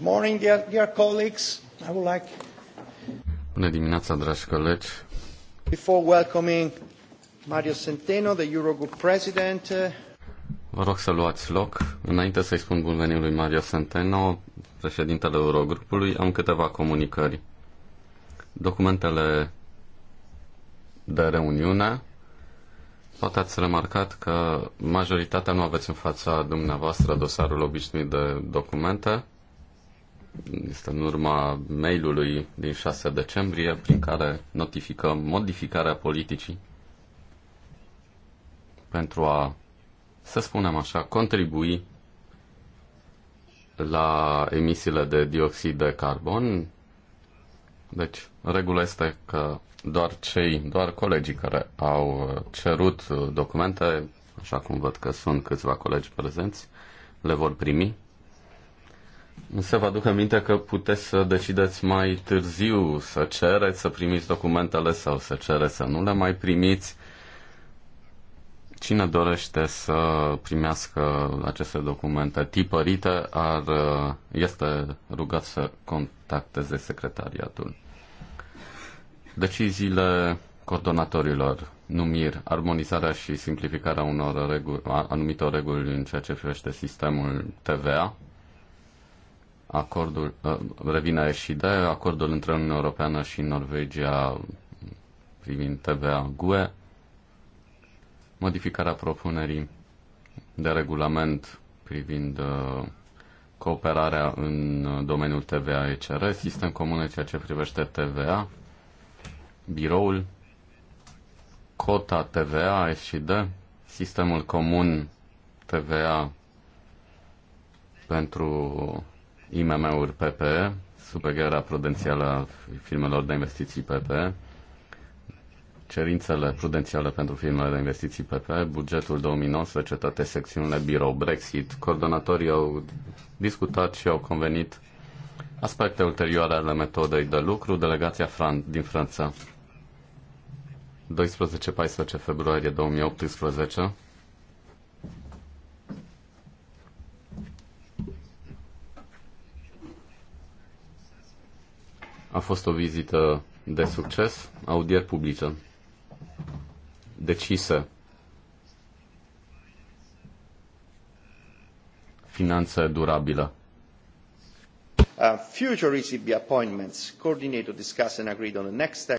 morning, dear, dear colleagues. I would like... Bună dimineața, dragi colegi. Before welcoming Mario Centeno, the Eurogroup President, uh, Vă rog să luați loc. Înainte să-i spun bun venit lui Mario Centeno, președintele Eurogrupului, am câteva comunicări. Documentele de reuniune Poate ați remarcat că majoritatea nu aveți în fața dumneavoastră dosarul obișnuit de documente este în urma mailului din 6 decembrie prin care notificăm modificarea politicii pentru a, să spunem așa, contribui la emisiile de dioxid de carbon. Deci, regula este că doar cei, doar colegii care au cerut documente, așa cum văd că sunt câțiva colegi prezenți, le vor primi să vă aduc minte că puteți să decideți mai târziu să cereți, să primiți documentele sau să cereți să nu le mai primiți. Cine dorește să primească aceste documente tipărite ar, uh, este rugat să contacteze secretariatul. Deciziile coordonatorilor, numiri, armonizarea și simplificarea unor reguli, anumitor reguli în ceea ce privește sistemul TVA, acordul, uh, revine și de acordul între Uniunea Europeană și Norvegia privind TVA-GUE, modificarea propunerii de regulament privind uh, cooperarea în domeniul TVA-ECR, sistem comun ceea ce privește TVA, biroul, cota TVA, SCD, sistemul comun TVA pentru IMM-uri PP, supravegherea prudențială a firmelor de investiții PP, cerințele prudențiale pentru firmele de investiții PP, bugetul 2019, toate secțiunile birou, Brexit, coordonatorii au discutat și au convenit aspecte ulterioare ale metodei de lucru, delegația Fran- din Franța. 12-14 februarie 2018 A fost o vizită de succes, audieri publice, decise, finanțe durabile. Uh, future ECB appointments, coordinated, discussed and agreed on the next step.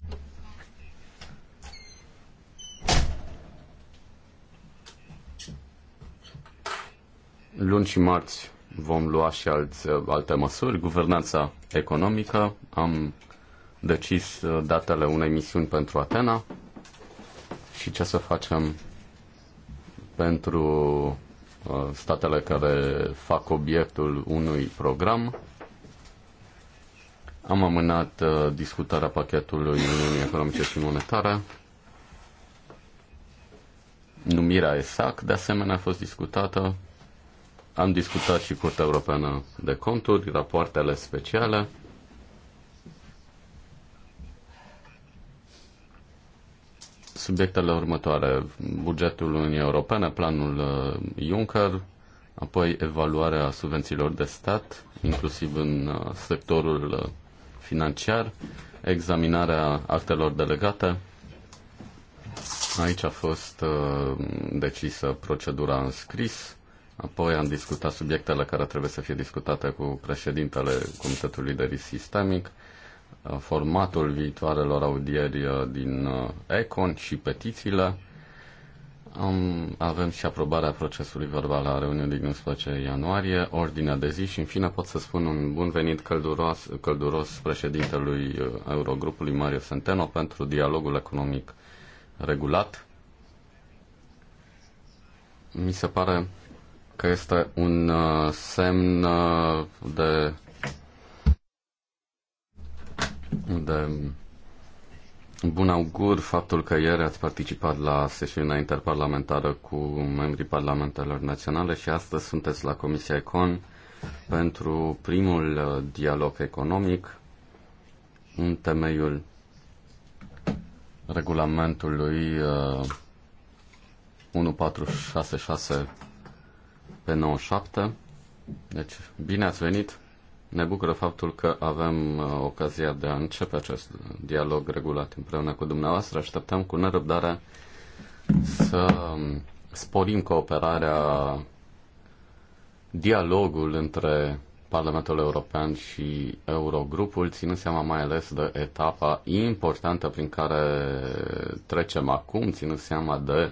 Luni și marți vom lua și alți, alte măsuri. Guvernanța economică. Am decis uh, datele unei misiuni pentru Atena și ce să facem pentru uh, statele care fac obiectul unui program. Am amânat uh, discutarea pachetului Uniunii Economice și Monetare. Numirea ESAC, de asemenea, a fost discutată am discutat și Curtea Europeană de Conturi, rapoartele speciale. Subiectele următoare, bugetul Uniunii Europene, planul uh, Juncker, apoi evaluarea subvențiilor de stat, inclusiv în uh, sectorul uh, financiar, examinarea actelor delegate. Aici a fost decisă procedura în scris Apoi am discutat subiectele care trebuie să fie discutate cu președintele Comitetului de Risc Sistemic, formatul viitoarelor audieri uh, din uh, ECON și petițiile. Am, avem și aprobarea procesului verbal la reuniunii din 11 ianuarie, ordinea de zi și, în fine, pot să spun un bun venit călduros, călduros președintelui uh, Eurogrupului Mario Centeno pentru dialogul economic regulat. Mi se pare că este un uh, semn uh, de de bun augur faptul că ieri ați participat la sesiunea interparlamentară cu membrii parlamentelor naționale și astăzi sunteți la Comisia Econ pentru primul uh, dialog economic în temeiul regulamentului 1466 pe 97. Deci, bine ați venit! Ne bucură faptul că avem uh, ocazia de a începe acest dialog regulat împreună cu dumneavoastră. Așteptăm cu nerăbdare să um, sporim cooperarea, dialogul între Parlamentul European și Eurogrupul, ținând seama mai ales de etapa importantă prin care trecem acum, ținând seama de uh,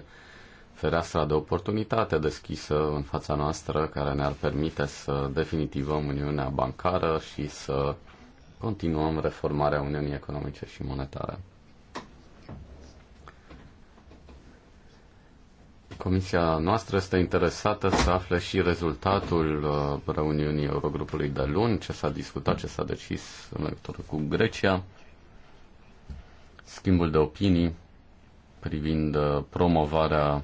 fereastra de oportunitate deschisă în fața noastră care ne-ar permite să definitivăm Uniunea Bancară și să continuăm reformarea Uniunii Economice și Monetare. Comisia noastră este interesată să afle și rezultatul uh, reuniunii Eurogrupului de luni, ce s-a discutat, ce s-a decis în legătură cu Grecia, schimbul de opinii privind uh, promovarea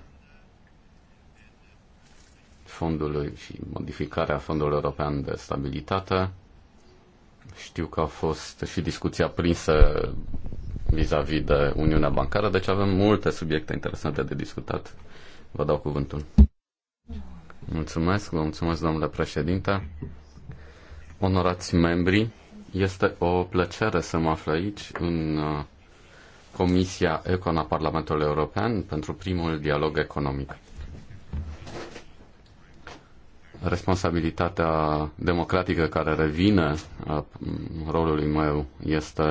fondului și modificarea Fondului European de Stabilitate. Știu că a fost și discuția prinsă vis-a-vis -vis de Uniunea Bancară, deci avem multe subiecte interesante de discutat. Vă dau cuvântul. Mulțumesc, vă mulțumesc, domnule președinte. Onorați membri, este o plăcere să mă aflu aici în uh, Comisia Econa Parlamentului European pentru primul dialog economic responsabilitatea democratică care revine rolului meu este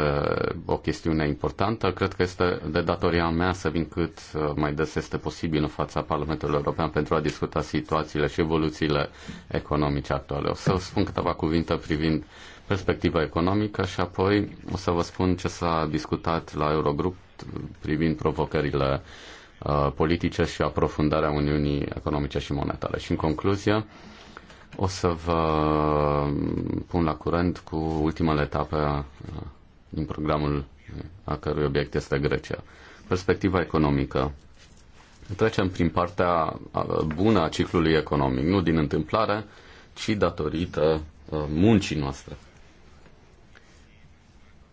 o chestiune importantă. Cred că este de datoria mea să vin cât mai des este posibil în fața Parlamentului European pentru a discuta situațiile și evoluțiile economice actuale. O să spun câteva cuvinte privind perspectiva economică și apoi o să vă spun ce s-a discutat la Eurogrup privind provocările politice și aprofundarea Uniunii Economice și Monetare. Și în concluzie, o să vă mm, pun la curent cu ultimele etape uh, din programul uh, a cărui obiect este Grecia. Perspectiva economică. Trecem prin partea uh, bună a ciclului economic, nu din întâmplare, ci datorită muncii noastre.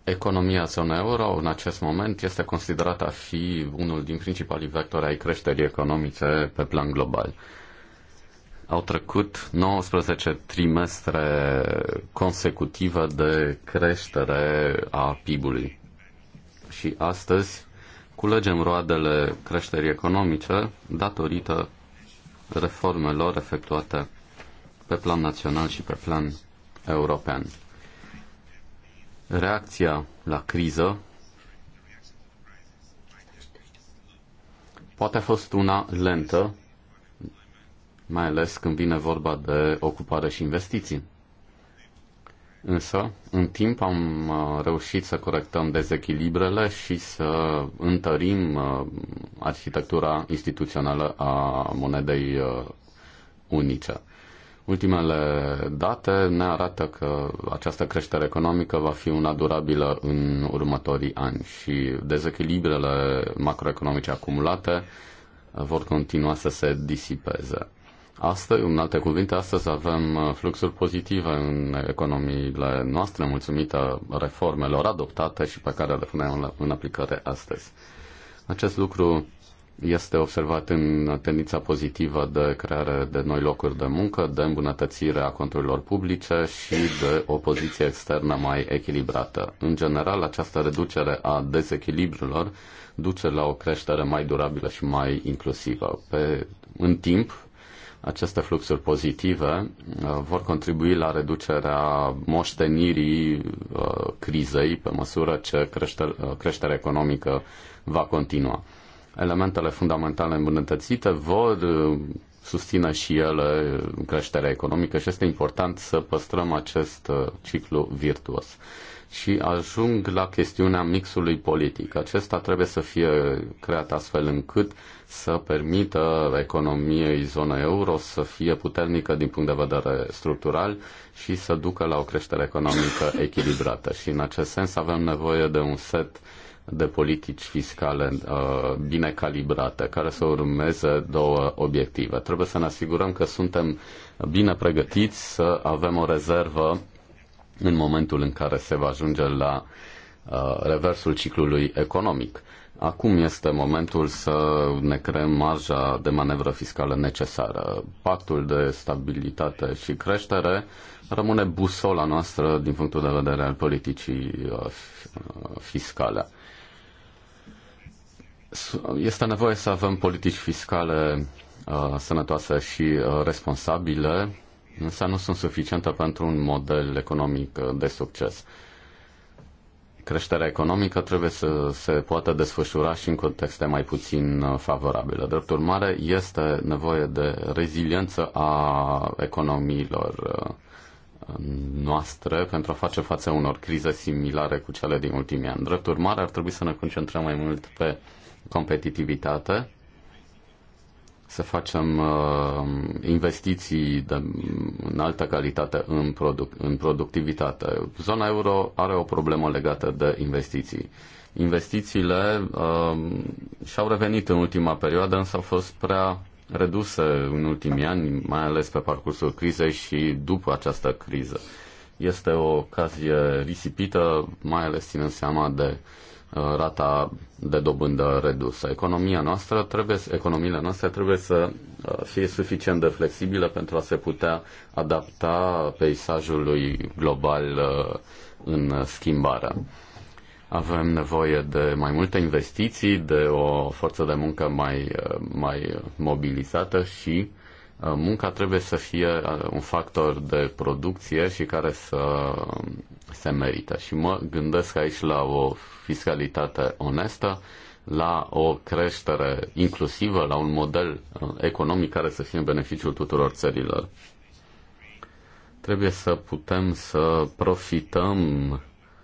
Economia zonei euro în acest moment este considerată a fi unul din principalii vectori ai creșterii economice pe plan global. Au trecut 19 trimestre consecutive de creștere a PIB-ului. Și astăzi culegem roadele creșterii economice datorită reformelor efectuate pe plan național și pe plan european. Reacția la criză poate a fost una lentă, mai ales când vine vorba de ocupare și investiții. Însă, în timp am uh, reușit să corectăm dezechilibrele și să întărim uh, arhitectura instituțională a monedei uh, unice. Ultimele date ne arată că această creștere economică va fi una durabilă în următorii ani și dezechilibrele macroeconomice acumulate vor continua să se disipeze. Astăzi, în alte cuvinte, astăzi avem uh, fluxuri pozitive în economiile noastre, mulțumită reformelor adoptate și pe care le punem în aplicare astăzi. Acest lucru este observat în tendința pozitivă de creare de noi locuri de muncă, de îmbunătățire a conturilor publice și de o poziție externă mai echilibrată. În general, această reducere a dezechilibrelor duce la o creștere mai durabilă și mai inclusivă. Pe, în timp, aceste fluxuri pozitive uh, vor contribui la reducerea moștenirii uh, crizei pe măsură ce uh, creșterea economică va continua. Elementele fundamentale îmbunătățite vor susțină și ele creșterea economică și este important să păstrăm acest ciclu virtuos și ajung la chestiunea mixului politic. Acesta trebuie să fie creat astfel încât să permită economiei zonei euro să fie puternică din punct de vedere structural și să ducă la o creștere economică echilibrată. Și în acest sens avem nevoie de un set de politici fiscale uh, bine calibrate, care să urmeze două obiective. Trebuie să ne asigurăm că suntem bine pregătiți să avem o rezervă în momentul în care se va ajunge la uh, reversul ciclului economic. Acum este momentul să ne creăm marja de manevră fiscală necesară. Pactul de stabilitate și creștere rămâne busola noastră din punctul de vedere al politicii uh, fiscale. Este nevoie să avem politici fiscale uh, sănătoase și responsabile însă nu sunt suficiente pentru un model economic uh, de succes. Creșterea economică trebuie să se poată desfășura și în contexte mai puțin uh, favorabile. Drept urmare, este nevoie de reziliență a economiilor uh, noastre pentru a face față unor crize similare cu cele din ultimii ani. Drept urmare, ar trebui să ne concentrăm mai mult pe competitivitate să facem uh, investiții de în altă calitate în, produc- în productivitate. Zona euro are o problemă legată de investiții. Investițiile uh, și-au revenit în ultima perioadă, însă au fost prea reduse în ultimii ani, mai ales pe parcursul crizei și după această criză. Este o ocazie risipită, mai ales ținând seama de uh, Uh, rata de dobândă redusă. Economia noastră trebuie, economiile noastre trebuie să uh, fie suficient de flexibile pentru a se putea adapta peisajului global uh, în schimbare. Avem nevoie de mai multe investiții, de o forță de muncă mai, mai mobilizată și munca trebuie să fie un factor de producție și care să se merită. Și mă gândesc aici la o fiscalitate onestă, la o creștere inclusivă, la un model uh, economic care să fie în beneficiul tuturor țărilor. Trebuie să putem să profităm,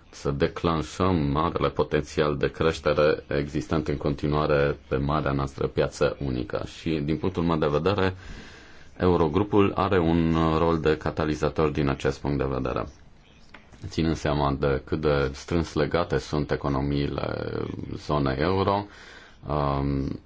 să declanșăm marele potențial de creștere existent în continuare pe marea noastră piață unică. Și din punctul meu de vedere, Eurogrupul are un rol de catalizator din acest punct de vedere ținând seama de cât de strâns legate sunt economiile zonei euro, um,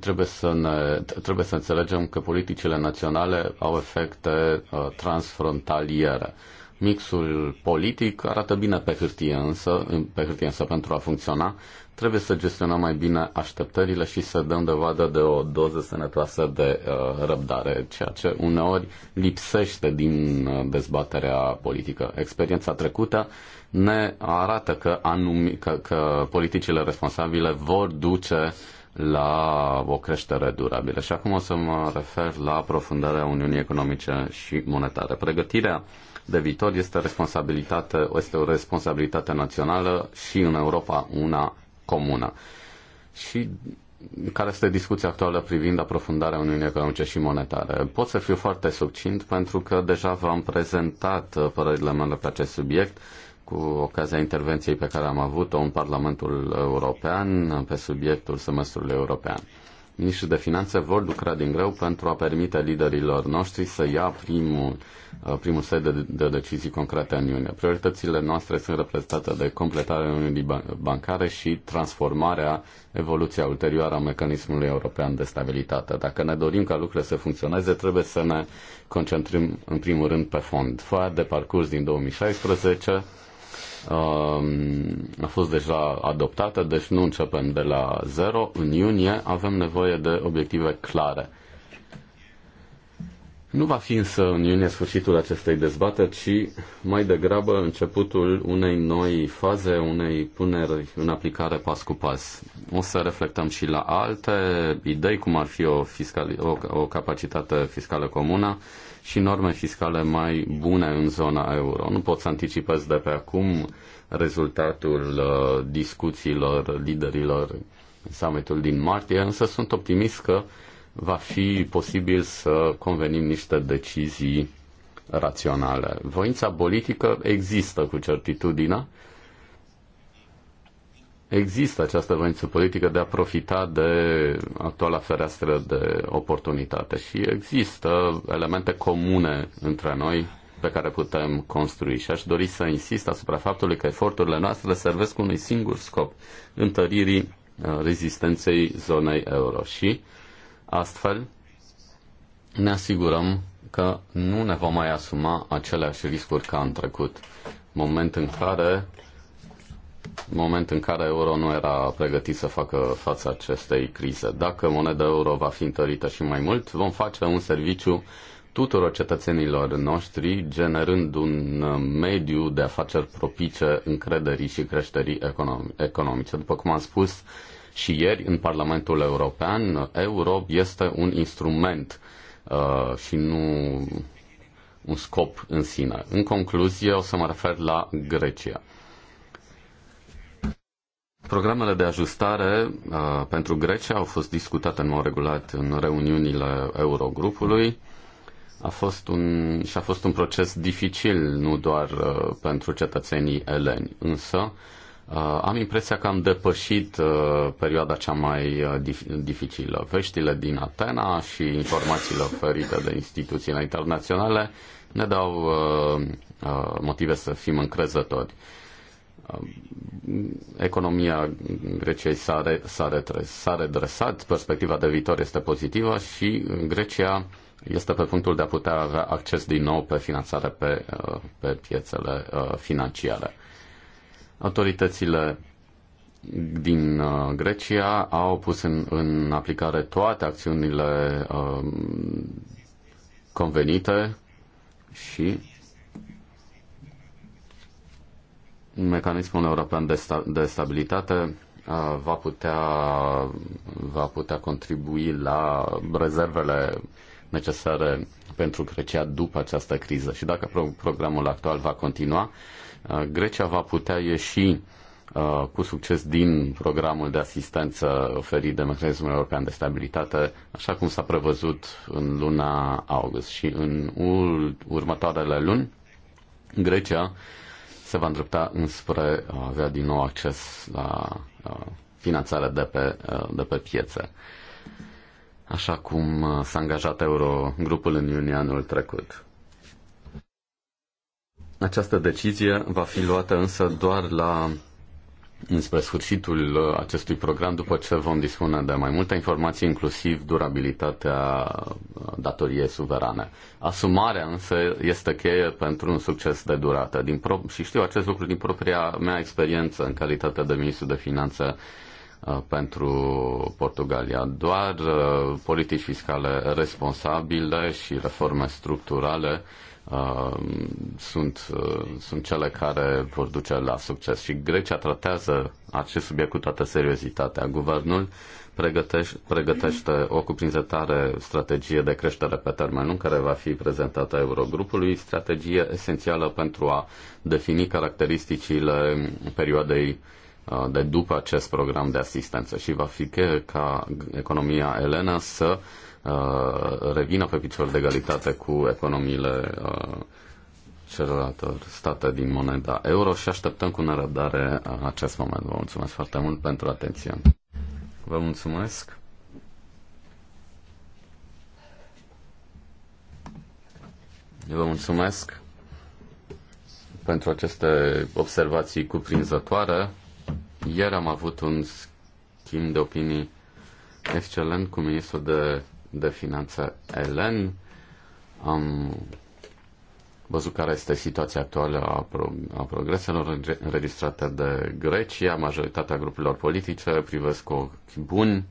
trebuie să, ne, trebuie să înțelegem că politicile naționale au efecte uh, transfrontaliere. Uh, Mixul politic arată bine pe hârtie, însă, pe hârtie, însă pentru a funcționa trebuie să gestionăm mai bine așteptările și să dăm dovadă de o doză sănătoasă de uh, răbdare, ceea ce uneori lipsește din uh, dezbaterea politică. Experiența trecută ne arată că, anumi, că, că politicile responsabile vor duce la o creștere durabilă. Și acum o să mă refer la aprofundarea Uniunii Economice și Monetare. Pregătirea uh, de viitor este, responsabilitate, este o responsabilitate națională și în Europa una comună. Și care este discuția actuală privind aprofundarea Uniunii Economice și Monetare. Pot să fiu foarte succint pentru că deja v-am prezentat uh, părerile mele pe acest subiect cu ocazia intervenției pe care am avut-o în Parlamentul European pe subiectul semestrului european. Ministrii de Finanțe vor lucra din greu pentru a permite liderilor noștri să ia primul, uh, primul set de, de decizii concrete în Uniune. Prioritățile noastre sunt reprezentate de completarea Uniunii Bancare și transformarea, evoluția ulterioară a mecanismului european de stabilitate. Dacă ne dorim ca lucrurile să funcționeze, trebuie să ne concentrăm în primul rând pe fond. Foaia de parcurs din 2016 Um, a fost deja adoptată, deci nu începem de la zero. În iunie avem nevoie de obiective clare. Nu va fi însă în iunie sfârșitul acestei dezbateri, ci mai degrabă începutul unei noi faze, unei puneri în aplicare pas cu pas. O să reflectăm și la alte idei, cum ar fi o, fiscal, o, o capacitate fiscală comună, și norme fiscale mai bune în zona euro. Nu pot să anticipez de pe acum rezultatul uh, discuțiilor liderilor summitul din martie, însă sunt optimist că va fi posibil să convenim niște decizii raționale. Voința politică există cu certitudine există această voință politică de a profita de actuala fereastră de oportunitate și există elemente comune între noi pe care putem construi și aș dori să insist asupra faptului că eforturile noastre servesc unui singur scop, întăririi uh, rezistenței zonei euro și astfel ne asigurăm că nu ne vom mai asuma aceleași riscuri ca în trecut, moment în care moment în care euro nu era pregătit să facă față acestei crize. Dacă moneda euro va fi întărită și mai mult, vom face un serviciu tuturor cetățenilor noștri, generând un uh, mediu de afaceri propice încrederii și creșterii economice. După cum am spus și ieri în Parlamentul European, euro este un instrument uh, și nu un scop în sine. În concluzie, o să mă refer la Grecia. Programele de ajustare uh, pentru Grecia au fost discutate în mod regulat în reuniunile Eurogrupului. A fost un, și a fost un proces dificil, nu doar uh, pentru cetățenii eleni, însă uh, am impresia că am depășit uh, perioada cea mai uh, dif- dificilă. Veștile din Atena și informațiile oferite de instituțiile internaționale ne dau uh, uh, motive să fim încrezători. Uh, Um, economia Greciei s-a, re, s-a, redresat, perspectiva de viitor este pozitivă și Grecia este pe punctul de a putea avea acces din nou pe finanțare pe, uh, pe piețele uh, financiare. Autoritățile din uh, Grecia au pus în, în aplicare toate acțiunile um, convenite și mecanismul european de, sta- de stabilitate uh, va putea, va putea contribui la rezervele necesare pentru Grecia după această criză. Și dacă pro- programul actual va continua, uh, Grecia va putea ieși uh, cu succes din programul de asistență oferit de Mecanismul European de Stabilitate, așa cum s-a prevăzut în luna august. Și în următoarele luni, Grecia se va îndrepta înspre a avea din nou acces la finanțare de pe, de pe piețe, așa cum s-a angajat Eurogrupul în iunie anul trecut. Această decizie va fi luată însă doar la înspre sfârșitul uh, acestui program, după ce vom dispune de mai multe informații, inclusiv durabilitatea uh, datoriei suverane. Asumarea însă este cheie pentru un succes de durată. Din pro- și știu acest lucru din propria mea experiență în calitate de ministru de finanțe uh, pentru Portugalia. Doar politici fiscale responsabile și reforme structurale uh, Um, sunt, uh, sunt cele care vor duce la succes. Și Grecia tratează acest subiect cu toată seriozitatea. Guvernul pregătește, pregătește o cuprinzătare strategie de creștere pe termen lung care va fi prezentată Eurogrupului, strategie esențială pentru a defini caracteristicile perioadei uh, de după acest program de asistență și va fi că ca economia elena să uh, Uh, revină pe picior de egalitate cu economiile uh, celorlalte state din moneda euro și așteptăm cu nerăbdare acest moment. Vă mulțumesc foarte mult pentru atenție. Vă mulțumesc. Vă mulțumesc pentru aceste observații cuprinzătoare. Ieri am avut un schimb de opinii excelent cu ministrul de de finanță Elen. Am văzut care este situația actuală a, pro- a progreselor înregistrate de Grecia. Majoritatea grupurilor politice privesc cu ochi buni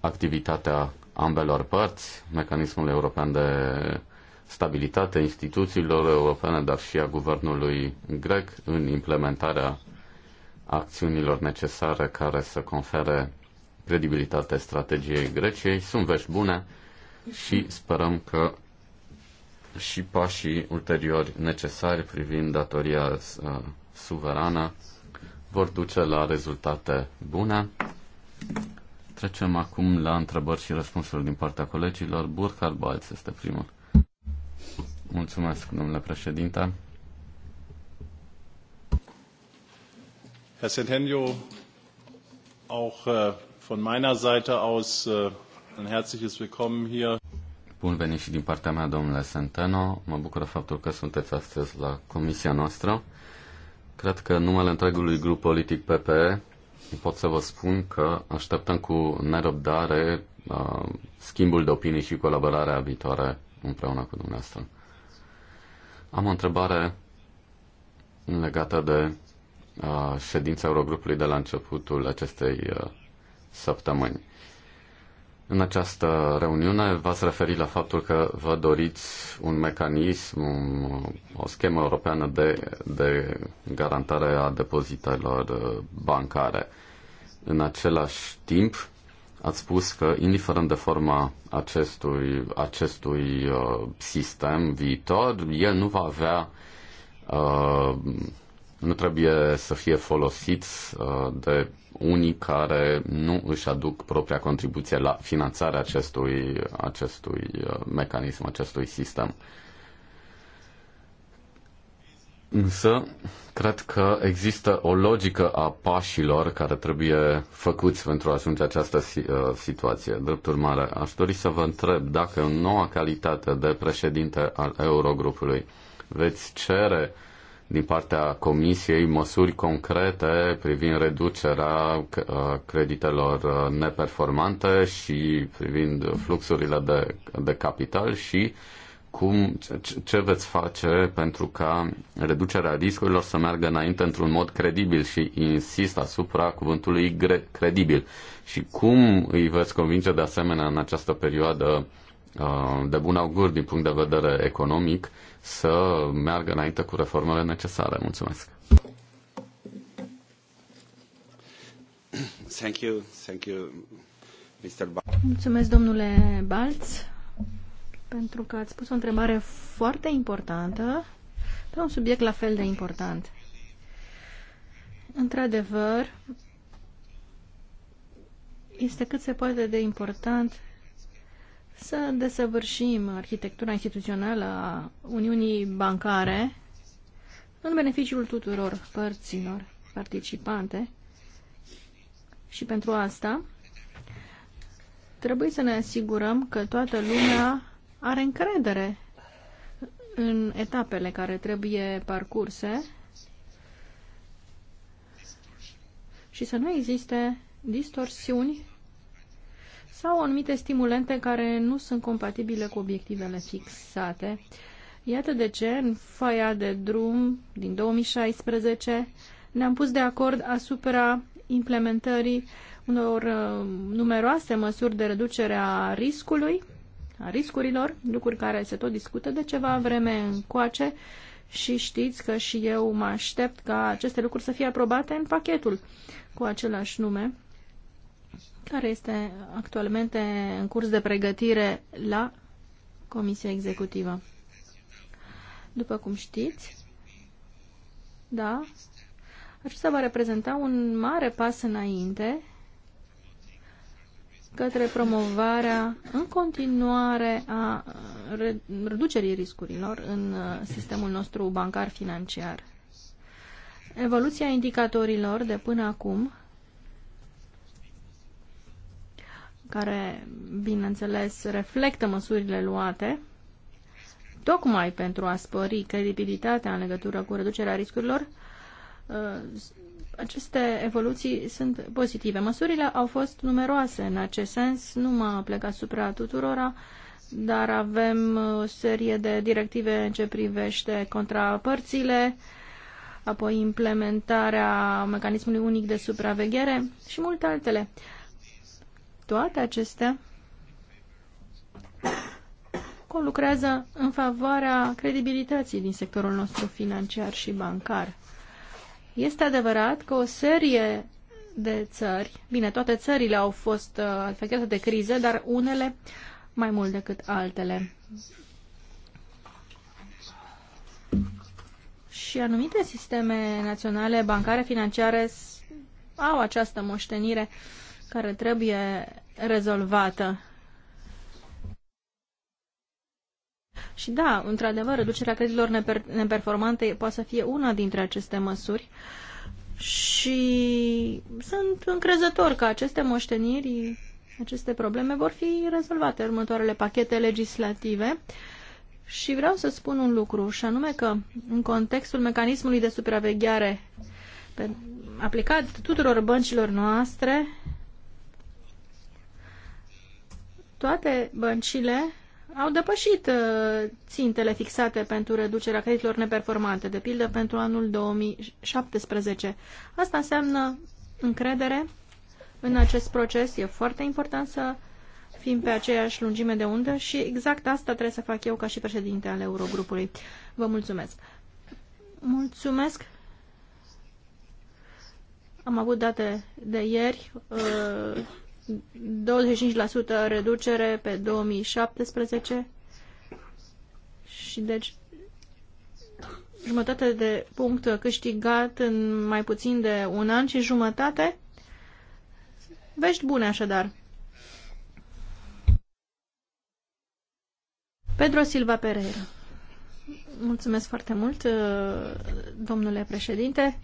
activitatea ambelor părți, mecanismul european de stabilitate instituțiilor europene, dar și a guvernului grec în implementarea acțiunilor necesare care să confere credibilitatea strategiei Greciei. Sunt vești bune și sperăm că și pașii ulteriori necesari privind datoria uh, suverană vor duce la rezultate bune. Trecem acum la întrebări și răspunsuri din partea colegilor. Burkhard Balț este primul. Mulțumesc, domnule președinte. Herr Sentenio, auch äh, Von meiner Seite aus äh, ein herzliches Willkommen hier. Bun venit și din partea mea, domnule Centeno. Mă bucură faptul că sunteți astăzi la comisia noastră. Cred că numele întregului grup politic PPE pot să vă spun că așteptăm cu nerăbdare uh, schimbul de opinii și colaborarea viitoare împreună cu dumneavoastră. Am o întrebare legată de uh, ședința Eurogrupului de la începutul acestei uh, săptămâni. În această reuniune v-ați referit la faptul că vă doriți un mecanism, o schemă europeană de, de garantare a depozitelor uh, bancare. În același timp, ați spus că, indiferent de forma acestui, acestui uh, sistem viitor, el nu va avea uh, nu trebuie să fie folosit uh, de unii care nu își aduc propria contribuție la finanțarea acestui, acestui uh, mecanism, acestui sistem. Însă, cred că există o logică a pașilor care trebuie făcuți pentru a ajunge această uh, situație. Drept urmare, aș dori să vă întreb dacă în noua calitate de președinte al Eurogrupului veți cere uh, din partea Comisiei măsuri concrete privind reducerea uh, creditelor uh, neperformante și privind fluxurile de, de capital și cum, ce, ce veți face pentru ca reducerea riscurilor să meargă înainte într-un mod credibil și insist asupra cuvântului credibil și cum îi veți convinge de asemenea în această perioadă uh, de bun augur din punct de vedere economic să meargă înainte cu reformele necesare. Mulțumesc! Thank you, thank you, Mr. Mulțumesc, domnule Balț, pentru că ați pus o întrebare foarte importantă pe un subiect la fel de important. Într-adevăr, este cât se poate de important să desăvârșim arhitectura instituțională a Uniunii Bancare în beneficiul tuturor părților participante și pentru asta trebuie să ne asigurăm că toată lumea are încredere în etapele care trebuie parcurse și să nu existe distorsiuni sau anumite stimulente care nu sunt compatibile cu obiectivele fixate. Iată de ce, în faia de drum din 2016, ne-am pus de acord asupra implementării unor uh, numeroase măsuri de reducere a riscului, a riscurilor, lucruri care se tot discută de ceva vreme încoace și știți că și eu mă aștept ca aceste lucruri să fie aprobate în pachetul cu același nume care este actualmente în curs de pregătire la Comisia Executivă. După cum știți, da, acesta va reprezenta un mare pas înainte către promovarea în continuare a reducerii riscurilor în uh, sistemul nostru bancar financiar. Evoluția indicatorilor de până acum care, bineînțeles, reflectă măsurile luate, tocmai pentru a spări credibilitatea în legătură cu reducerea riscurilor, uh, aceste evoluții sunt pozitive. Măsurile au fost numeroase în acest sens, nu m-a plecat supra tuturora, dar avem o serie de directive în ce privește contrapărțile, apoi implementarea mecanismului unic de supraveghere și multe altele. Toate acestea lucrează în favoarea credibilității din sectorul nostru financiar și bancar. Este adevărat că o serie de țări, bine, toate țările au fost uh, afectate de crize, dar unele mai mult decât altele. Și anumite sisteme naționale bancare financiare au această moștenire uh, care trebuie rezolvată. Și da, într-adevăr, reducerea creditelor neperformante poate să fie una dintre aceste măsuri și sunt încrezător că aceste moșteniri, aceste probleme vor fi rezolvate în următoarele pachete legislative. Și vreau să spun un lucru, și anume că în contextul mecanismului de supraveghere aplicat tuturor băncilor noastre, toate băncile au depășit uh, țintele fixate pentru reducerea creditelor neperformante, de pildă pentru anul 2017. Asta înseamnă încredere în acest proces. E foarte important să fim pe aceeași lungime de undă și exact asta trebuie să fac eu ca și președinte al Eurogrupului. Vă mulțumesc! Mulțumesc! Am avut date de ieri. Uh, 25% reducere pe 2017 și deci jumătate de punct câștigat în mai puțin de un an și jumătate. Vești bune așadar. Pedro Silva Pereira. Mulțumesc foarte mult, domnule președinte.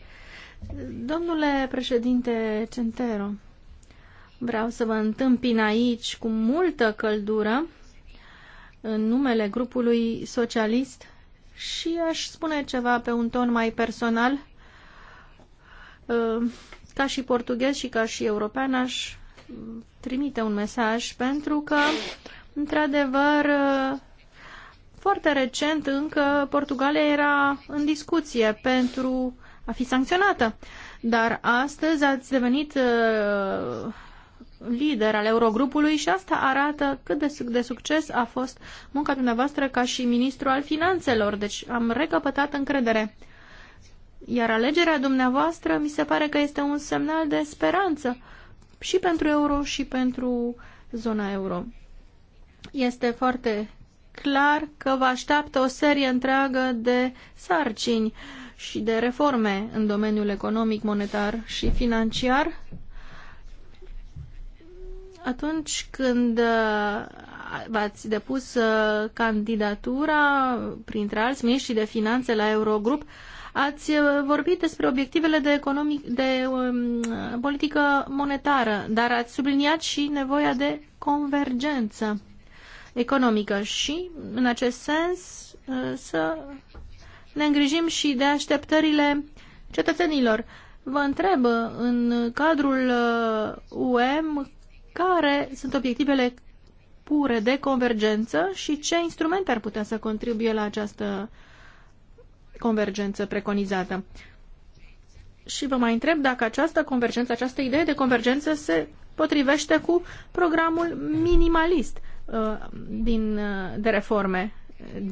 Domnule președinte Centero, Vreau să vă întâmpin aici cu multă căldură în numele grupului socialist și aș spune ceva pe un ton mai personal. Ă, ca și portughez și ca și european aș trimite un mesaj pentru că, într-adevăr, ă, foarte recent încă Portugalia era în discuție pentru a fi sancționată. Dar astăzi ați devenit ă, lider al Eurogrupului și asta arată cât de, de succes a fost munca dumneavoastră ca și ministru al finanțelor. Deci am recapătat încredere. Iar alegerea dumneavoastră mi se pare că este un semnal de speranță și pentru euro și pentru zona euro. Este foarte clar că vă așteaptă o serie întreagă de sarcini și de reforme în domeniul economic, monetar și financiar atunci când uh, v-ați depus uh, candidatura printre alți miniștri de finanțe la Eurogrup, ați uh, vorbit despre obiectivele de, economic, de um, politică monetară, dar ați subliniat și nevoia de convergență economică și, în acest sens, să ne îngrijim și de așteptările cetățenilor. Vă întreb, în cadrul UEM, care sunt obiectivele pure de convergență și ce instrumente ar putea să contribuie la această convergență preconizată. Și vă mai întreb dacă această convergență, această idee de convergență se potrivește cu programul minimalist uh, din, uh, de reforme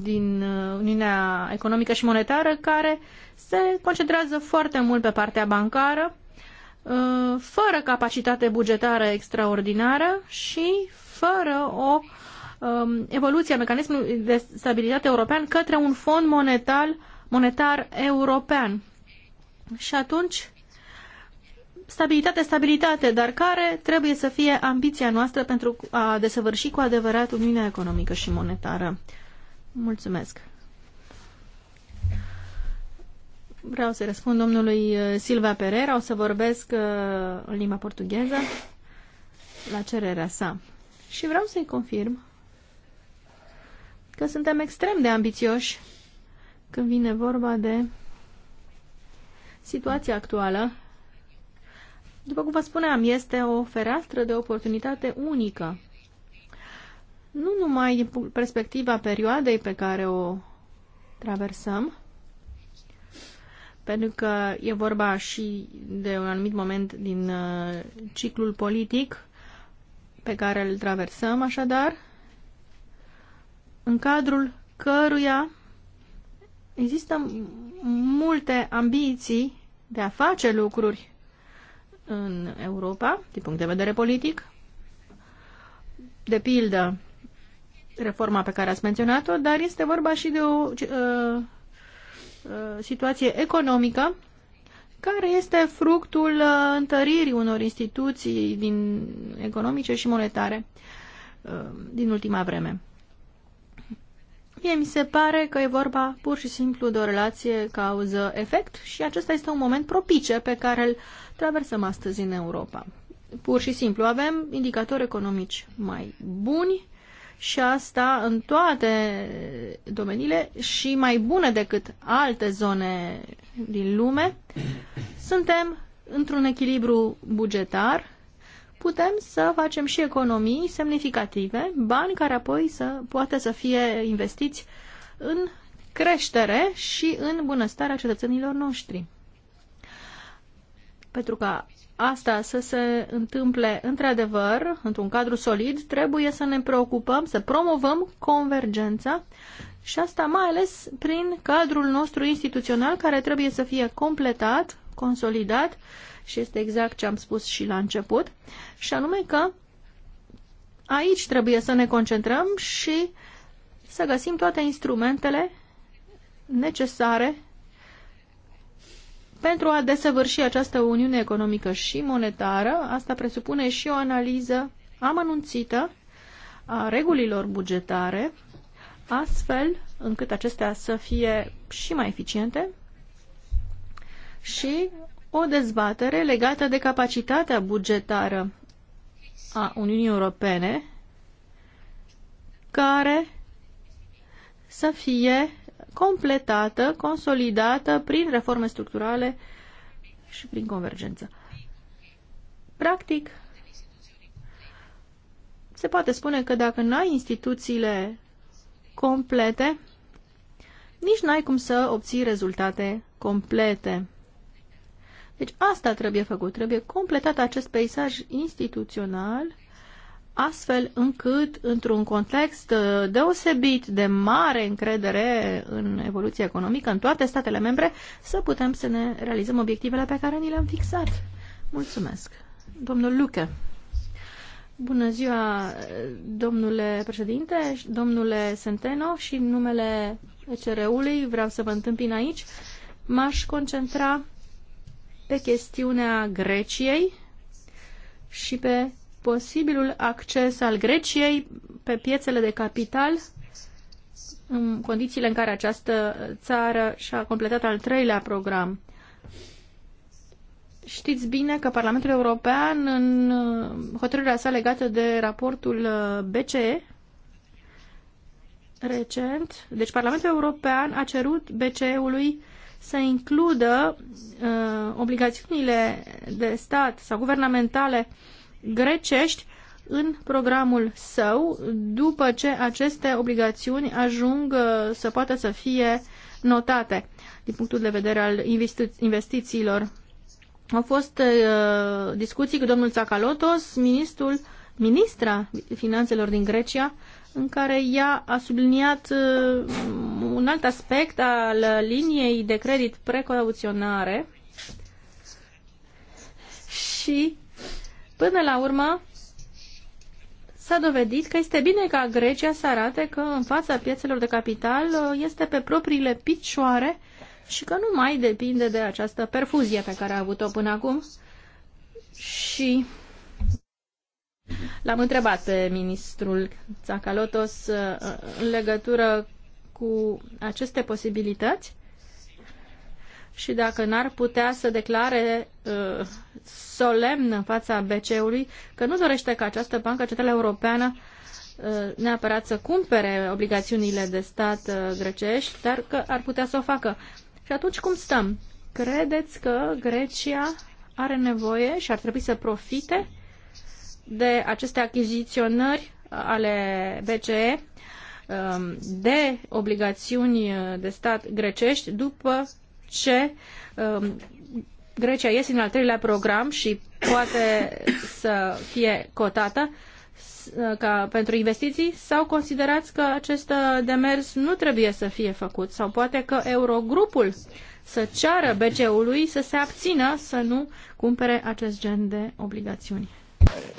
din uh, Uniunea Economică și Monetară, care se concentrează foarte mult pe partea bancară Uh, fără capacitate bugetară extraordinară și fără o um, evoluție a mecanismului de stabilitate european către un fond monetar, monetar european. Și atunci, stabilitate, stabilitate, dar care trebuie să fie ambiția noastră pentru a desăvârși cu adevărat Uniunea Economică și Monetară. Mulțumesc! Vreau să răspund domnului uh, Silva Pereira, o să vorbesc uh, în limba portugheză la cererea sa. Și vreau să-i confirm că suntem extrem de ambițioși când vine vorba de situația actuală. După cum vă spuneam, este o fereastră de oportunitate unică. Nu numai din perspectiva perioadei pe care o traversăm, pentru că e vorba și de un anumit moment din uh, ciclul politic pe care îl traversăm, așadar, în cadrul căruia există multe ambiții de a face lucruri în Europa, din punct de vedere politic. De pildă, reforma pe care ați menționat-o, dar este vorba și de o uh, Uh, situație economică care este fructul uh, întăririi unor instituții din economice și monetare uh, din ultima vreme. Mie mi se pare că e vorba pur și simplu de o relație cauză-efect și acesta este un moment propice pe care îl traversăm astăzi în Europa. Pur și simplu avem indicatori economici mai buni, și asta în toate domeniile și mai bune decât alte zone din lume. Suntem într-un echilibru bugetar, putem să facem și economii semnificative, bani care apoi să poată să fie investiți în creștere și în bunăstarea cetățenilor noștri. Pentru că asta să se întâmple într-adevăr, într-un cadru solid, trebuie să ne preocupăm, să promovăm convergența și asta mai ales prin cadrul nostru instituțional care trebuie să fie completat, consolidat și este exact ce am spus și la început, și anume că aici trebuie să ne concentrăm și să găsim toate instrumentele necesare pentru a desăvârși această uniune economică și monetară, asta presupune și o analiză amănunțită a regulilor bugetare, astfel încât acestea să fie și mai eficiente și o dezbatere legată de capacitatea bugetară a Uniunii Europene care să fie completată, consolidată prin reforme structurale și prin convergență. Practic, se poate spune că dacă n-ai instituțiile complete, nici n-ai cum să obții rezultate complete. Deci asta trebuie făcut, trebuie completat acest peisaj instituțional astfel încât, într-un context uh, deosebit de mare încredere în evoluția economică în toate statele membre, să putem să ne realizăm obiectivele pe care ni le-am fixat. Mulțumesc. Domnul Luca. Bună ziua, domnule președinte, domnule Senteno și în numele ECR-ului vreau să vă întâmpin aici. M-aș concentra pe chestiunea Greciei și pe posibilul acces al Greciei pe piețele de capital în condițiile în care această țară și-a completat al treilea program. Știți bine că Parlamentul European, în uh, hotărârea sa legată de raportul uh, BCE, recent, deci Parlamentul European a cerut BCE-ului să includă uh, obligațiunile de stat sau guvernamentale uh, grecești în programul său după ce aceste obligațiuni ajung uh, să poată să fie notate din punctul de vedere al investi investițiilor. Au fost uh, discuții cu domnul Tsakalotos, ministrul, ministra finanțelor din Grecia, în care ea a subliniat uh, un alt aspect al liniei de credit precauționare și Până la urmă, s-a dovedit că este bine ca Grecia să arate că în fața piețelor de capital uh, este pe propriile picioare și că nu mai depinde de această perfuzie pe care a avut-o până acum. Și l-am întrebat pe ministrul Tsakalotos uh, în legătură cu aceste posibilități și dacă n-ar putea să declare uh, solemn în fața BCE-ului că nu dorește ca această bancă centrală europeană uh, neapărat să cumpere obligațiunile de stat uh, grecești, dar că ar putea să o facă. Și atunci cum stăm? Credeți că Grecia are nevoie și ar trebui să profite de aceste achiziționări ale BCE um, de obligațiuni uh, de stat grecești după ce um, Grecia este în al treilea program și poate să fie cotată uh, ca pentru investiții sau considerați că acest uh, demers nu trebuie să fie făcut sau poate că Eurogrupul să ceară BCE-ului să se abțină să nu cumpere acest gen de obligațiuni?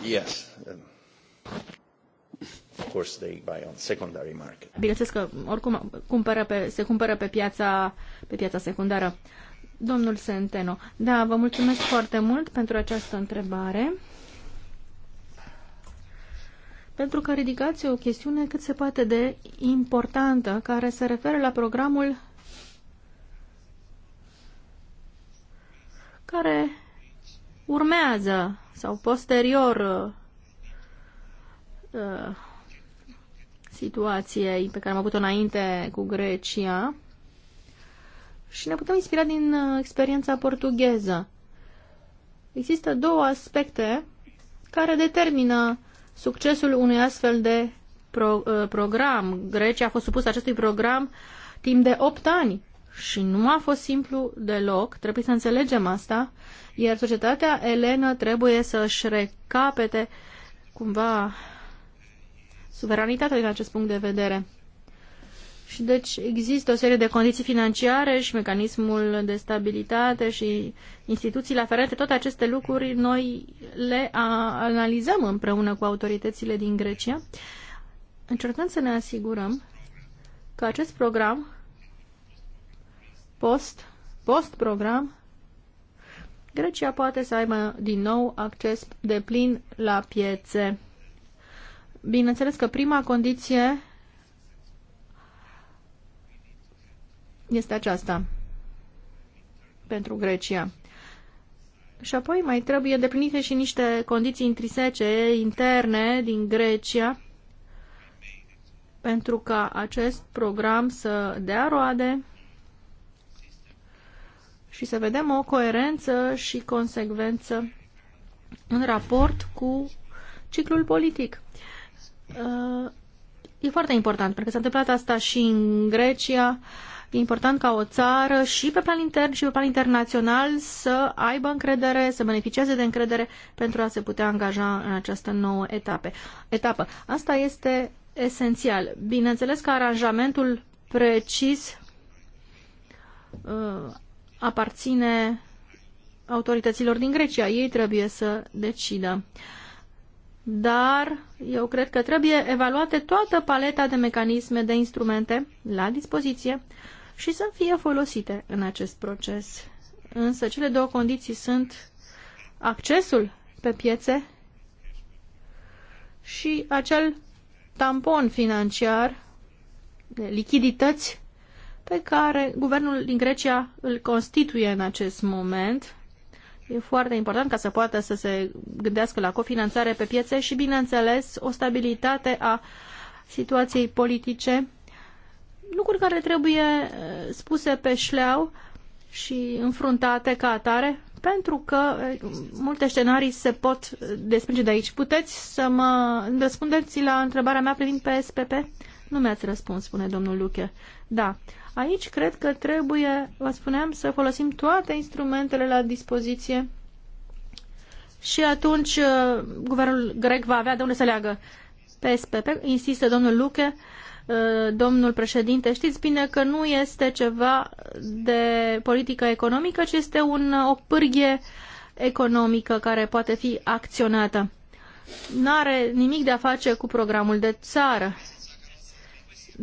Yes. Of course they buy on secondary market. Bineînțeles că oricum cumpără pe, se cumpără pe piața, pe piața secundară. Domnul Centeno, da, vă mulțumesc foarte mult pentru această întrebare pentru că ridicați o chestiune cât se poate de importantă care se referă la programul care urmează sau posterior uh, uh situației pe care am avut-o înainte cu Grecia și ne putem inspira din uh, experiența portugheză. Există două aspecte care determină succesul unui astfel de pro, uh, program. Grecia a fost supusă acestui program timp de 8 ani și nu a fost simplu deloc, trebuie să înțelegem asta, iar societatea elenă trebuie să-și recapete cumva suveranitate din acest punct de vedere. Și deci există o serie de condiții financiare și mecanismul de stabilitate și instituțiile aferente, toate aceste lucruri noi le analizăm împreună cu autoritățile din Grecia, încercând să ne asigurăm că acest program post, post-program, Grecia poate să aibă din nou acces de plin la piețe Bineînțeles că prima condiție este aceasta pentru Grecia. Și apoi mai trebuie deplinite și niște condiții intrisece, interne din Grecia, pentru ca acest program să dea roade și să vedem o coerență și consecvență în raport cu ciclul politic. E foarte important, pentru că s-a întâmplat asta și în Grecia. E important ca o țară și pe plan intern și pe plan internațional să aibă încredere, să beneficieze de încredere pentru a se putea angaja în această nouă etape. etapă. Asta este esențial. Bineînțeles că aranjamentul precis uh, aparține autorităților din Grecia. Ei trebuie să decidă. Uh, dar eu cred că trebuie evaluate toată paleta de mecanisme, de instrumente la dispoziție și să fie folosite în acest proces. Însă cele două condiții sunt accesul pe piețe și acel tampon financiar de lichidități pe care guvernul din Grecia îl constituie în acest moment E foarte important ca să poată să se gândească la cofinanțare pe piețe și, bineînțeles, o stabilitate a situației politice, lucruri care trebuie eh, spuse pe șleau și înfruntate ca atare, pentru că eh, multe scenarii se pot eh, desprinde de aici. Puteți să mă răspundeți la întrebarea mea privind PSPP? Nu mi-ați răspuns, spune domnul Luche. Da, Aici cred că trebuie, vă spuneam, să folosim toate instrumentele la dispoziție și atunci uh, guvernul grec va avea de unde să leagă. PSPP, insistă domnul Luche, uh, domnul președinte, știți bine că nu este ceva de politică economică, ci este un, uh, o pârghie economică care poate fi acționată. Nu are nimic de a face cu programul de țară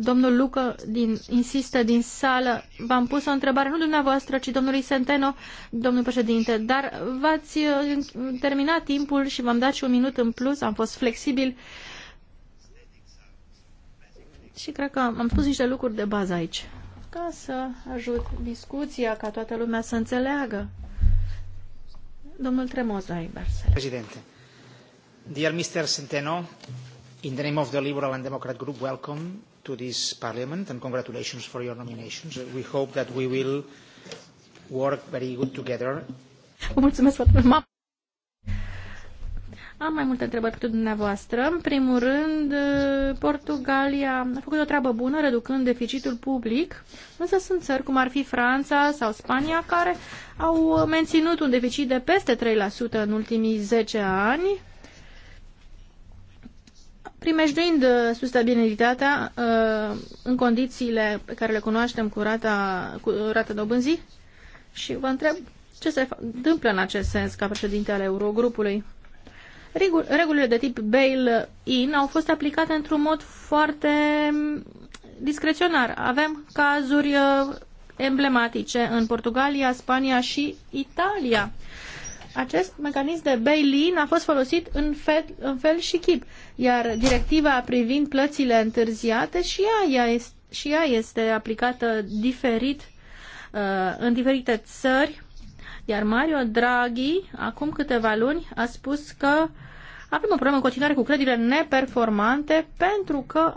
domnul Lucă din, insistă din sală. V-am pus o întrebare, nu dumneavoastră, ci domnului Senteno, domnul președinte, dar v-ați uh, terminat timpul și v-am dat și un minut în plus, am fost flexibil și cred că am spus niște lucruri de bază aici ca să ajut discuția, ca toată lumea să înțeleagă. Domnul Tremoza, Ibersele. Președinte, dear Mr. Centeno, in the name of the Liberal and Democrat Group, welcome to this Parliament and congratulations for your nominations. We hope that we will work very good together. Am mai multe întrebări pentru dumneavoastră. În primul rând, Portugalia a făcut o treabă bună reducând deficitul public, însă sunt țări cum ar fi Franța sau Spania care au menținut un deficit de peste 3% în ultimii 10 ani primejduind uh, sustabilitatea uh, în condițiile pe care le cunoaștem cu rata, cu rata dobânzii și vă întreb ce se întâmplă în acest sens ca președinte al Eurogrupului. Regulile de tip bail-in au fost aplicate într-un mod foarte mm, discreționar. Avem cazuri uh, emblematice în Portugalia, Spania și Italia acest mecanism de bail-in a fost folosit în fel, în fel și chip, iar directiva privind plățile întârziate și ea, ea, este, și ea este aplicată diferit uh, în diferite țări, iar Mario Draghi, acum câteva luni, a spus că avem o problemă în continuare cu creditele neperformante pentru că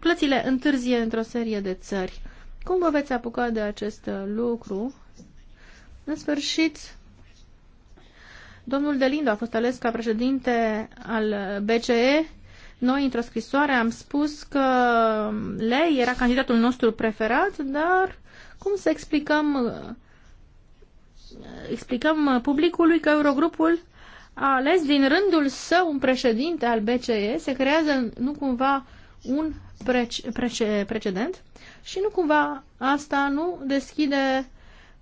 plățile întârzie într-o serie de țări. Cum vă veți apuca de acest uh, lucru? În sfârșit, Domnul Delindo a fost ales ca președinte al BCE. Noi, într-o scrisoare, am spus că Lei era candidatul nostru preferat, dar cum să explicăm explicăm publicului că Eurogrupul a ales din rândul său un președinte al BCE, se creează nu cumva un prece, prece, precedent și nu cumva asta nu deschide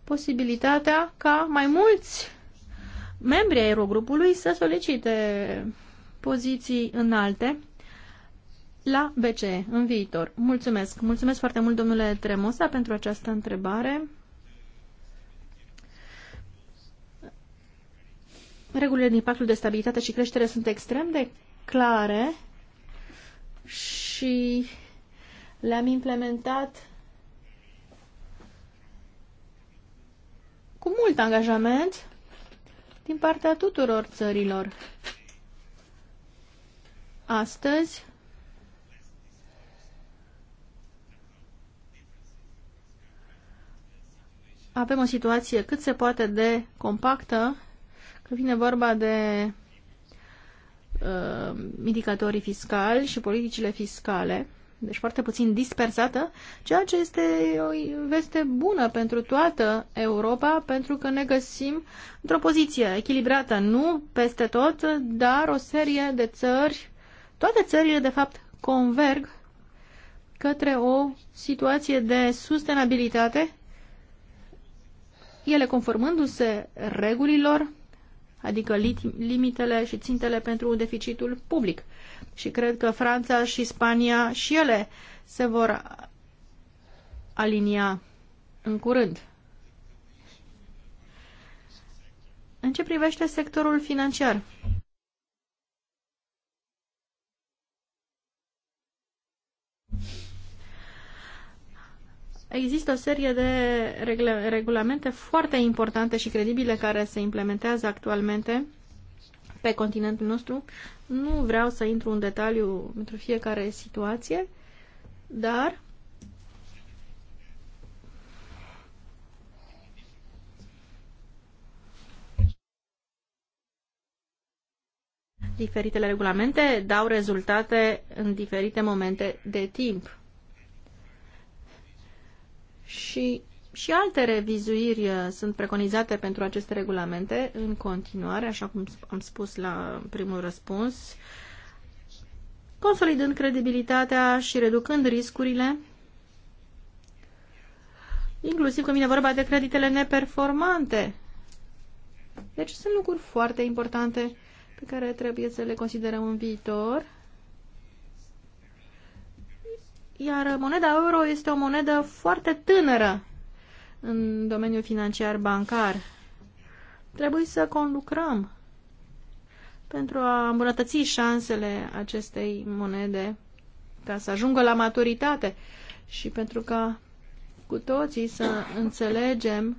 posibilitatea ca mai mulți membrii aerogrupului să solicite poziții înalte la BCE în viitor. Mulțumesc! Mulțumesc foarte mult, domnule Tremosa, pentru această întrebare. Regulile din pactul de stabilitate și creștere sunt extrem de clare și le-am implementat cu mult angajament din partea tuturor țărilor. Astăzi, avem o situație cât se poate de compactă că vine vorba de uh, indicatorii fiscali și politicile fiscale deci foarte puțin dispersată, ceea ce este o veste bună pentru toată Europa, pentru că ne găsim într-o poziție echilibrată, nu peste tot, dar o serie de țări, toate țările de fapt converg către o situație de sustenabilitate, ele conformându-se regulilor, adică limitele și țintele pentru deficitul public și cred că Franța și Spania și ele se vor alinia în curând. În ce privește sectorul financiar? Există o serie de regle, regulamente foarte importante și credibile care se implementează actualmente pe continentul nostru. Nu vreau să intru în detaliu pentru fiecare situație, dar diferitele regulamente dau rezultate în diferite momente de timp. Și și alte revizuiri uh, sunt preconizate pentru aceste regulamente în continuare, așa cum am spus la primul răspuns, consolidând credibilitatea și reducând riscurile, inclusiv când vine vorba de creditele neperformante. Deci sunt lucruri foarte importante pe care trebuie să le considerăm în viitor. Iar moneda euro este o monedă foarte tânără în domeniul financiar bancar. Trebuie să conlucrăm pentru a îmbunătăți șansele acestei monede ca să ajungă la maturitate și pentru ca cu toții să înțelegem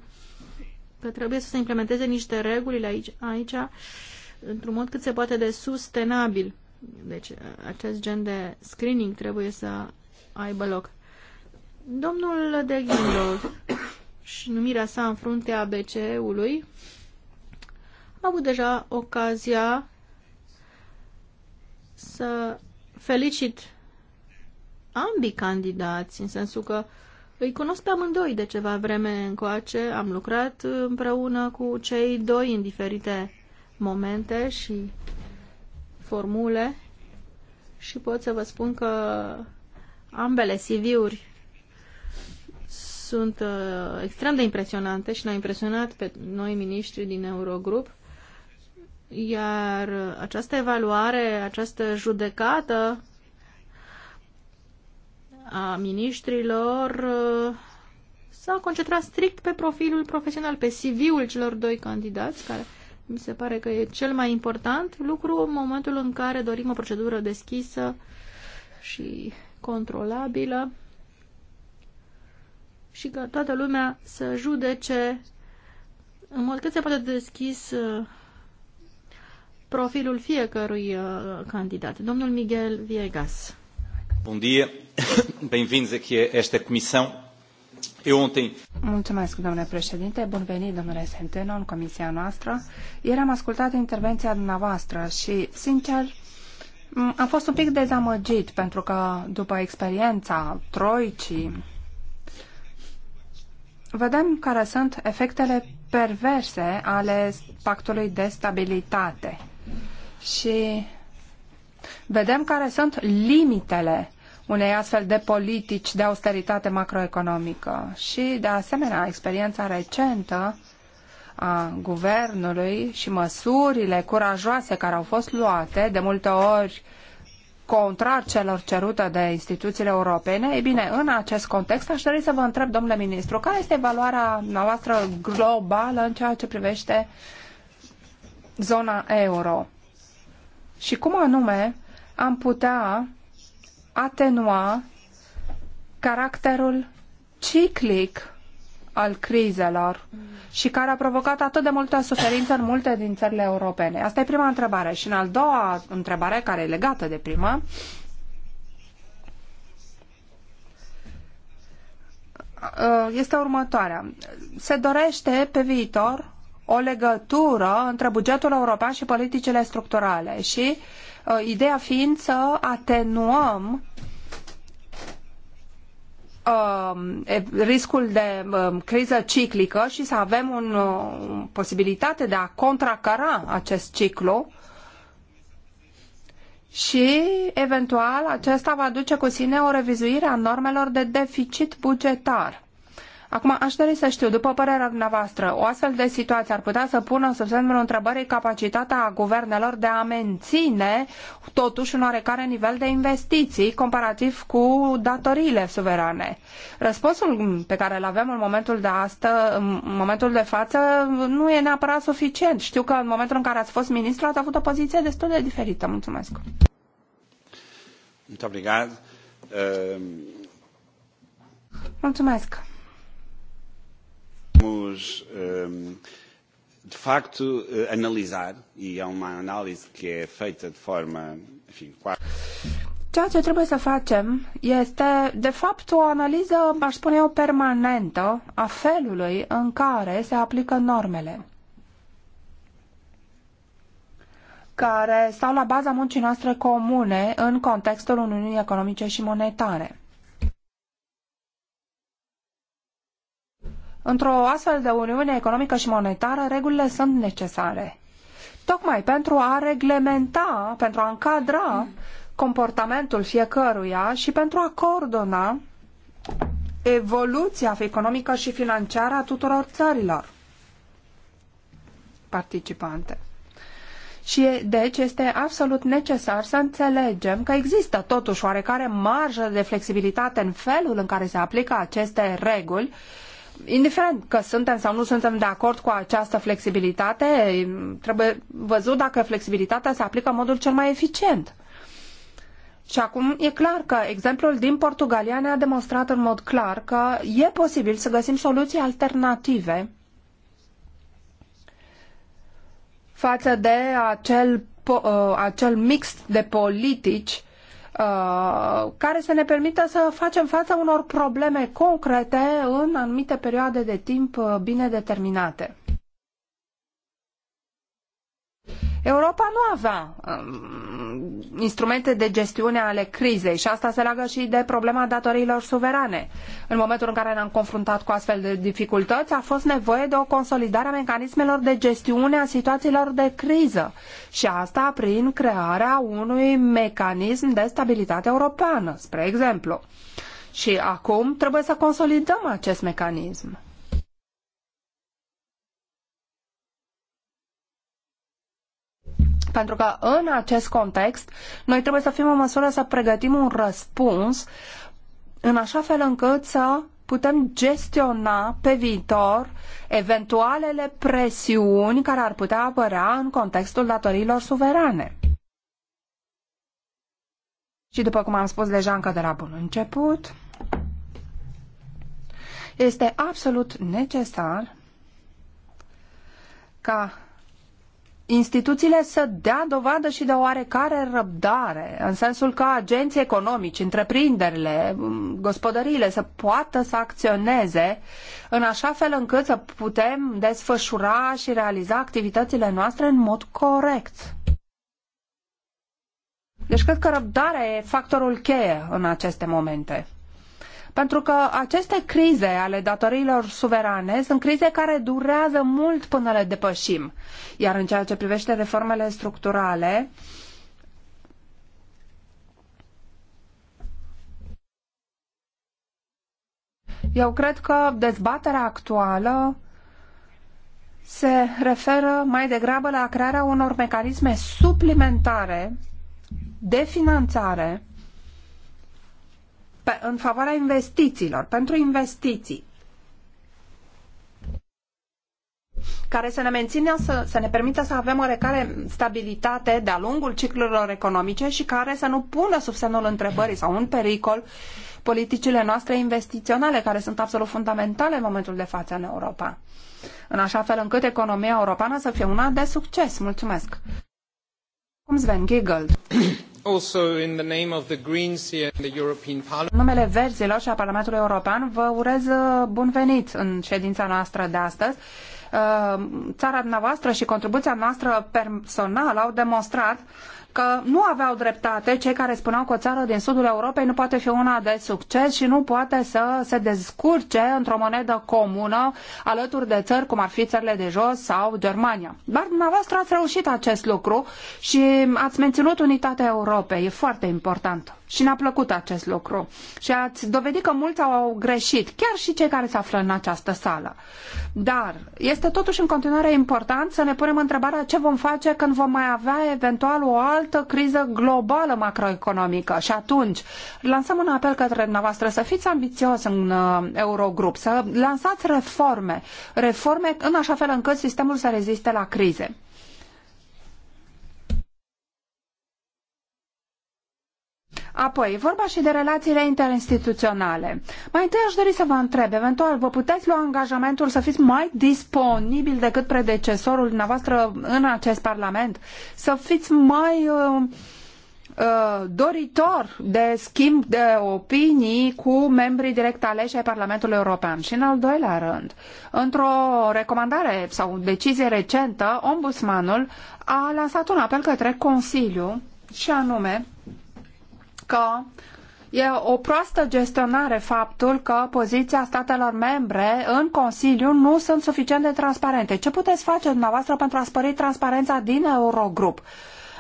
că trebuie să se implementeze niște reguli aici, aici într-un mod cât se poate de sustenabil. Deci acest gen de screening trebuie să aibă loc. Domnul de Ghindov și numirea sa în fruntea BCE-ului, a avut deja ocazia să felicit ambii candidați, în sensul că îi cunosc pe amândoi de ceva vreme încoace, am lucrat împreună cu cei doi în diferite momente și formule și pot să vă spun că ambele CV-uri sunt uh, extrem de impresionante și ne-a impresionat pe noi miniștri din Eurogrup. Iar această evaluare, această judecată a miniștrilor uh, s-a concentrat strict pe profilul profesional, pe CV-ul celor doi candidați, care mi se pare că e cel mai important lucru în momentul în care dorim o procedură deschisă și controlabilă și ca toată lumea să judece în mod cât se poate deschis uh, profilul fiecărui uh, candidat. Domnul Miguel Viegas. Bun dia, bem aici, aqui a esta comissão. Eu ontem... Mulțumesc, domnule președinte. Bun venit, domnule Centeno, în comisia noastră. Ieri am ascultat intervenția dumneavoastră și, sincer, am fost un pic dezamăgit pentru că, după experiența troicii, vedem care sunt efectele perverse ale pactului de stabilitate și vedem care sunt limitele unei astfel de politici de austeritate macroeconomică și, de asemenea, experiența recentă a guvernului și măsurile curajoase care au fost luate, de multe ori uh, contrar celor cerute de instituțiile europene, e bine, în acest context aș dori să vă întreb, domnule ministru, care este valoarea noastră globală în ceea ce privește zona euro? Și cum anume am putea atenua caracterul ciclic al crizelor și care a provocat atât de multă suferință în multe din țările europene? Asta e prima întrebare. Și în al doua întrebare, care e legată de prima, uh, este următoarea. Se dorește pe viitor o legătură între bugetul european și politicile structurale și uh, ideea fiind să atenuăm Um, riscul de um, criză ciclică și să avem un, o uh, posibilitate de a contracara acest ciclu și, eventual, acesta va duce cu sine o revizuire a normelor de deficit bugetar. Acum, aș dori să știu, după părerea dumneavoastră, o astfel de situație ar putea să pună sub semnul întrebării capacitatea guvernelor de a menține totuși un oarecare nivel de investiții comparativ cu datoriile suverane. Răspunsul pe care îl avem în momentul de astă, în momentul de față, nu e neapărat suficient. Știu că în momentul în care ați fost ministru ați avut o poziție destul de diferită. Mulțumesc. Ehm, Mulțumesc. Vamos, ehm, de facto, eh, analisar, e é uma análise que é feita de forma, enfim, quase... Ceea ce trebuie să facem este, de fapt, o analiză, aș spune eu, permanentă a felului în care se aplică normele care stau la baza muncii noastre comune în contextul Uniunii Economice și Monetare. Într-o astfel de uniune economică și monetară, regulile sunt necesare. Tocmai pentru a reglementa, pentru a încadra comportamentul fiecăruia și pentru a coordona evoluția economică și financiară a tuturor țărilor participante. Și deci este absolut necesar să înțelegem că există totuși oarecare marjă de flexibilitate în felul în care se aplică aceste reguli indiferent că suntem sau nu suntem de acord cu această flexibilitate, trebuie văzut dacă flexibilitatea se aplică în modul cel mai eficient. Și acum e clar că exemplul din Portugalia ne-a demonstrat în mod clar că e posibil să găsim soluții alternative față de acel, uh, acel mix de politici Uh, care să ne permită să facem față unor probleme concrete în anumite perioade de timp uh, bine determinate. Europa nu avea um, instrumente de gestiune ale crizei și asta se leagă și de problema datoriilor suverane. În momentul în care ne-am confruntat cu astfel de dificultăți, a fost nevoie de o consolidare a mecanismelor de gestiune a situațiilor de criză și asta prin crearea unui mecanism de stabilitate europeană, spre exemplu. Și acum trebuie să consolidăm acest mecanism. pentru că în acest context noi trebuie să fim în măsură să pregătim un răspuns în așa fel încât să putem gestiona pe viitor eventualele presiuni care ar putea apărea în contextul datoriilor suverane. Și după cum am spus deja încă de la bun început, este absolut necesar ca instituțiile să dea dovadă și de oarecare răbdare, în sensul că agenții economici, întreprinderile, gospodăriile să poată să acționeze în așa fel încât să putem desfășura și realiza activitățile noastre în mod corect. Deci cred că răbdarea e factorul cheie în aceste momente. Pentru că aceste crize ale datoriilor suverane sunt crize care durează mult până le depășim. Iar în ceea ce privește reformele structurale, Eu cred că dezbaterea actuală se referă mai degrabă la crearea unor mecanisme suplimentare de finanțare pe, în favoarea investițiilor, pentru investiții, care să ne mențină, să, să ne permită să avem oarecare stabilitate de-a lungul ciclurilor economice și care să nu pună sub semnul întrebării sau un pericol politicile noastre investiționale, care sunt absolut fundamentale în momentul de față în Europa. În așa fel încât economia europeană să fie una de succes. Mulțumesc! Cum Sven Giegold. Numele Verzilor și a Parlamentului European vă urez uh, bun venit în ședința noastră de astăzi. Uh, țara dumneavoastră și contribuția noastră personală au demonstrat uh, că nu aveau dreptate cei care spuneau că o țară din sudul Europei nu poate fi una de succes și nu poate să se descurce într-o monedă comună alături de țări cum ar fi țările de jos sau Germania. Dar dumneavoastră ați reușit acest lucru și ați menținut unitatea Europei. E foarte important și ne-a plăcut acest lucru. Și ați dovedit că mulți au greșit, chiar și cei care se află în această sală. Dar este totuși în continuare important să ne punem întrebarea ce vom face când vom mai avea eventual o altă criză globală macroeconomică. Și atunci lansăm un apel către dumneavoastră să fiți ambițios în uh, Eurogrup, să lansați reforme, reforme în așa fel încât sistemul să reziste la crize. Apoi, vorba și de relațiile interinstituționale. Mai întâi aș dori să vă întreb, eventual, vă puteți lua angajamentul să fiți mai disponibil decât predecesorul dumneavoastră în acest Parlament? Să fiți mai... Uh, uh doritor de schimb de opinii cu membrii direct aleși ai Parlamentului European. Și în al doilea rând, într-o recomandare sau decizie recentă, ombudsmanul a lansat un apel către Consiliu și anume că e o proastă gestionare faptul că poziția statelor membre în Consiliu nu sunt suficient de transparente. Ce puteți face dumneavoastră pentru a spări transparența din Eurogrup?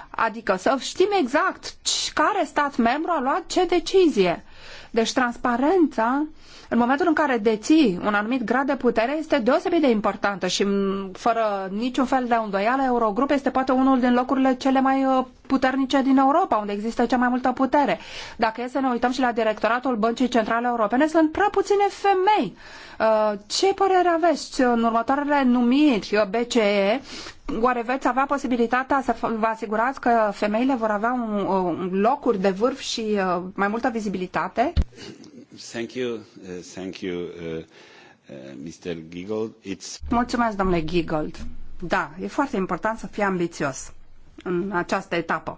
Adică să știm exact care stat membru a luat ce decizie. Deci transparența uh, în momentul în care deții un anumit grad de putere, este deosebit de importantă și fără niciun fel de îndoială, Eurogrup este poate unul din locurile cele mai uh, puternice din Europa, unde există cea mai multă putere. Dacă e să ne uităm și la directoratul Băncii Centrale Europene, sunt prea puține femei. Uh, ce părere aveți în următoarele numiri uh, BCE? Oare veți avea posibilitatea să vă asigurați că femeile vor avea un, un locuri de vârf și mai multă vizibilitate? Thank you, uh, thank you, uh, uh, Mr. Giegold. It's... Mulțumesc, domnule Giegold. Da, e foarte important să fii ambițios în această etapă.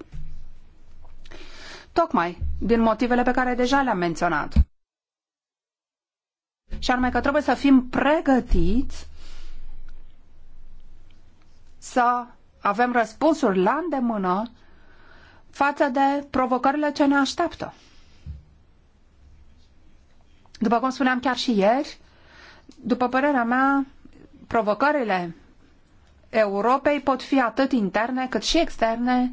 Tocmai din motivele pe care deja le-am menționat. Și anume că trebuie să fim pregătiți să avem răspunsuri la îndemână față de provocările ce ne așteaptă. După cum spuneam chiar și ieri, după părerea mea, provocările Europei pot fi atât interne cât și externe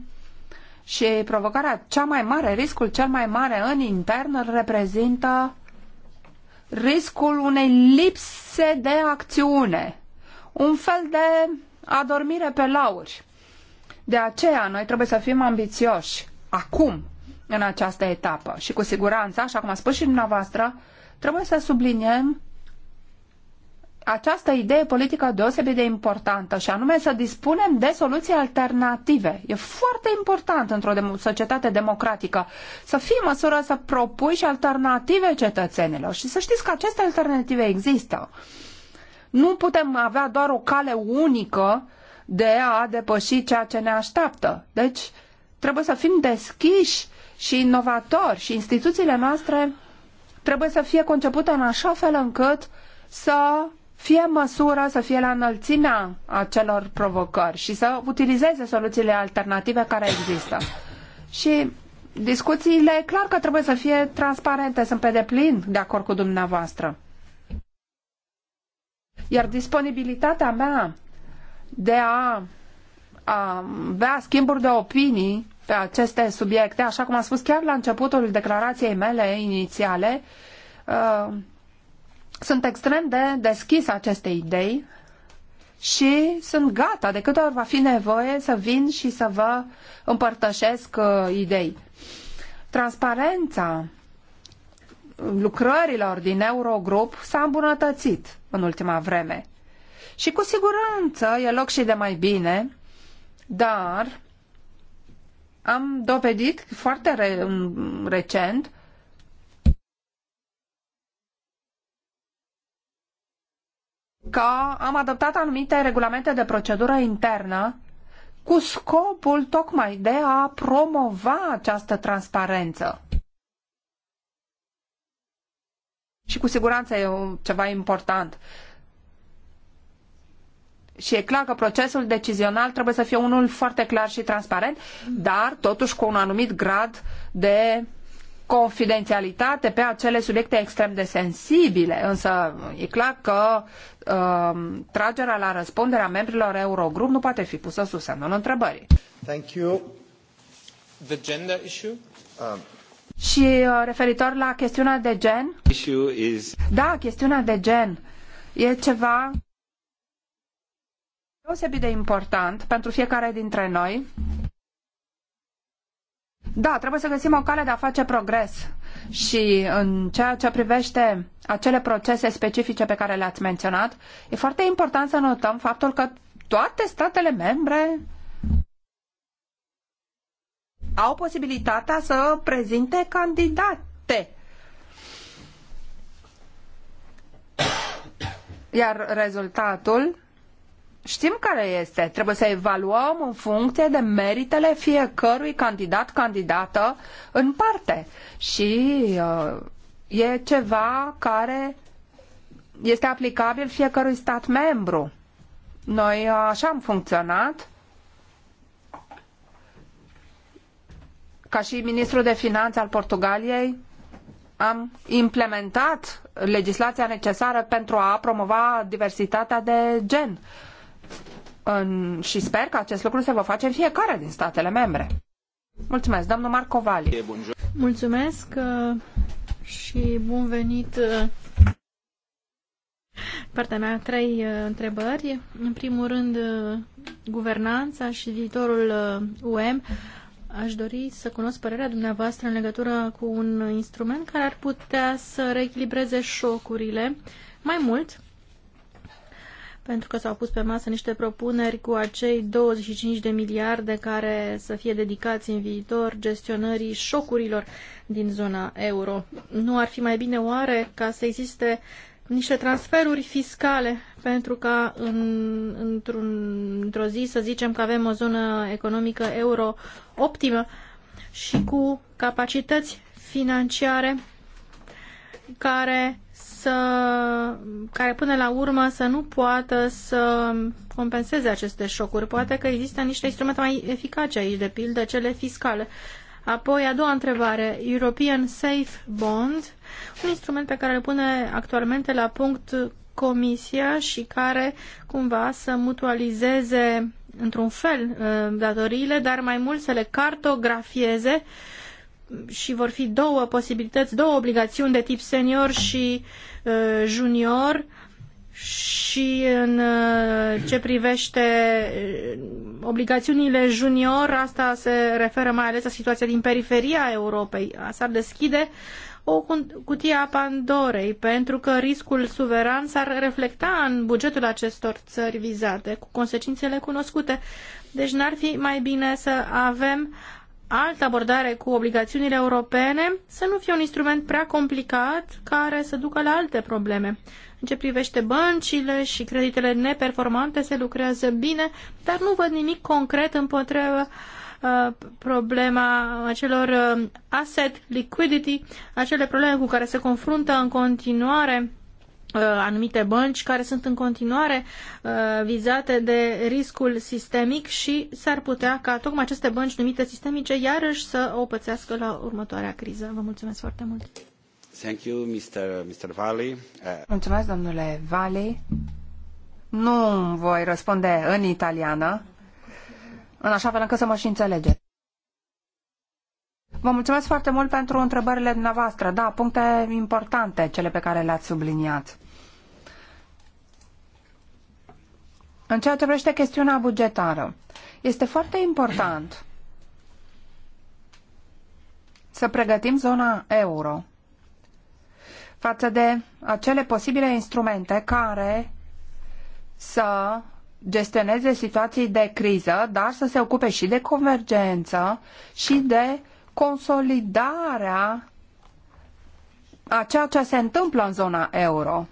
și provocarea cea mai mare, riscul cel mai mare în intern îl reprezintă riscul unei lipse de acțiune, un fel de adormire pe lauri. De aceea noi trebuie să fim ambițioși acum, în această etapă. Și cu siguranță, așa cum a spus și dumneavoastră, trebuie să subliniem această idee politică deosebit de importantă și anume să dispunem de soluții alternative. E foarte important într-o societate democratică să fii în măsură să propui și alternative cetățenilor și să știți că aceste alternative există. Nu putem avea doar o cale unică de a depăși ceea ce ne așteaptă. Deci trebuie să fim deschiși și inovatori și instituțiile noastre trebuie să fie concepută în așa fel încât să fie măsură să fie la înălțimea acelor provocări și să utilizeze soluțiile alternative care există. Și discuțiile, clar că trebuie să fie transparente, sunt pe deplin de acord cu dumneavoastră. Iar disponibilitatea mea de a avea schimburi de opinii pe aceste subiecte, așa cum am spus chiar la începutul declarației mele inițiale, uh, sunt extrem de deschis aceste idei și sunt gata de câte ori va fi nevoie să vin și să vă împărtășesc uh, idei. Transparența lucrărilor din Eurogrup s-a îmbunătățit în ultima vreme. Și cu siguranță e loc și de mai bine, dar am dovedit foarte re um, recent că am adoptat anumite regulamente de procedură internă cu scopul tocmai de a promova această transparență. Și cu siguranță e ceva important și e clar că procesul decizional trebuie să fie unul foarte clar și transparent, dar totuși cu un anumit grad de confidențialitate pe acele subiecte extrem de sensibile, însă e clar că uh, tragerea la răspunderea membrilor Eurogrup nu poate fi pusă sub semnul întrebării. Thank you. The gender issue? Um. Și uh, referitor la chestiunea de gen? Issue is... Da, chestiunea de gen e ceva deosebit de important pentru fiecare dintre noi. Da, trebuie să găsim o cale de a face progres și în ceea ce privește acele procese specifice pe care le-ați menționat, e foarte important să notăm faptul că toate statele membre au posibilitatea să prezinte candidate. Iar rezultatul Știm care este. Trebuie să evaluăm în funcție de meritele fiecărui candidat, candidată în parte. Și uh, e ceva care este aplicabil fiecărui stat membru. Noi uh, așa am funcționat. Ca și ministrul de finanțe al Portugaliei, am implementat legislația necesară pentru a promova diversitatea de gen. Uh, în, și sper că acest lucru se va face în fiecare din statele membre. Mulțumesc, domnul Marcovali. Mulțumesc uh, și bun venit uh, Partea mea, trei uh, întrebări. În primul rând, guvernanța și viitorul UM. Aș dori să cunosc părerea dumneavoastră în legătură cu un instrument care ar putea să reechilibreze șocurile. Mai mult, pentru că s-au pus pe masă niște propuneri cu acei 25 de miliarde care să fie dedicați în viitor gestionării șocurilor din zona euro. Nu ar fi mai bine oare ca să existe niște transferuri fiscale pentru ca în, într-un, într-o zi să zicem că avem o zonă economică euro optimă și cu capacități financiare care să, care până la urmă să nu poată să compenseze aceste șocuri. Poate că există niște instrumente mai eficace aici, de pildă cele fiscale. Apoi, a doua întrebare, European Safe Bond, un instrument pe care îl pune actualmente la punct Comisia și care cumva să mutualizeze într-un fel uh, datoriile, dar mai mult să le cartografieze uh, și vor fi două posibilități, două obligațiuni de tip senior și uh, junior și în uh, ce privește uh, obligațiunile junior, asta se referă mai ales la situația din periferia Europei. S-ar deschide o cutie a Pandorei, pentru că riscul suveran s-ar reflecta în bugetul acestor țări vizate, cu consecințele cunoscute. Deci n-ar fi mai bine să avem altă abordare cu obligațiunile europene să nu fie un instrument prea complicat care să ducă la alte probleme. În ce privește băncile și creditele neperformante se lucrează bine, dar nu văd nimic concret împotriva uh, problema acelor uh, asset liquidity, acele probleme cu care se confruntă în continuare Uh, anumite bănci care sunt în continuare uh, vizate de riscul sistemic și s-ar putea ca tocmai aceste bănci numite sistemice iarăși să o pățească la următoarea criză. Vă mulțumesc foarte mult! Thank you, Mr. Mr. Valley. Uh, mulțumesc, domnule Valley. Nu voi răspunde în italiană, în așa fel încât să mă și înțelegeți. Vă mulțumesc foarte mult pentru întrebările dumneavoastră. Da, puncte importante, cele pe care le-ați subliniat. În ceea ce privește chestiunea bugetară, este foarte important să pregătim zona euro față de acele posibile instrumente care să gestioneze situații de criză, dar să se ocupe și de convergență și de consolidarea a ceea ce se întâmplă în zona euro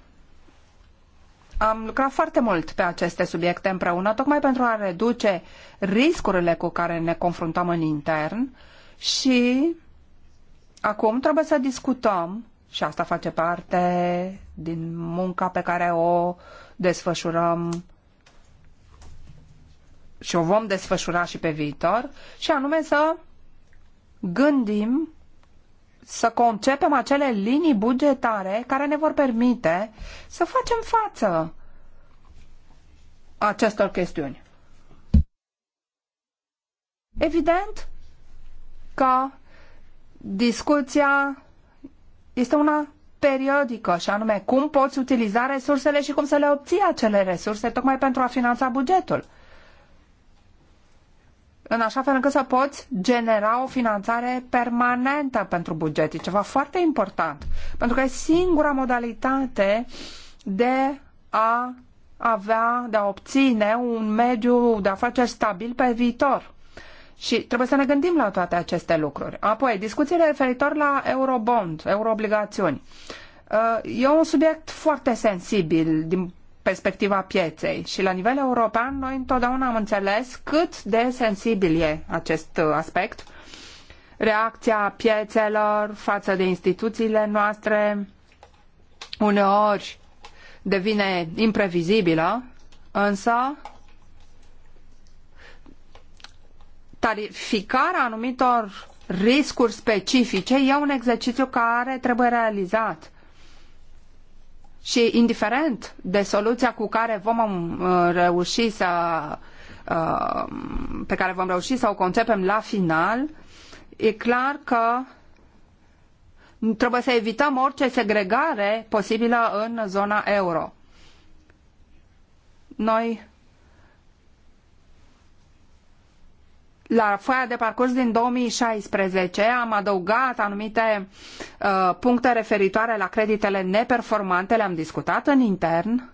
am lucrat foarte mult pe aceste subiecte împreună, tocmai pentru a reduce riscurile cu care ne confruntăm în intern și acum trebuie să discutăm și asta face parte din munca pe care o desfășurăm și o vom desfășura și pe viitor, și anume să gândim să concepem acele linii bugetare care ne vor permite să facem față acestor chestiuni. Evident că discuția este una periodică și anume cum poți utiliza resursele și cum să le obții acele resurse tocmai pentru a finanța bugetul în așa fel încât să poți genera o finanțare permanentă pentru buget. E ceva foarte important, pentru că e singura modalitate de a avea, de a obține un mediu de afaceri stabil pe viitor. Și trebuie să ne gândim la toate aceste lucruri. Apoi, discuțiile referitor la eurobond, euroobligațiuni. Uh, e un subiect foarte sensibil din perspectiva pieței. Și la nivel european, noi întotdeauna am înțeles cât de sensibil e acest uh, aspect, reacția piețelor față de instituțiile noastre uneori devine imprevizibilă, însă tarificarea anumitor riscuri specifice e un exercițiu care trebuie realizat și indiferent de soluția cu care vom uh, reuși să uh, pe care vom reuși să o concepem la final, e clar că trebuie să evităm orice segregare posibilă în zona euro. Noi la foaia de parcurs din 2016 am adăugat anumite uh, puncte referitoare la creditele neperformante, le-am discutat în intern.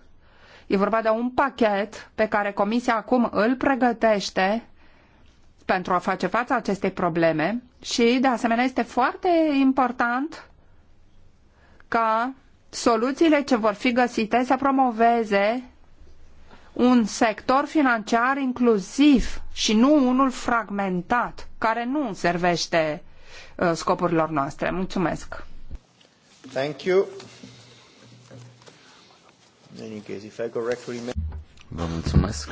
E vorba de un pachet pe care Comisia acum îl pregătește pentru a face față acestei probleme și, de asemenea, este foarte important ca soluțiile ce vor fi găsite să promoveze un sector financiar inclusiv și nu unul fragmentat, care nu servește uh, scopurilor noastre. Mulțumesc! Thank you. In any case, if I correctly... Vă mulțumesc.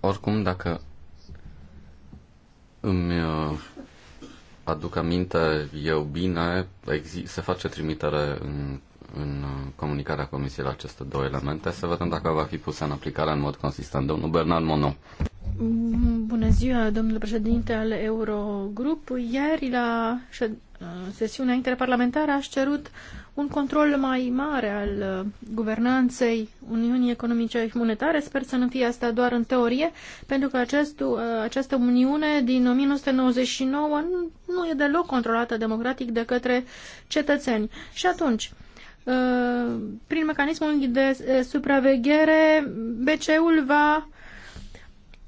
Oricum, dacă îmi uh, aduc aminte eu bine, se face trimitere în în uh, comunicarea Comisiei la aceste două elemente. Să vedem dacă va fi pusă în aplicare în mod consistent. Domnul Bernard Monod. Mm, bună ziua, domnule președinte al Eurogrup. Ieri, la uh, sesiunea interparlamentară, aș cerut un control mai mare al uh, guvernanței Uniunii Economice și Monetare. Sper să nu fie asta doar în teorie, pentru că acest, această Uniune din 1999 nu, nu e deloc controlată democratic de către cetățeni. Și atunci, Uh, prin mecanismul de uh, supraveghere, BCE-ul va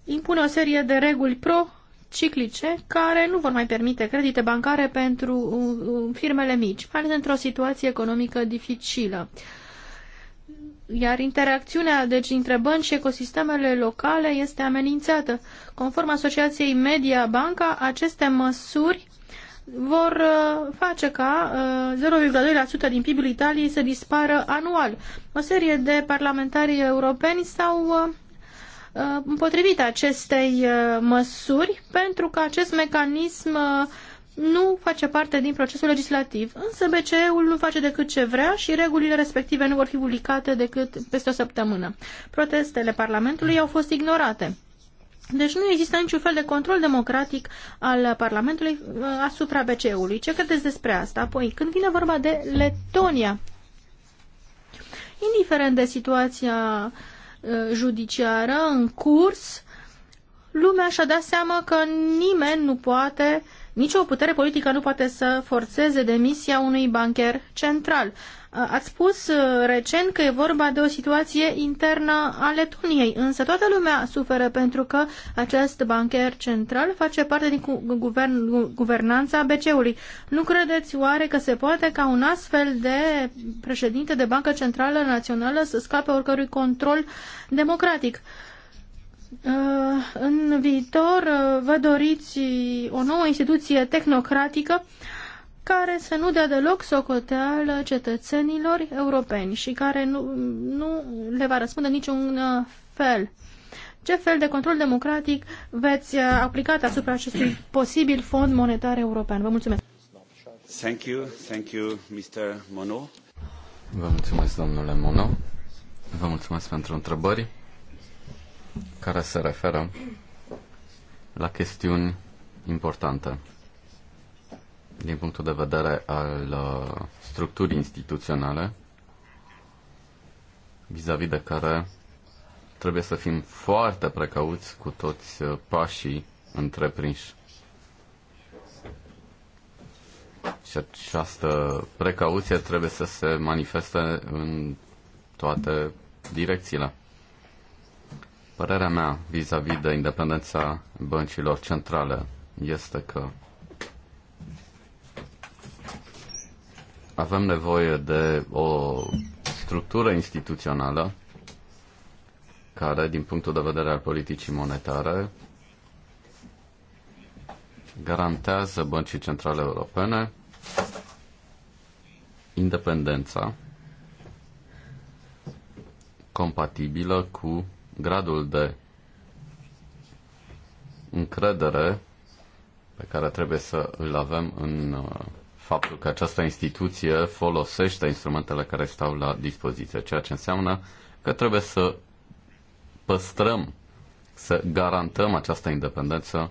impune o serie de reguli pro-ciclice care nu vor mai permite credite bancare pentru uh, firmele mici, mai ales într-o situație economică dificilă. Iar interacțiunea deci, între bănci și ecosistemele locale este amenințată. Conform Asociației Media Banca, aceste măsuri vor uh, face ca 0,2% uh, din PIB-ul Italiei să dispară anual. O serie de parlamentari europeni s-au uh, împotrivit acestei măsuri pentru că acest mecanism nu face parte din procesul legislativ. Însă BCE-ul nu face decât ce vrea și regulile respective nu vor fi publicate decât peste o săptămână. Protestele Parlamentului au fost ignorate. Deci nu există niciun fel de control democratic al Parlamentului uh, asupra BCE-ului. Ce credeți despre asta? Apoi, când vine vorba de Letonia, indiferent de situația uh, judiciară în curs, lumea și-a dat seama că nimeni nu poate, nicio putere politică nu poate să forțeze demisia unui bancher central. Ați spus uh, recent că e vorba de o situație internă a Letoniei, însă toată lumea suferă pentru că acest bancher central face parte din guvern, guvernanța bc ului Nu credeți oare că se poate ca un astfel de președinte de Bancă Centrală Națională să scape oricărui control democratic? Uh, în viitor uh, vă doriți o nouă instituție tehnocratică care să nu dea deloc socoteală cetățenilor europeni și care nu, nu le va răspunde niciun uh, fel. Ce fel de control democratic veți uh, aplica asupra acestui posibil fond monetar european? Vă mulțumesc! Thank you, thank you, Mr. Mono. Vă mulțumesc, domnule Mono. Vă mulțumesc pentru întrebări care se referă la chestiuni importante din punctul de vedere al uh, structurii instituționale vis-a-vis -vis de care trebuie să fim foarte precauți cu toți uh, pașii întreprinși. Și această precauție trebuie să se manifeste în toate direcțiile. Părerea mea vis-a-vis -vis de independența băncilor centrale este că Avem nevoie de o structură instituțională care, din punctul de vedere al politicii monetare, garantează băncii centrale europene independența compatibilă cu gradul de încredere pe care trebuie să îl avem în uh, faptul că această instituție folosește instrumentele care stau la dispoziție, ceea ce înseamnă că trebuie să păstrăm, să garantăm această independență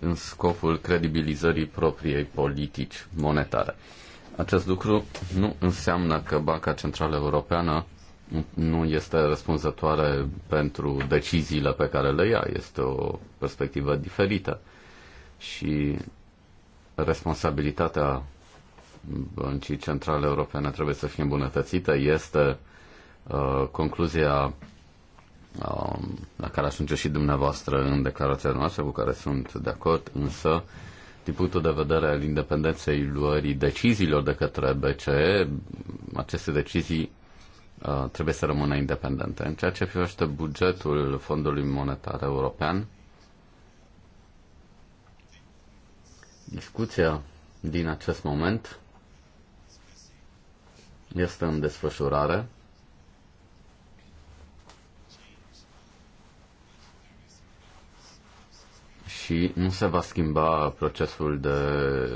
în scopul credibilizării propriei politici monetare. Acest lucru nu înseamnă că Banca Centrală Europeană nu este răspunzătoare pentru deciziile pe care le ia. Este o perspectivă diferită. Și responsabilitatea Băncii Centrale Europene trebuie să fie îmbunătățită este uh, concluzia uh, la care ajunge și dumneavoastră în declarația noastră, cu care sunt de acord, însă din punctul de vedere al independenței luării deciziilor de către BCE, aceste decizii uh, trebuie să rămână independente. În ceea ce privește bugetul Fondului Monetar European, discuția din acest moment este în desfășurare. și nu se va schimba procesul de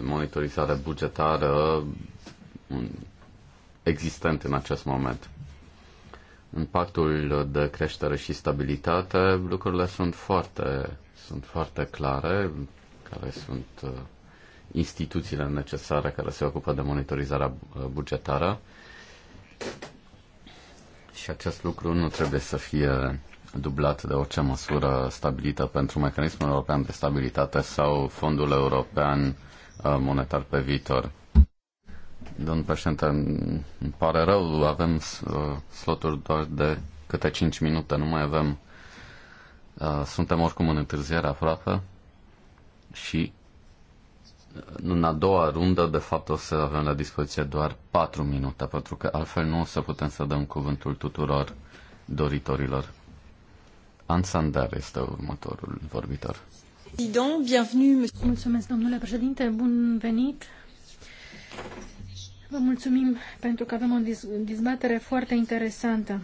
monitorizare bugetară existent în acest moment. În pactul de creștere și stabilitate lucrurile sunt foarte, sunt foarte clare, care sunt uh, instituțiile necesare care se ocupă de monitorizarea uh, bugetară și acest lucru nu trebuie să fie dublat de orice măsură stabilită pentru mecanismul european de stabilitate sau fondul european uh, monetar pe viitor. Domnul președinte, îmi pare rău, avem uh, sloturi doar de câte 5 minute, nu mai avem. Uh, suntem oricum în întârziere aproape și în a doua rundă, de fapt, o să avem la dispoziție doar 4 minute, pentru că altfel nu o să putem să dăm cuvântul tuturor doritorilor. Ansandar este următorul vorbitor. Mulțumesc, domnule președinte, bun venit. Vă mulțumim pentru că avem o dezbatere foarte interesantă.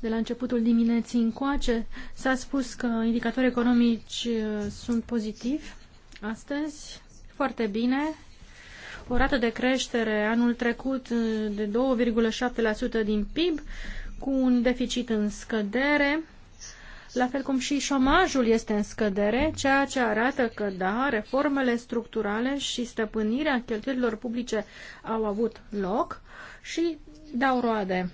De la începutul dimineții încoace s-a spus că indicatorii economici uh, sunt pozitivi, astăzi. Foarte bine. O rată de creștere anul trecut de 2,7% din PIB, cu un deficit în scădere, la fel cum și șomajul este în scădere, ceea ce arată că, da, reformele structurale și stăpânirea cheltuielilor publice au avut loc și dau roade.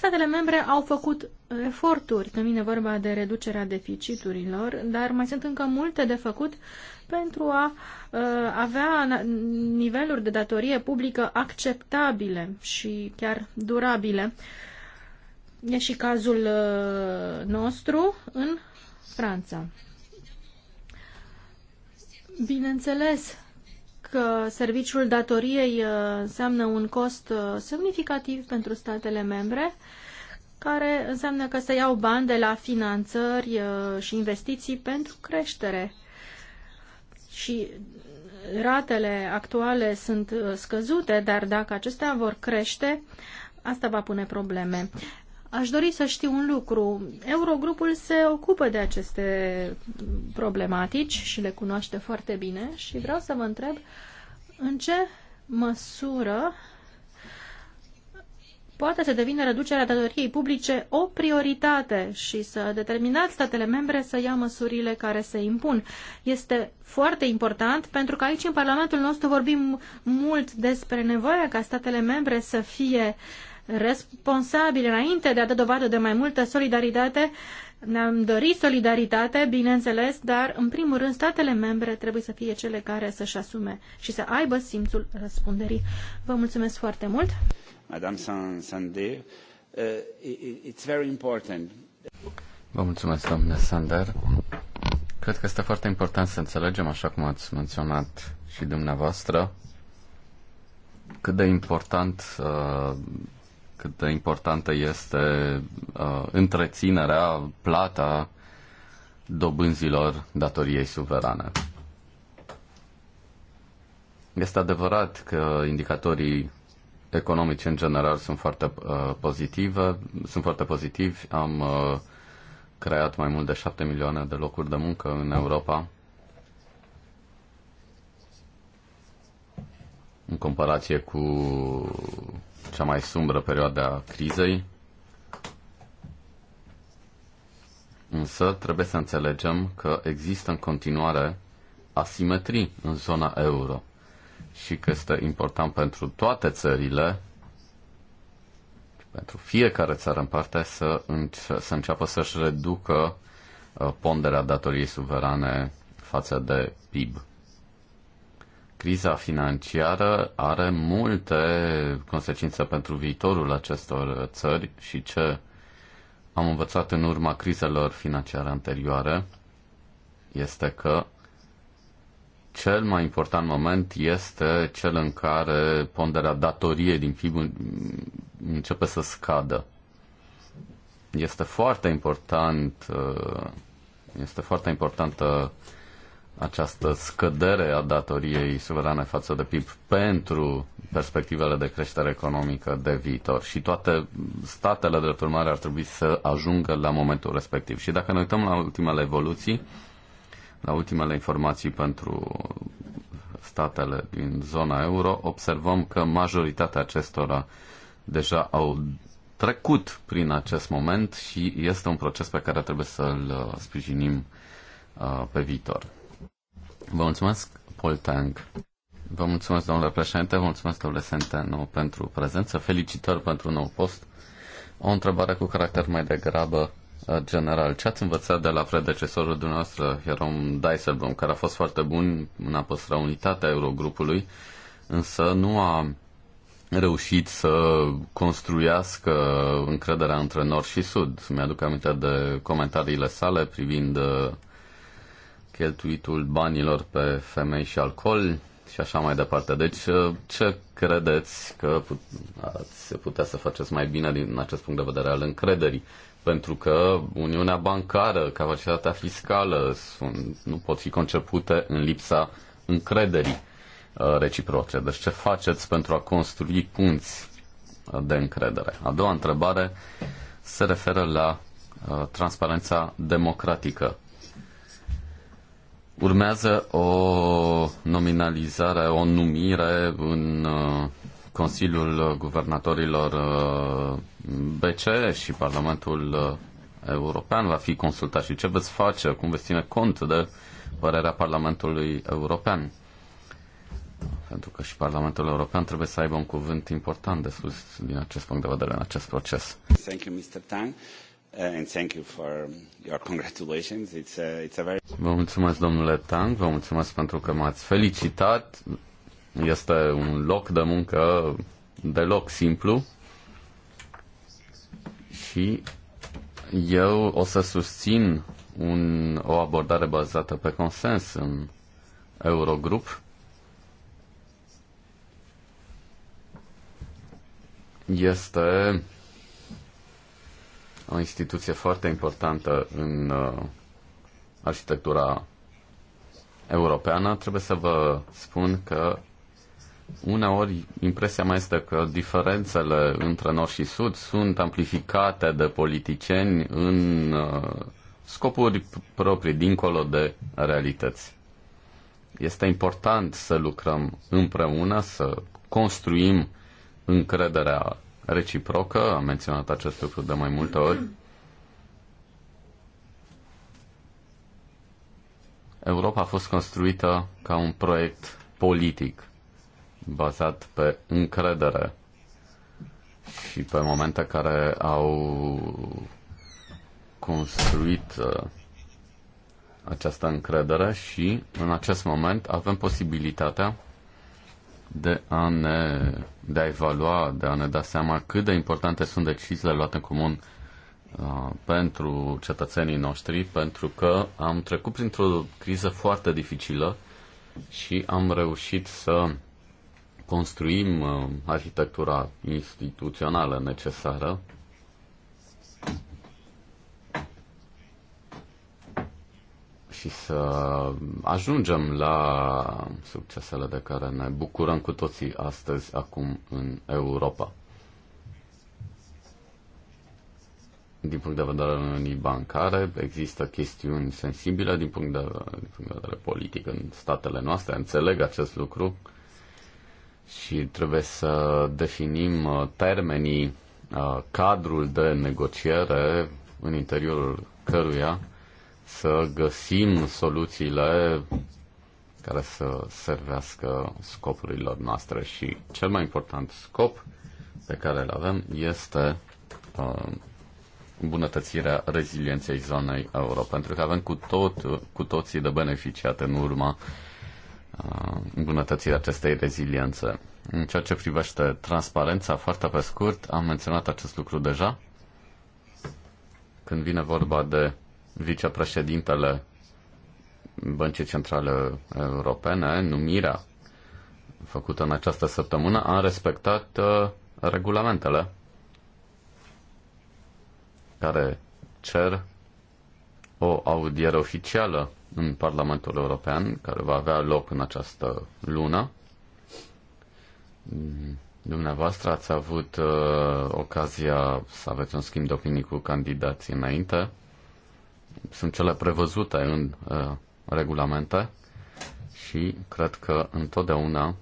Statele membre au făcut eforturi când vine vorba de reducerea deficiturilor, dar mai sunt încă multe de făcut pentru a uh, avea niveluri de datorie publică acceptabile și chiar durabile. E și cazul uh, nostru în Franța. Bineînțeles, că serviciul datoriei uh, înseamnă un cost uh, semnificativ pentru statele membre, care înseamnă că se iau bani de la finanțări uh, și investiții pentru creștere. Și ratele actuale sunt scăzute, dar dacă acestea vor crește, asta va pune probleme. Aș dori să știu un lucru. Eurogrupul se ocupă de aceste problematici și le cunoaște foarte bine și vreau să vă întreb în ce măsură poate să devină reducerea datoriei publice o prioritate și să determinați statele membre să ia măsurile care se impun. Este foarte important pentru că aici în Parlamentul nostru vorbim mult despre nevoia ca statele membre să fie uh, responsabile. Înainte de a da dovadă de mai multă solidaritate, ne-am dorit solidaritate, bineînțeles, dar în primul rând statele membre trebuie să fie cele care să-și asume și să aibă simțul răspunderii. Vă mulțumesc foarte mult! Madame Sandé, uh, it's very important. Vă mulțumesc, domnule Sander. Cred că este foarte important să înțelegem, așa cum ați menționat și dumneavoastră, cât de important uh, cât de importantă este uh, întreținerea, plata dobânzilor datoriei suverane. Este adevărat că indicatorii economici în general sunt foarte uh, pozitive, sunt foarte pozitivi. Am uh, creat mai mult de 7 milioane de locuri de muncă în Europa. În comparație cu cea mai sumbră perioadă a crizei, însă trebuie să înțelegem că există în continuare asimetrii în zona euro și că este important pentru toate țările, pentru fiecare țară în parte, să, înce- să înceapă să-și reducă uh, ponderea datoriei suverane față de PIB criza financiară are multe consecințe pentru viitorul acestor țări și ce am învățat în urma crizelor financiare anterioare este că cel mai important moment este cel în care ponderea datoriei din PIB începe să scadă. Este foarte important uh, este foarte importantă uh, această scădere a datoriei suverane față de PIB pentru perspectivele de creștere economică de viitor și toate statele de urmare ar trebui să ajungă la momentul respectiv. Și dacă ne uităm la ultimele evoluții, la ultimele informații pentru statele din zona euro, observăm că majoritatea acestora deja au trecut prin acest moment și este un proces pe care trebuie să-l uh, sprijinim uh, pe viitor. Vă mulțumesc, Paul Tang. Vă mulțumesc, domnule președinte, vă mulțumesc, domnule Sentenu, pentru prezență. Felicitări pentru nou post. O întrebare cu caracter mai degrabă uh, general. Ce ați învățat de la predecesorul dumneavoastră, Jerome Dijsselbloem, care a fost foarte bun în a păstra unitatea Eurogrupului, însă nu a reușit să construiască încrederea între nord și sud. Mi-aduc aminte de comentariile sale privind uh, cheltuitul banilor pe femei și alcool și așa mai departe. Deci, uh, ce credeți că put- ați putea să faceți mai bine din acest punct de vedere al încrederii? Pentru că Uniunea Bancară, capacitatea fiscală sunt, nu pot fi concepute în lipsa încrederii uh, reciproce. Deci ce faceți pentru a construi punți uh, de încredere? A doua întrebare se referă la transparența democratică. Urmează o nominalizare, o numire în uh, Consiliul Guvernatorilor uh, BCE și Parlamentul uh, European va fi consultat și ce veți face, cum veți ține cont de părerea Parlamentului European. Pentru că și Parlamentul European trebuie să aibă un cuvânt important de spus din acest punct de vedere în acest proces. Thank you, Mr. Tang. Uh, and thank you for your congratulations. It's a, uh, it's a very... Vă mulțumesc, domnule Tang, vă mulțumesc pentru că m-ați felicitat. Este un loc de muncă deloc simplu și eu o să susțin un, o abordare bazată pe consens în Eurogrup. Este o instituție foarte importantă în uh, arhitectura europeană, trebuie să vă spun că uneori impresia mea este că diferențele între nord și sud sunt amplificate de politicieni în uh, scopuri proprii, dincolo de realități. Este important să lucrăm împreună, să construim încrederea reciprocă, am menționat acest lucru de mai multe ori. Europa a fost construită ca un proiect politic bazat pe încredere și pe momente care au construit uh, această încredere și în acest moment avem posibilitatea de a ne de a evalua, de a ne da seama cât de importante sunt deciziile luate în comun uh, pentru cetățenii noștri, pentru că am trecut printr-o criză foarte dificilă și am reușit să construim uh, arhitectura instituțională necesară și să ajungem la succesele de care ne bucurăm cu toții astăzi, acum, în Europa. Din punct de vedere al unii Bancare, există chestiuni sensibile din punct, de, din punct de vedere politic în statele noastre, înțeleg acest lucru și trebuie să definim uh, termenii, uh, cadrul de negociere în interiorul căruia să găsim soluțiile care să servească scopurilor noastre și cel mai important scop pe care îl avem este uh, îmbunătățirea rezilienței zonei euro, pentru că avem cu, tot, cu toții de beneficiat în urma uh, îmbunătățirea acestei reziliențe. În ceea ce privește transparența, foarte pe scurt, am menționat acest lucru deja. Când vine vorba de vicepreședintele Băncii Centrale Europene, numirea făcută în această săptămână, a respectat uh, regulamentele care cer o audiere oficială în Parlamentul European, care va avea loc în această lună. Dumneavoastră ați avut uh, ocazia să aveți un schimb de opinii cu candidații înainte sunt cele prevăzute în uh, regulamente și cred că întotdeauna uh,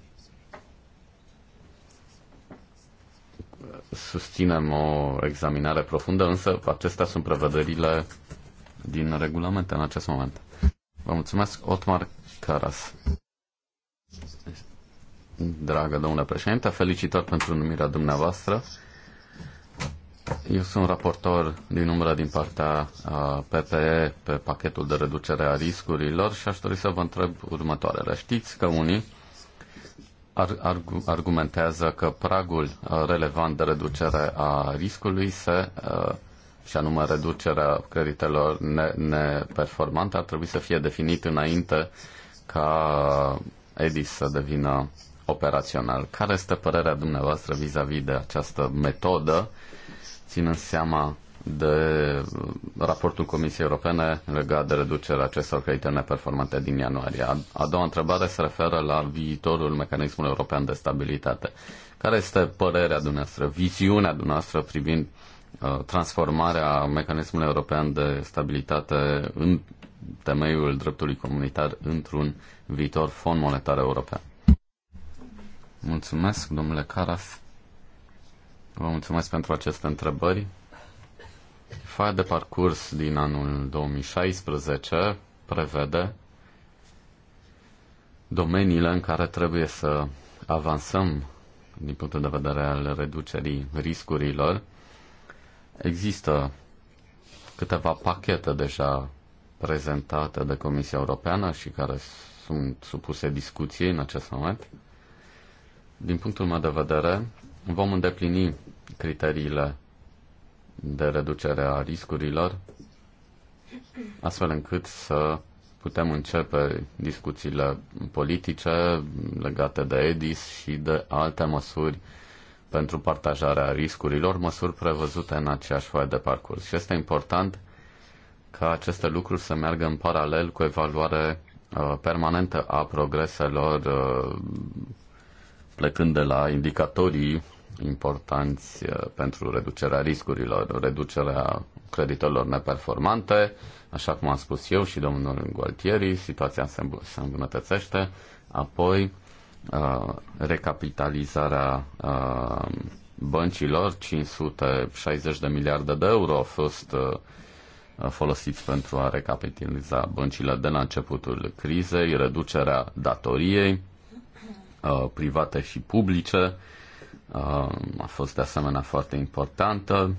susținem o examinare profundă, însă acestea sunt prevederile din regulamente în acest moment. Vă mulțumesc, Otmar Caras. Dragă domnule președinte, felicitări pentru numirea dumneavoastră. Eu sunt raportor din umbra din partea PPE pe pachetul de reducere a riscurilor și aș dori să vă întreb următoarele. Știți că unii ar, argumentează că pragul relevant de reducere a riscului se și anume reducerea creditelor neperformante ar trebui să fie definit înainte ca EDIS să devină operațional. Care este părerea dumneavoastră vis-a-vis -vis de această metodă ținând seama de uh, raportul Comisiei Europene legat de reducerea acestor credite neperformante din ianuarie. A, a doua întrebare se referă la viitorul mecanismului european de stabilitate. Care este părerea dumneavoastră, viziunea dumneavoastră privind uh, transformarea mecanismului european de stabilitate în temeiul dreptului comunitar într-un viitor fond monetar european? Mulțumesc, domnule Caras. Vă mulțumesc pentru aceste întrebări. Faia de parcurs din anul 2016 prevede domeniile în care trebuie să avansăm din punctul de vedere al reducerii riscurilor. Există câteva pachete deja prezentate de Comisia Europeană și care sunt supuse discuției în acest moment. Din punctul meu de vedere, vom îndeplini criteriile de reducere a riscurilor, astfel încât să putem începe discuțiile politice legate de EDIS și de alte măsuri pentru partajarea riscurilor, măsuri prevăzute în aceeași foaie de parcurs. Și este important ca aceste lucruri să meargă în paralel cu evaluare uh, permanentă a progreselor uh, plecând de la indicatorii importanți uh, pentru reducerea riscurilor, reducerea creditelor neperformante. Așa cum am spus eu și domnul Gualtieri, situația se îmbunătățește. Apoi, uh, recapitalizarea uh, băncilor, 560 de miliarde de euro au fost folosiți pentru a recapitaliza băncile de la începutul crizei, reducerea datoriei, Uh, private și publice uh, a fost de asemenea foarte importantă.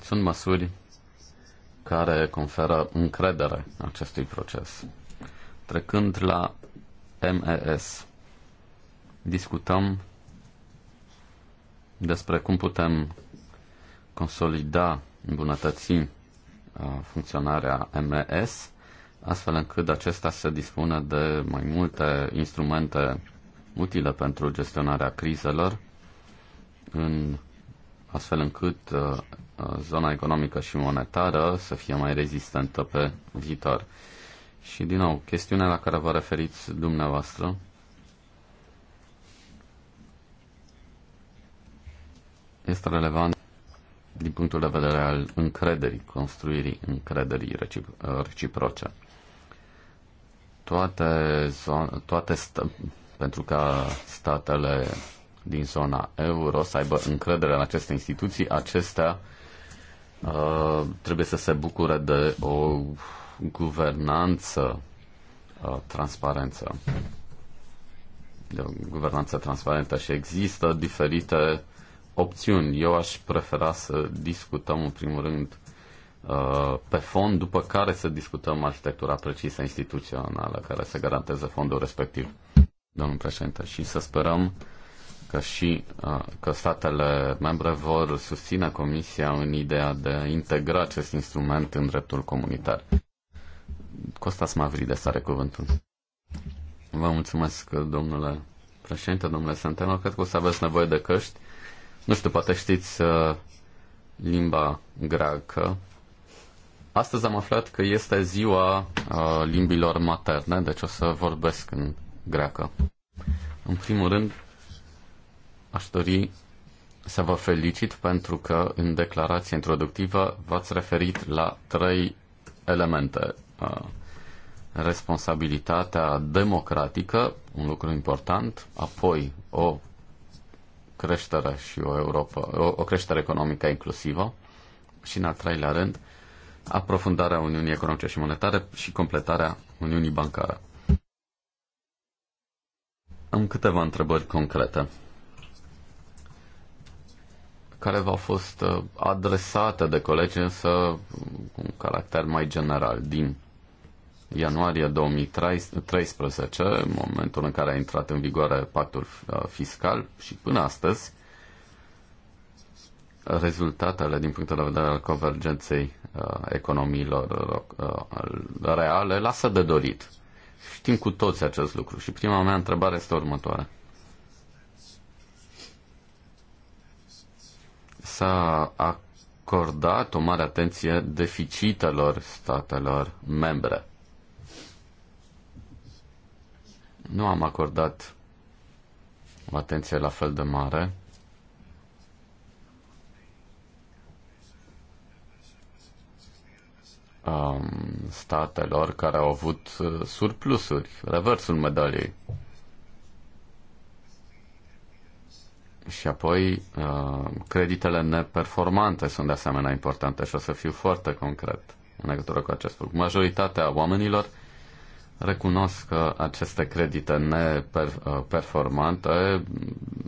Sunt măsuri care conferă încredere acestui proces. Trecând la MES, discutăm despre cum putem consolida, îmbunătăți uh, funcționarea MES astfel încât acesta să dispună de mai multe instrumente utile pentru gestionarea crizelor, în, astfel încât uh, uh, zona economică și monetară să fie mai rezistentă pe viitor. Și, din nou, chestiunea la care vă referiți dumneavoastră, este relevant din punctul de vedere al încrederii, construirii încrederii recipro- uh, reciproce toate, toate pentru ca statele din zona euro să aibă încredere în aceste instituții, acestea uh, trebuie să se bucure de o guvernanță uh, transparență. De o guvernanță transparentă și există diferite opțiuni. Eu aș prefera să discutăm în primul rând Uh, pe fond, după care să discutăm arhitectura precisă instituțională care să garanteze fondul respectiv, domnul președinte, și să sperăm că și uh, că statele membre vor susține Comisia în ideea de a integra acest instrument în dreptul comunitar. Costas Mavrides are cuvântul. Vă mulțumesc, domnule președinte, domnule Santeno. Cred că o să aveți nevoie de căști. Nu știu, poate știți uh, limba greacă, Astăzi am aflat că este ziua uh, limbilor materne, deci o să vorbesc în greacă. În primul rând, aș dori să vă felicit pentru că în declarația introductivă v-ați referit la trei elemente. Uh, responsabilitatea democratică, un lucru important, apoi o creștere și o Europa, o, o creștere economică inclusivă și în al treilea rând uh, aprofundarea Uniunii Economice și Monetare și completarea Uniunii Bancare. Am câteva întrebări concrete care v-au fost uh, adresate de colegi, însă cu un caracter mai general. Din ianuarie 2013, momentul în care a intrat în vigoare pactul uh, fiscal și până astăzi, rezultatele din punctul de vedere al convergenței uh, economiilor uh, reale lasă de dorit. Știm cu toți acest lucru și prima mea întrebare este următoarea. S-a acordat o mare atenție deficitelor statelor membre. Nu am acordat o atenție la fel de mare um, statelor care au avut uh, surplusuri, reversul medaliei. Și apoi, uh, creditele neperformante sunt de asemenea importante și o să fiu foarte concret în legătură cu acest lucru. Majoritatea oamenilor recunosc că aceste credite neperformante uh,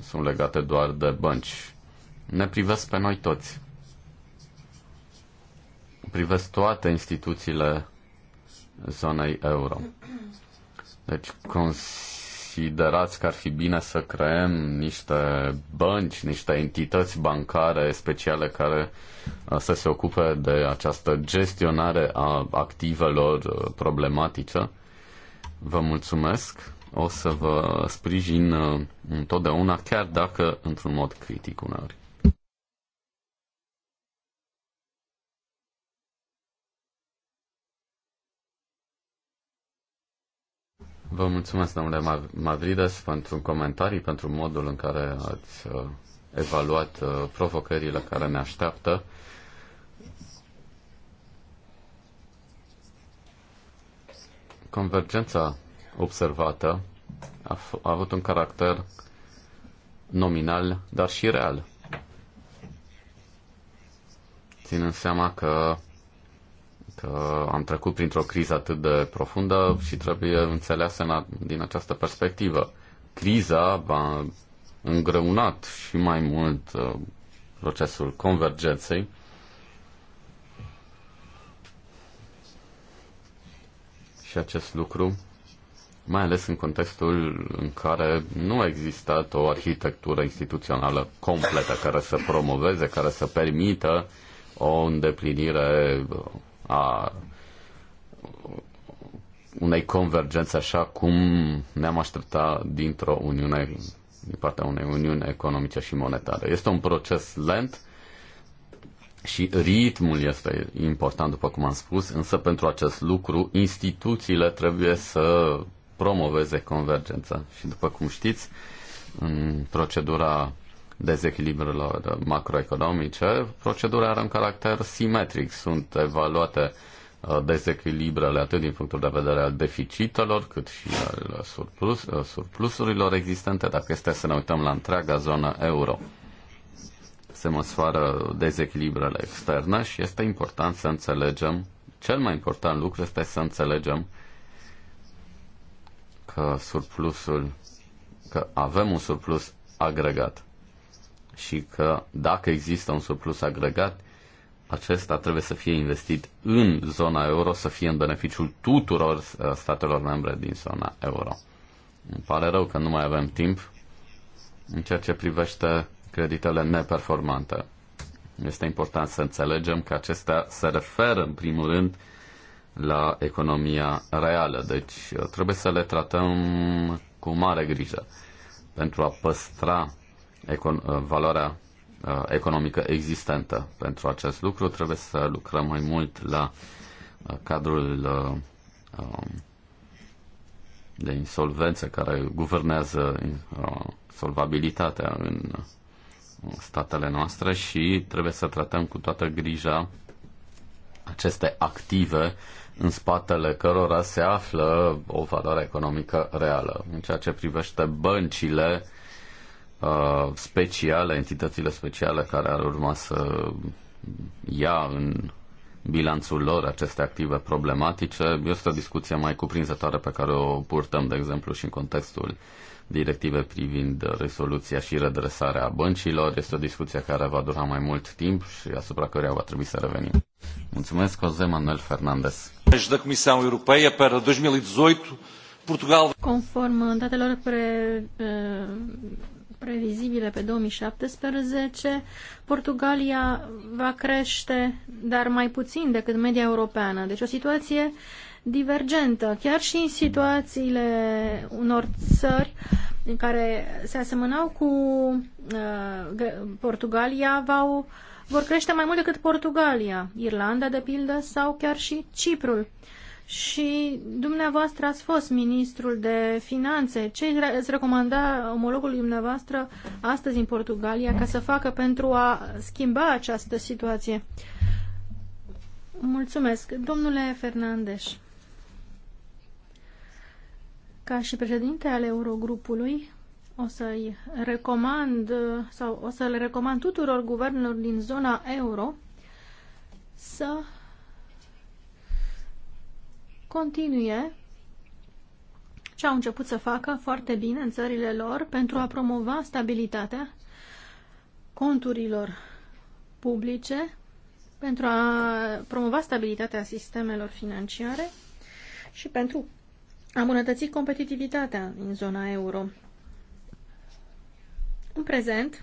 sunt legate doar de bănci. Ne privesc pe noi toți privesc toate instituțiile zonei euro. Deci considerați că ar fi bine să creăm niște bănci, niște entități bancare speciale care să se ocupe de această gestionare a activelor problematice. Vă mulțumesc. O să vă sprijin întotdeauna, chiar dacă într-un mod critic uneori. Vă mulțumesc, domnule Madrides, pentru comentarii, pentru modul în care ați uh, evaluat uh, provocările care ne așteaptă. Convergența observată a, a avut un caracter nominal, dar și real. Ținând seama că că am trecut printr-o criză atât de profundă și trebuie înțeleasă din această perspectivă. Criza a îngreunat și mai mult uh, procesul convergenței și acest lucru, mai ales în contextul în care nu a existat o arhitectură instituțională completă care să promoveze, care să permită o îndeplinire uh, a unei convergențe așa cum ne-am aștepta dintr-o uniune, din partea unei uniuni economice și monetare. Este un proces lent și ritmul este important, după cum am spus, însă pentru acest lucru instituțiile trebuie să promoveze convergența. Și după cum știți, în procedura dezechilibrelor macroeconomice, procedura are un caracter simetric. Sunt evaluate uh, dezechilibrele atât din punctul de vedere al deficitelor, cât și al uh, surplus, uh, surplusurilor existente, dacă este să ne uităm la întreaga zonă euro. Se măsoară dezechilibrele externe și este important să înțelegem, cel mai important lucru este să înțelegem că surplusul, că avem un surplus agregat și că dacă există un surplus agregat, acesta trebuie să fie investit în zona euro, să fie în beneficiul tuturor uh, statelor membre din zona euro. Îmi pare rău că nu mai avem timp în ceea ce privește creditele neperformante. Este important să înțelegem că acestea se referă în primul rând la economia reală, deci uh, trebuie să le tratăm cu mare grijă pentru a păstra econ- uh, valoarea uh, economică existentă. Pentru acest lucru trebuie să lucrăm mai mult la uh, cadrul um, de insolvență care guvernează solvabilitatea în statele noastre și trebuie să tratăm cu toată grija aceste active în spatele cărora se află o valoare economică reală. În ceea ce privește băncile, uh, Uh, speciale, entitățile speciale care ar urma să ia în bilanțul lor aceste active problematice. Este o discuție mai cuprinzătoare pe care o purtăm, de exemplu, și în contextul directive privind rezoluția și redresarea băncilor. Este o discuție care va dura mai mult timp și asupra căreia va trebui să revenim. Mulțumesc, José Manuel Fernandez. da Comissão europeană pentru 2018, Portugal... Conform datelor pre, eh, previzibile pe 2017, Portugalia va crește, dar mai puțin decât media europeană. Deci o situație divergentă, chiar și în situațiile unor țări în care se asemănau cu uh, Portugalia, v-au, vor crește mai mult decât Portugalia, Irlanda, de pildă, sau chiar și Ciprul. Uh, și dumneavoastră ați fost ministrul de finanțe. Ce îți recomanda omologul dumneavoastră astăzi în Portugalia ca să facă pentru a schimba această situație? Mulțumesc. Domnule Fernandes, ca și președinte al Eurogrupului, o să-i recomand sau o să le recomand tuturor guvernelor din zona euro să continue ce au început să facă foarte bine în țările lor pentru a promova stabilitatea conturilor publice, pentru a promova stabilitatea sistemelor financiare și pentru a îmbunătăți competitivitatea în zona euro. În prezent,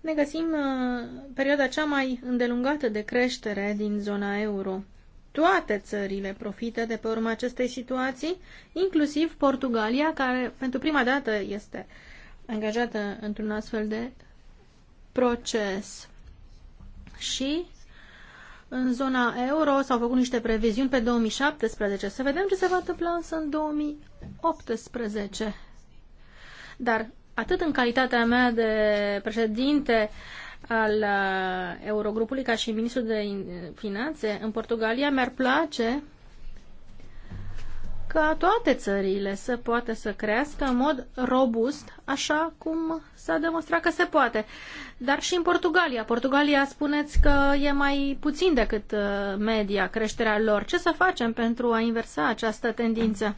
ne găsim uh, perioada cea mai îndelungată de creștere din zona euro toate țările profită de pe urma acestei situații, inclusiv Portugalia, care pentru prima dată este angajată într-un astfel de proces. Și în zona euro s-au făcut niște previziuni pe 2017. Să vedem ce se va întâmpla însă în 2018. Dar atât în calitatea mea de președinte al uh, Eurogrupului ca și ministrul de finanțe în Portugalia, mi-ar place ca toate țările să poată să crească în mod robust, așa cum s-a demonstrat că se poate. Dar și în Portugalia. Portugalia spuneți că e mai puțin decât uh, media creșterea lor. Ce să facem pentru a inversa această tendință?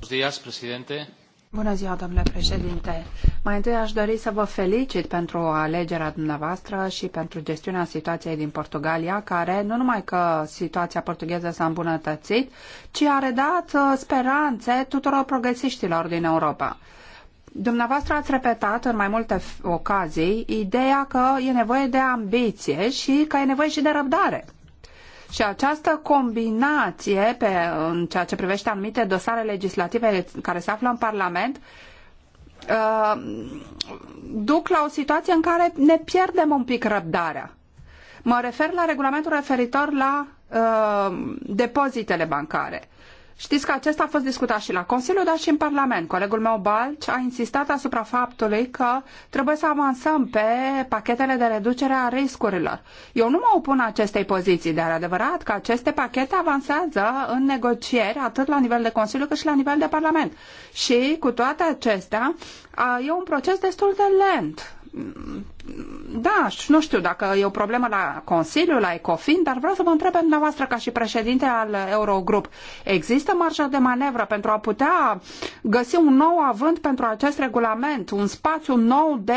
Buenos días, presidente. Bună ziua, domnule președinte. Mai întâi aș dori să vă felicit pentru alegerea dumneavoastră și pentru gestiunea situației din Portugalia, care nu numai că situația portugheză s-a îmbunătățit, ci a redat uh, speranțe tuturor progresiștilor din Europa. Dumneavoastră ați repetat în mai multe ocazii ideea că e nevoie de ambiție și că e nevoie și de răbdare. Și această combinație pe, în ceea ce privește anumite dosare legislative care se află în Parlament uh, duc la o situație în care ne pierdem un pic răbdarea. Mă refer la regulamentul referitor la uh, depozitele bancare Știți că acesta a fost discutat și la Consiliu, dar și în Parlament. Colegul meu, Balci, a insistat asupra faptului că trebuie să avansăm pe pachetele de reducere a riscurilor. Eu nu mă opun acestei poziții, dar adevărat că aceste pachete avansează în negocieri atât la nivel de Consiliu cât și la nivel de Parlament. Și cu toate acestea, e un proces destul de lent da, nu știu dacă e o problemă la Consiliu, la Ecofin, dar vreau să vă întreb dumneavoastră ca și președinte al Eurogrup. Există marja de manevră pentru a putea găsi un nou avânt pentru acest regulament, un spațiu nou de,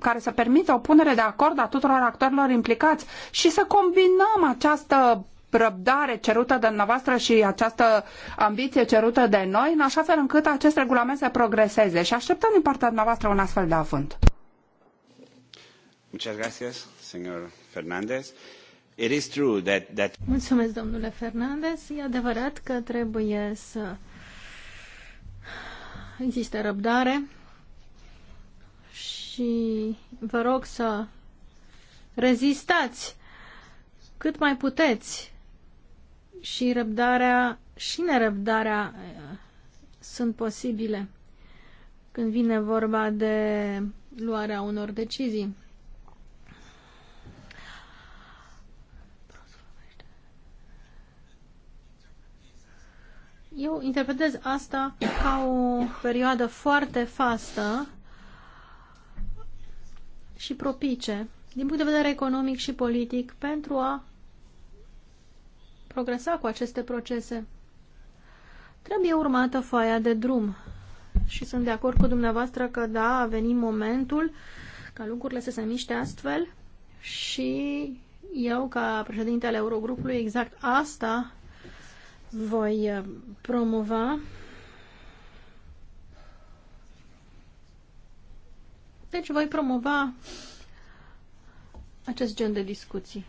care să permită o punere de acord a tuturor actorilor implicați și să combinăm această răbdare cerută de dumneavoastră și această ambiție cerută de noi, în așa fel încât acest regulament să progreseze. Și așteptăm din partea dumneavoastră un astfel de avânt. Muchas gracias, señor Fernández. It is true that, that... Mulțumesc, domnule Fernandez. E adevărat că trebuie să existe răbdare și vă rog să rezistați cât mai puteți și răbdarea și nerăbdarea eh, sunt posibile când vine vorba de luarea unor decizii. Eu interpretez asta ca o perioadă foarte fastă și propice, din punct de vedere economic și politic, pentru a progresa cu aceste procese. Trebuie urmată foaia de drum și sunt de acord cu dumneavoastră că da, a venit momentul ca lucrurile să se miște astfel și eu, ca președintele Eurogrupului, exact asta voi uh, promova Deci voi promova acest gen de discuții.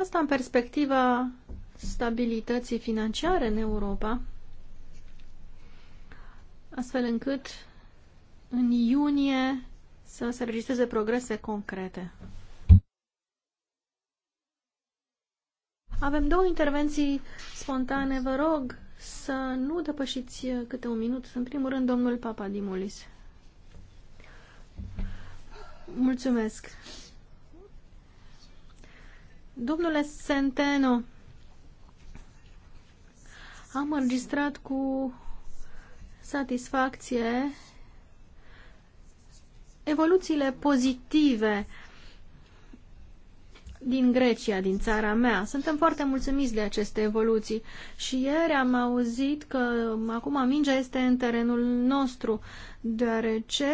Asta în perspectiva stabilității financiare în Europa, astfel încât în iunie să se registreze progrese concrete. Avem două intervenții spontane. Vă rog să nu depășiți uh, câte un minut. În primul rând, domnul Papadimulis. Mulțumesc. Domnule Centeno, am înregistrat cu satisfacție evoluțiile pozitive din Grecia, din țara mea. Suntem foarte mulțumiți de aceste evoluții și ieri am auzit că acum mingea este în terenul nostru, deoarece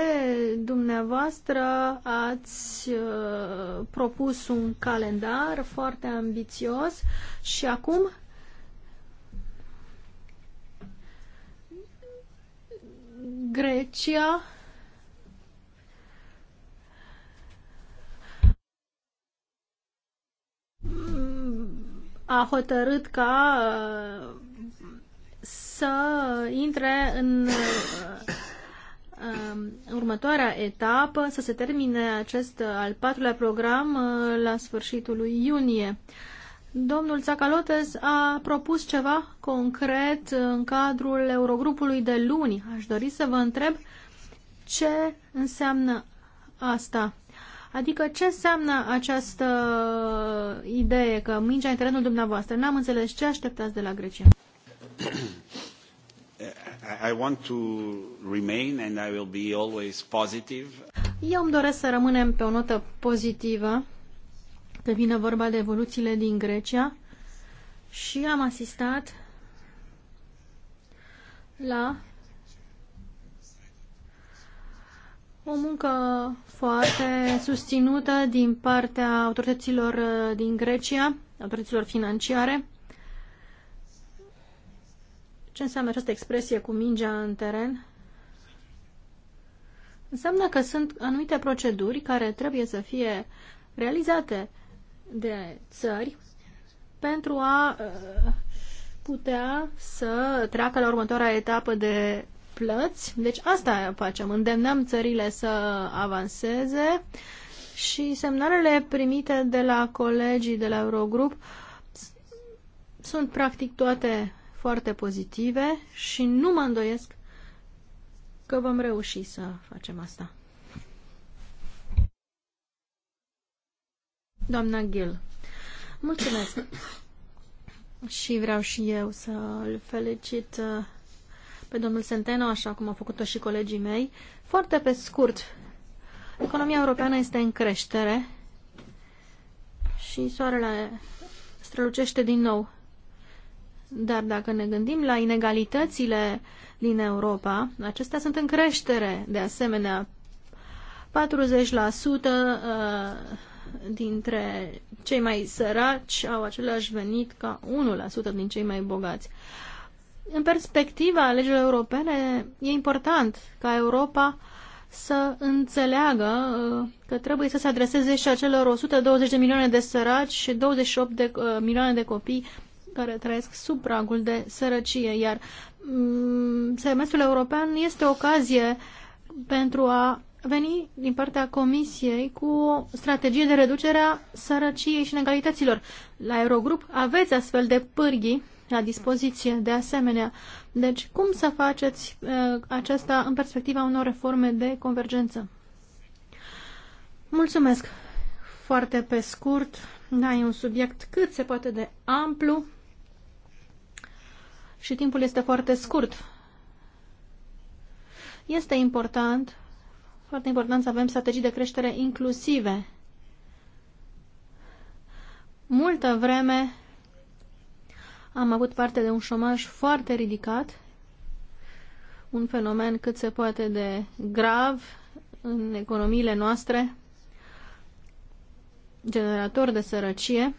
dumneavoastră ați uh, propus un calendar foarte ambițios și acum Grecia a hotărât ca uh, să intre în uh, um, următoarea etapă, să se termine acest uh, al patrulea program la sfârșitul lui iunie. Domnul Zacalotes a propus ceva concret în cadrul Eurogrupului de luni. Aș dori să vă întreb ce înseamnă asta. Adică ce înseamnă această idee că mingea în terenul dumneavoastră? N-am înțeles ce așteptați de la Grecia. I want to remain and I will be always positive. Eu îmi doresc să rămânem pe o notă pozitivă când vine vorba de evoluțiile din Grecia și am asistat la O muncă foarte susținută din partea autorităților uh, din Grecia, autorităților financiare. Ce înseamnă această expresie cu mingea în teren? Înseamnă că sunt anumite proceduri care trebuie să fie realizate de țări pentru a uh, putea să treacă la următoarea etapă de plăți. Deci asta facem, îndemnăm țările să avanseze și semnalele primite de la colegii de la Eurogrup sunt practic toate foarte pozitive și nu mă îndoiesc că vom reuși să facem asta. Doamna Gil, mulțumesc! și vreau și eu să l felicit uh, pe domnul Centeno, așa cum au făcut-o și colegii mei. Foarte pe scurt, economia europeană este în creștere și soarele strălucește din nou. Dar dacă ne gândim la inegalitățile din Europa, acestea sunt în creștere. De asemenea, 40% uh, dintre cei mai săraci au același venit ca 1% din cei mai bogați. În perspectiva legilor europene, e important ca Europa să înțeleagă uh, că trebuie să se adreseze și acelor 120 de milioane de săraci și 28 de uh, milioane de copii care trăiesc sub pragul de sărăcie, iar mm, semestrul european este o ocazie pentru a veni din partea Comisiei cu o strategie de reducere a sărăciei și inegalităților. La Eurogrup aveți astfel de pârghii la dispoziție, de asemenea. Deci, cum să faceți uh, aceasta în perspectiva unor reforme de convergență? Mulțumesc! Foarte pe scurt, da, e un subiect cât se poate de amplu și timpul este foarte scurt. Este important, foarte important să avem strategii de creștere inclusive. Multă vreme am avut parte de un șomaj foarte ridicat, un fenomen cât se poate de grav în economiile noastre, generator de sărăcie.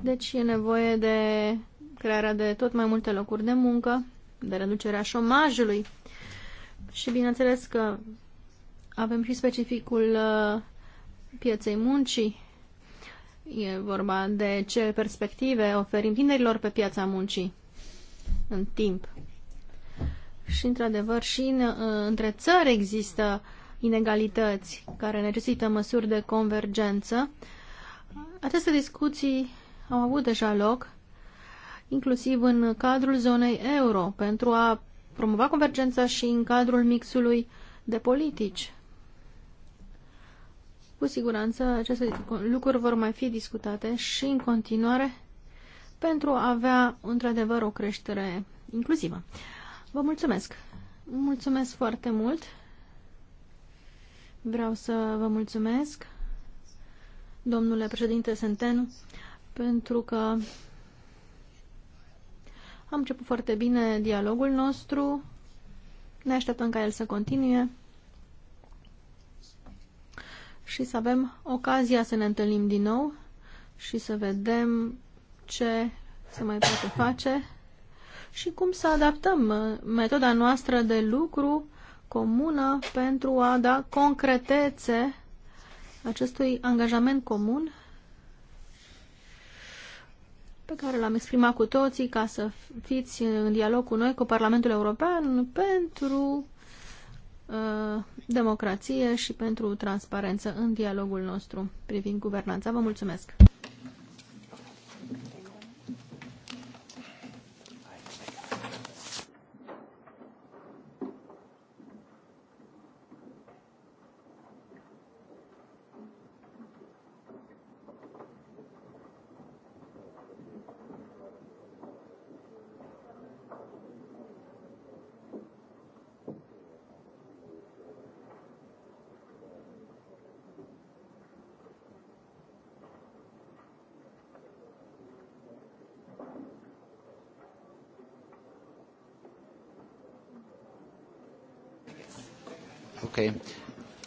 Deci e nevoie de crearea de tot mai multe locuri de muncă, de reducerea șomajului. Și bineînțeles că avem și specificul uh, pieței muncii, e vorba de ce perspective oferim tinerilor pe piața muncii în timp. Și, într-adevăr, și în, uh, între țări există inegalități care necesită măsuri de convergență. Aceste discuții au avut deja loc, inclusiv în cadrul zonei euro, pentru a promova convergența și în cadrul mixului de politici. Cu siguranță aceste lucruri vor mai fi discutate și în continuare pentru a avea într-adevăr o creștere inclusivă. Vă mulțumesc! Mulțumesc foarte mult! Vreau să vă mulțumesc, domnule președinte Senten, pentru că am început foarte bine dialogul nostru. Ne așteptăm ca el să continue și să avem ocazia să ne întâlnim din nou și să vedem ce se mai poate face și cum să adaptăm uh, metoda noastră de lucru comună pentru a da concretețe acestui angajament comun pe care l-am exprimat cu toții ca să fiți în dialog cu noi, cu Parlamentul European, pentru Uh, democrație și pentru transparență în dialogul nostru privind guvernanța. Vă mulțumesc! Okay.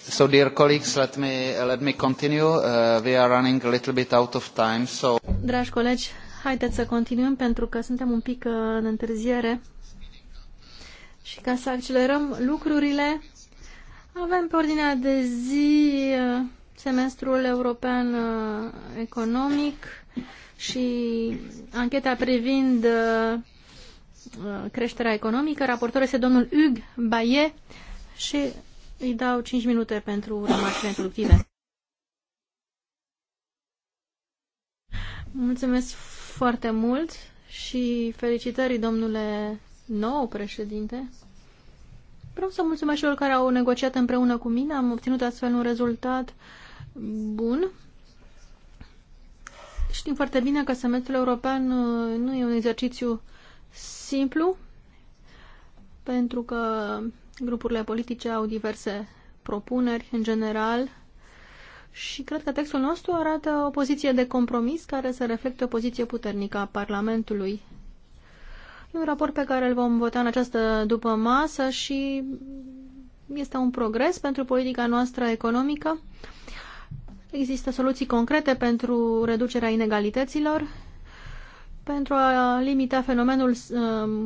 So, dear colleagues, let me, let me continue. Uh, we are running a little bit out of time, so... Dragi colegi, haideți să continuăm pentru că suntem un pic uh, în întârziere. Și ca să accelerăm lucrurile, avem pe ordinea de zi uh, semestrul european uh, economic și ancheta privind uh, uh creșterea economică. Raportorul este domnul Hugues Baie și îi dau 5 minute pentru remarcile introductive. Mulțumesc foarte mult și felicitări, domnule nou președinte. Vreau să mulțumesc celor care au negociat împreună cu mine. Am obținut astfel un rezultat bun. Știm foarte bine că semestrul european uh, nu e un exercițiu simplu, pentru că Grupurile politice au diverse propuneri în general și cred că textul nostru arată o poziție de compromis care să reflecte o poziție puternică a Parlamentului. E un raport pe care îl vom vota în această după masă și este un progres pentru politica noastră economică. Există soluții concrete pentru reducerea inegalităților, pentru a limita fenomenul uh,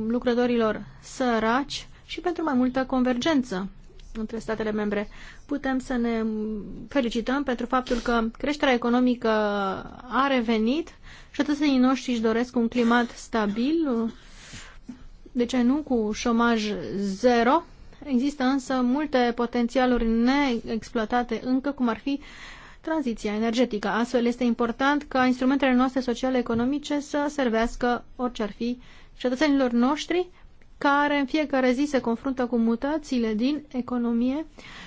lucrătorilor săraci și pentru mai multă convergență între statele membre. Putem să ne felicităm pentru faptul că creșterea economică a revenit, cetățenii noștri își doresc un climat stabil, de ce nu cu șomaj zero. Există însă multe potențialuri neexploatate încă, cum ar fi tranziția energetică. Astfel este important ca instrumentele noastre sociale-economice să servească orice ar fi cetățenilor noștri care în fiecare zi se confruntă cu mutațiile din economie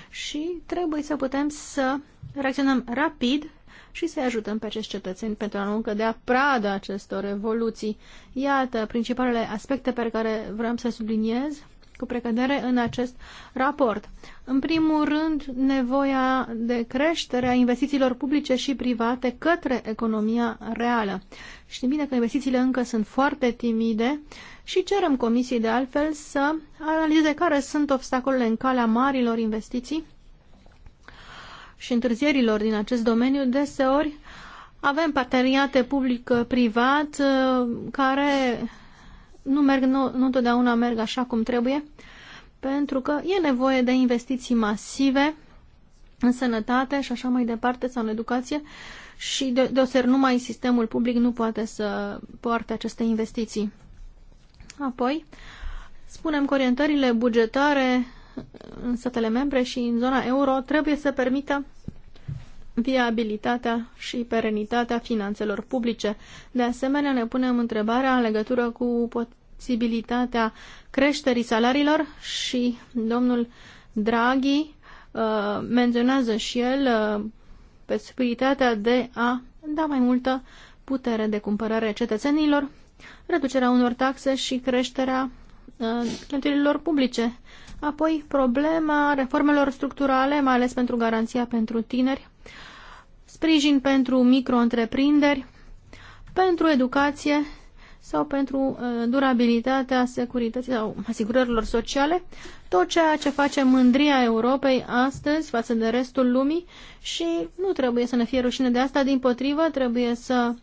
și trebuie să putem să reacționăm rapid și să-i ajutăm pe acești cetățeni pentru a nu cădea pradă acestor evoluții. Iată principalele aspecte pe care vreau să subliniez cu precădere în acest raport. În primul rând, nevoia de creștere a investițiilor publice și private către economia reală. Știm bine că investițiile încă sunt foarte timide și cerem comisiei de altfel să analizeze care sunt obstacolele în calea marilor investiții și întârzierilor din acest domeniu. Deseori avem parteneriate public-privat uh, care nu, merg, nu, nu întotdeauna merg așa cum trebuie pentru că e nevoie de investiții masive în sănătate și așa mai departe sau în educație și de, ser numai sistemul public nu poate să poarte aceste investiții. Apoi, spunem că orientările bugetare în statele membre și în zona euro trebuie să permită viabilitatea și perenitatea finanțelor publice. De asemenea, ne punem întrebarea în legătură cu posibilitatea creșterii salariilor și domnul Draghi uh, menționează și el uh, posibilitatea de a da mai multă putere de cumpărare cetățenilor, reducerea unor taxe și creșterea uh, cheltuielilor publice. Apoi, problema reformelor structurale, mai ales pentru garanția pentru tineri, sprijin pentru micro-întreprinderi, pentru educație sau pentru uh, durabilitatea securității sau asigurărilor sociale, tot ceea ce face mândria Europei astăzi față de restul lumii și nu trebuie să ne fie rușine de asta, din potrivă trebuie să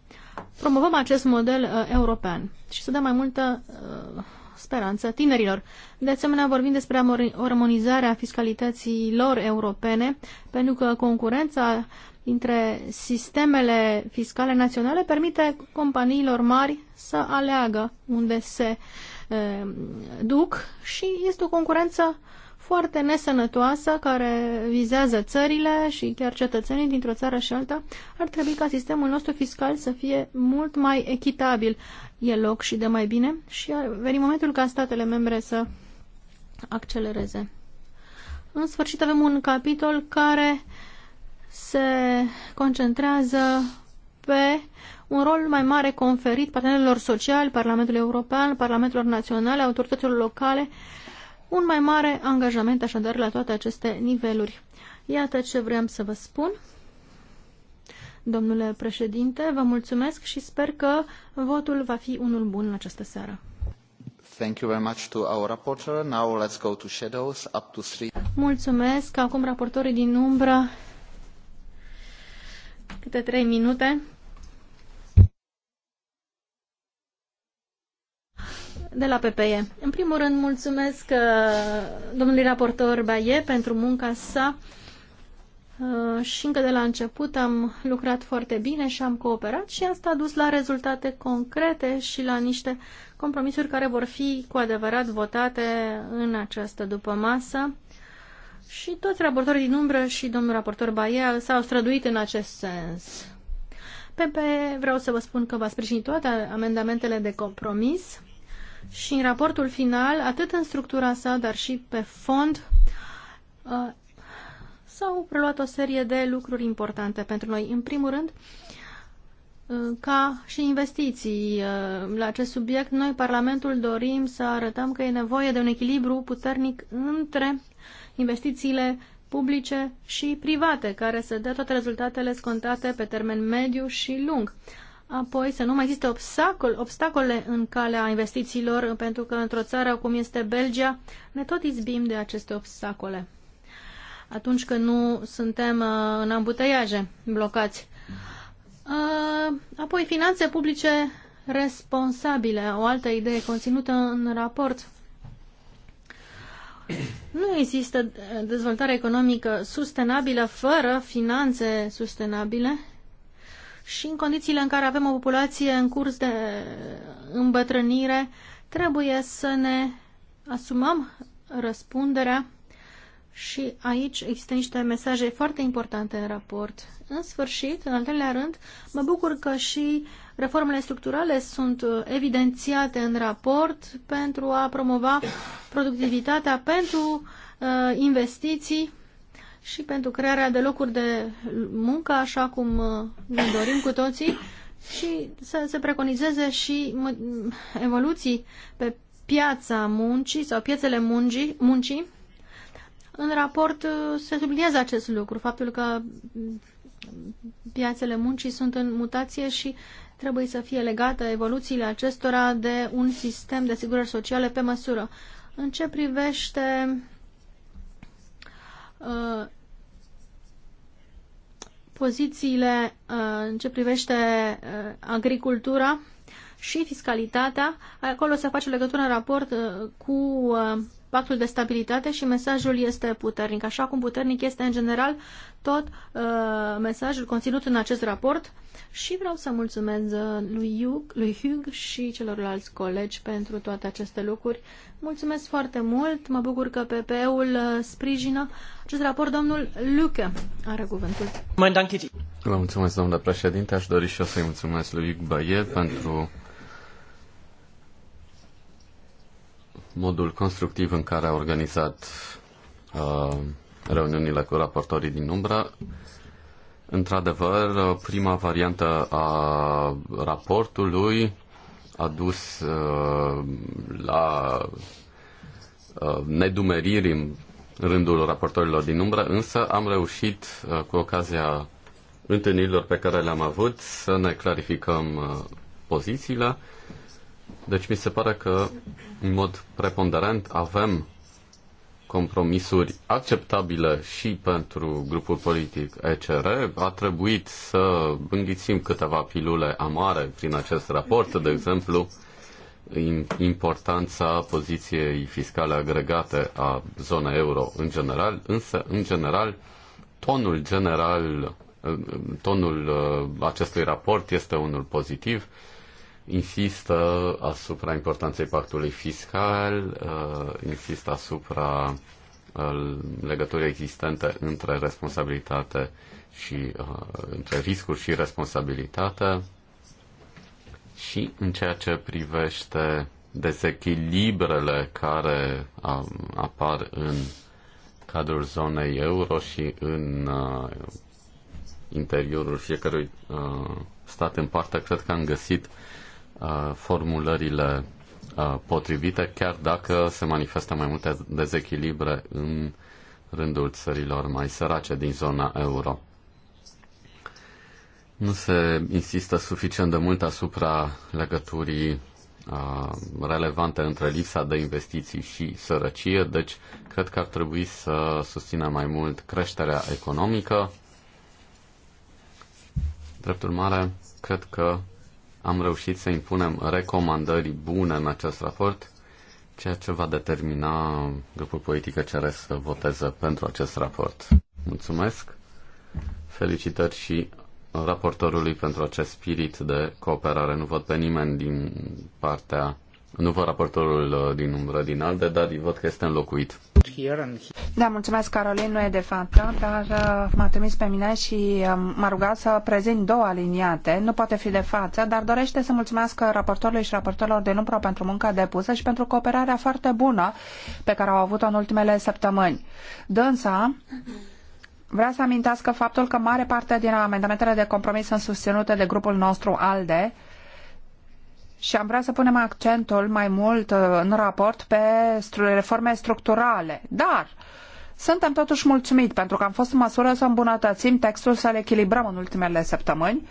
promovăm acest model uh, european și să dăm mai multă uh, speranță tinerilor. De asemenea, vorbim despre armonizarea fiscalității lor europene, pentru că concurența dintre sistemele fiscale naționale permite companiilor mari să aleagă unde se eh, duc și este o concurență foarte nesănătoasă care vizează țările și chiar cetățenii dintr-o țară și alta, ar trebui ca sistemul nostru fiscal să fie mult mai echitabil. E loc și de mai bine și ar veni momentul ca statele membre să accelereze. În sfârșit avem un capitol care se concentrează pe un rol mai mare conferit partenerilor sociali, Parlamentului European, Parlamentelor Naționale, autorităților locale, un mai mare angajament așadar la toate aceste niveluri. Iată ce vreau să vă spun. Domnule președinte, vă mulțumesc și sper că votul va fi unul bun în această seară. Thank you very much to our rapporteur. Now let's go to shadows up to three. Mulțumesc. Acum raportorii din umbră câte trei minute. De la PPE. În primul rând, mulțumesc uh, domnului raportor Baie pentru munca sa uh, și încă de la început am lucrat foarte bine și am cooperat și asta a dus la rezultate concrete și la niște compromisuri care vor fi cu adevărat votate în această după masă. Și toți raportorii din umbră și domnul raportor Baia s-au străduit în acest sens. PP vreau să vă spun că va sprijini toate amendamentele de compromis și în raportul final, atât în structura sa, dar și pe fond, uh, s-au preluat o serie de lucruri importante pentru noi. În primul rând, uh, ca și investiții uh, la acest subiect, noi, Parlamentul, dorim să arătăm că e nevoie de un echilibru puternic între investițiile publice și private, care să dea toate rezultatele scontate pe termen mediu și lung. Apoi să nu mai existe obstacol, obstacole în calea investițiilor, pentru că într-o țară cum este Belgia, ne tot izbim de aceste obstacole. Atunci când nu suntem uh, în ambuteiaje blocați. Uh, apoi finanțe publice responsabile, o altă idee conținută în raport nu există eh, dezvoltare economică sustenabilă fără finanțe sustenabile și în condițiile în care avem o populație în curs de îmbătrânire, trebuie să ne asumăm răspunderea și aici există niște mesaje foarte importante în raport. În sfârșit, în al treilea rând, mă bucur că și Reformele structurale sunt uh, evidențiate în raport pentru a promova productivitatea pentru uh, investiții și pentru crearea de locuri de muncă, așa cum uh, ne dorim cu toții, și să se preconizeze și mm, evoluții pe piața muncii sau piețele muncii, muncii. În raport uh, se subliniază acest lucru, faptul că mm, piațele muncii sunt în mutație și trebuie să fie legată evoluțiile acestora de un sistem de asigurări sociale pe măsură. În ce privește uh, pozițiile uh, în ce privește uh, agricultura și fiscalitatea, acolo se face legătură în raport uh, cu uh, pactul de stabilitate și mesajul este puternic. Așa cum puternic este în general tot uh, mesajul conținut în acest raport și vreau să mulțumesc uh, lui Hugh, lui Hugh și celorlalți colegi pentru toate aceste lucruri. Mulțumesc foarte mult, mă bucur că PP-ul uh, sprijină acest raport. Domnul Luke are cuvântul. Vă mulțumesc, domnule președinte. Aș dori și eu să-i mulțumesc lui Hugh Baie pentru modul constructiv în care a organizat uh, reuniunile cu raportorii din umbră. Într-adevăr, uh, prima variantă a raportului a dus uh, la uh, nedumeriri în rândul raportorilor din umbră, însă am reușit, uh, cu ocazia întâlnirilor pe care le-am avut, să ne clarificăm uh, pozițiile deci mi se pare că, în mod preponderent, avem compromisuri acceptabile și pentru grupul politic ECR. A trebuit să înghițim câteva pilule amare prin acest raport, de exemplu, importanța poziției fiscale agregate a zonei euro în general, însă, în general, tonul general, tonul uh, acestui raport este unul pozitiv insistă asupra importanței pactului fiscal, uh, insistă asupra uh, legăturii existente între responsabilitate și uh, între riscuri și responsabilitate și în ceea ce privește dezechilibrele care um, apar în cadrul zonei euro și în interiorul fiecărui stat în parte, cred că am găsit Uh, formulările uh, potrivite, chiar dacă se manifestă mai multe dezechilibre în rândul țărilor mai sărace din zona euro. Nu se insistă suficient de mult asupra legăturii uh, relevante între lipsa de investiții și sărăcie, deci cred că ar trebui să susțină mai mult creșterea economică. Dreptul mare, cred că am reușit să impunem recomandări bune în acest raport, ceea ce va determina grupul politic cere să voteze pentru acest raport. Mulțumesc! Felicitări și raportorului pentru acest spirit de cooperare. Nu văd pe nimeni din partea, nu văd raportorul uh, din umbră din alde, dar văd că este înlocuit. Da, mulțumesc, Carolin, nu e de față, dar uh, m-a trimis pe mine și um, m-a rugat să prezint două aliniate. Nu poate fi de față, dar dorește să mulțumesc raportorului și raportorilor de număr pentru munca depusă și pentru cooperarea foarte bună pe care au avut-o în ultimele săptămâni. Dânsa, vrea să amintească faptul că mare parte din amendamentele de compromis sunt susținute de grupul nostru ALDE, și am vrea să punem accentul mai mult uh, în raport pe reforme structurale. Dar suntem totuși mulțumit pentru că am fost în măsură să îmbunătățim textul, să-l echilibrăm în ultimele săptămâni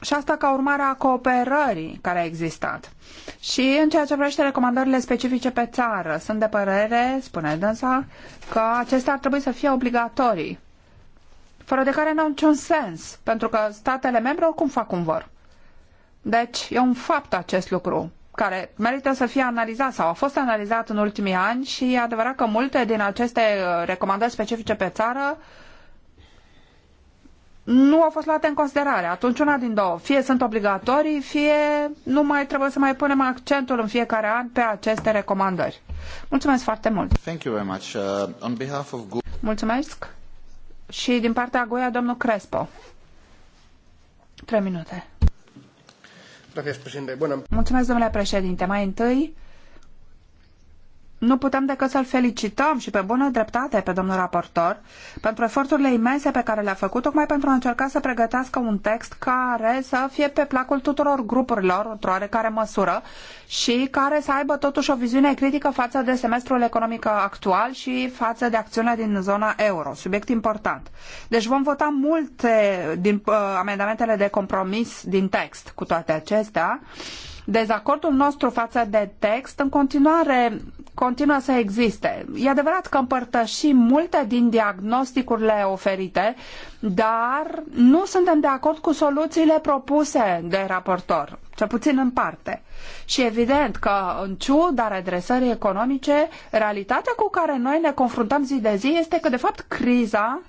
și asta ca urmare a cooperării care a existat. Și în ceea ce privește recomandările specifice pe țară, sunt de părere, spune dânsa, că acestea ar trebui să fie obligatorii, fără de care n-au niciun sens, pentru că statele membre oricum fac cum vor. Deci e un fapt acest lucru care merită să fie analizat sau a fost analizat în ultimii ani și e adevărat că multe din aceste uh, recomandări specifice pe țară nu au fost luate în considerare. Atunci una din două, fie sunt obligatorii, fie nu mai trebuie să mai punem accentul în fiecare an pe aceste recomandări. Mulțumesc foarte mult! Thank you very much. Uh, on behalf of Mulțumesc! Și din partea Goia, domnul Crespo. Trei minute. Mulțumesc, domnule președinte. Mai întâi, nu putem decât să-l felicităm și pe bună dreptate pe domnul raportor pentru eforturile imense pe care le-a făcut tocmai pentru a încerca să pregătească un text care să fie pe placul tuturor grupurilor într-o oarecare măsură și care să aibă totuși o viziune critică față de semestrul economic actual și față de acțiunea din zona euro, subiect important. Deci vom vota multe din uh, amendamentele de compromis din text cu toate acestea. Dezacordul nostru față de text în continuare continuă să existe. E adevărat că împărtășim multe din diagnosticurile oferite, dar nu suntem de acord cu soluțiile propuse de raportor, cel puțin în parte. Și evident că, în ciuda redresării economice, realitatea cu care noi ne confruntăm zi de zi este că, de fapt, criza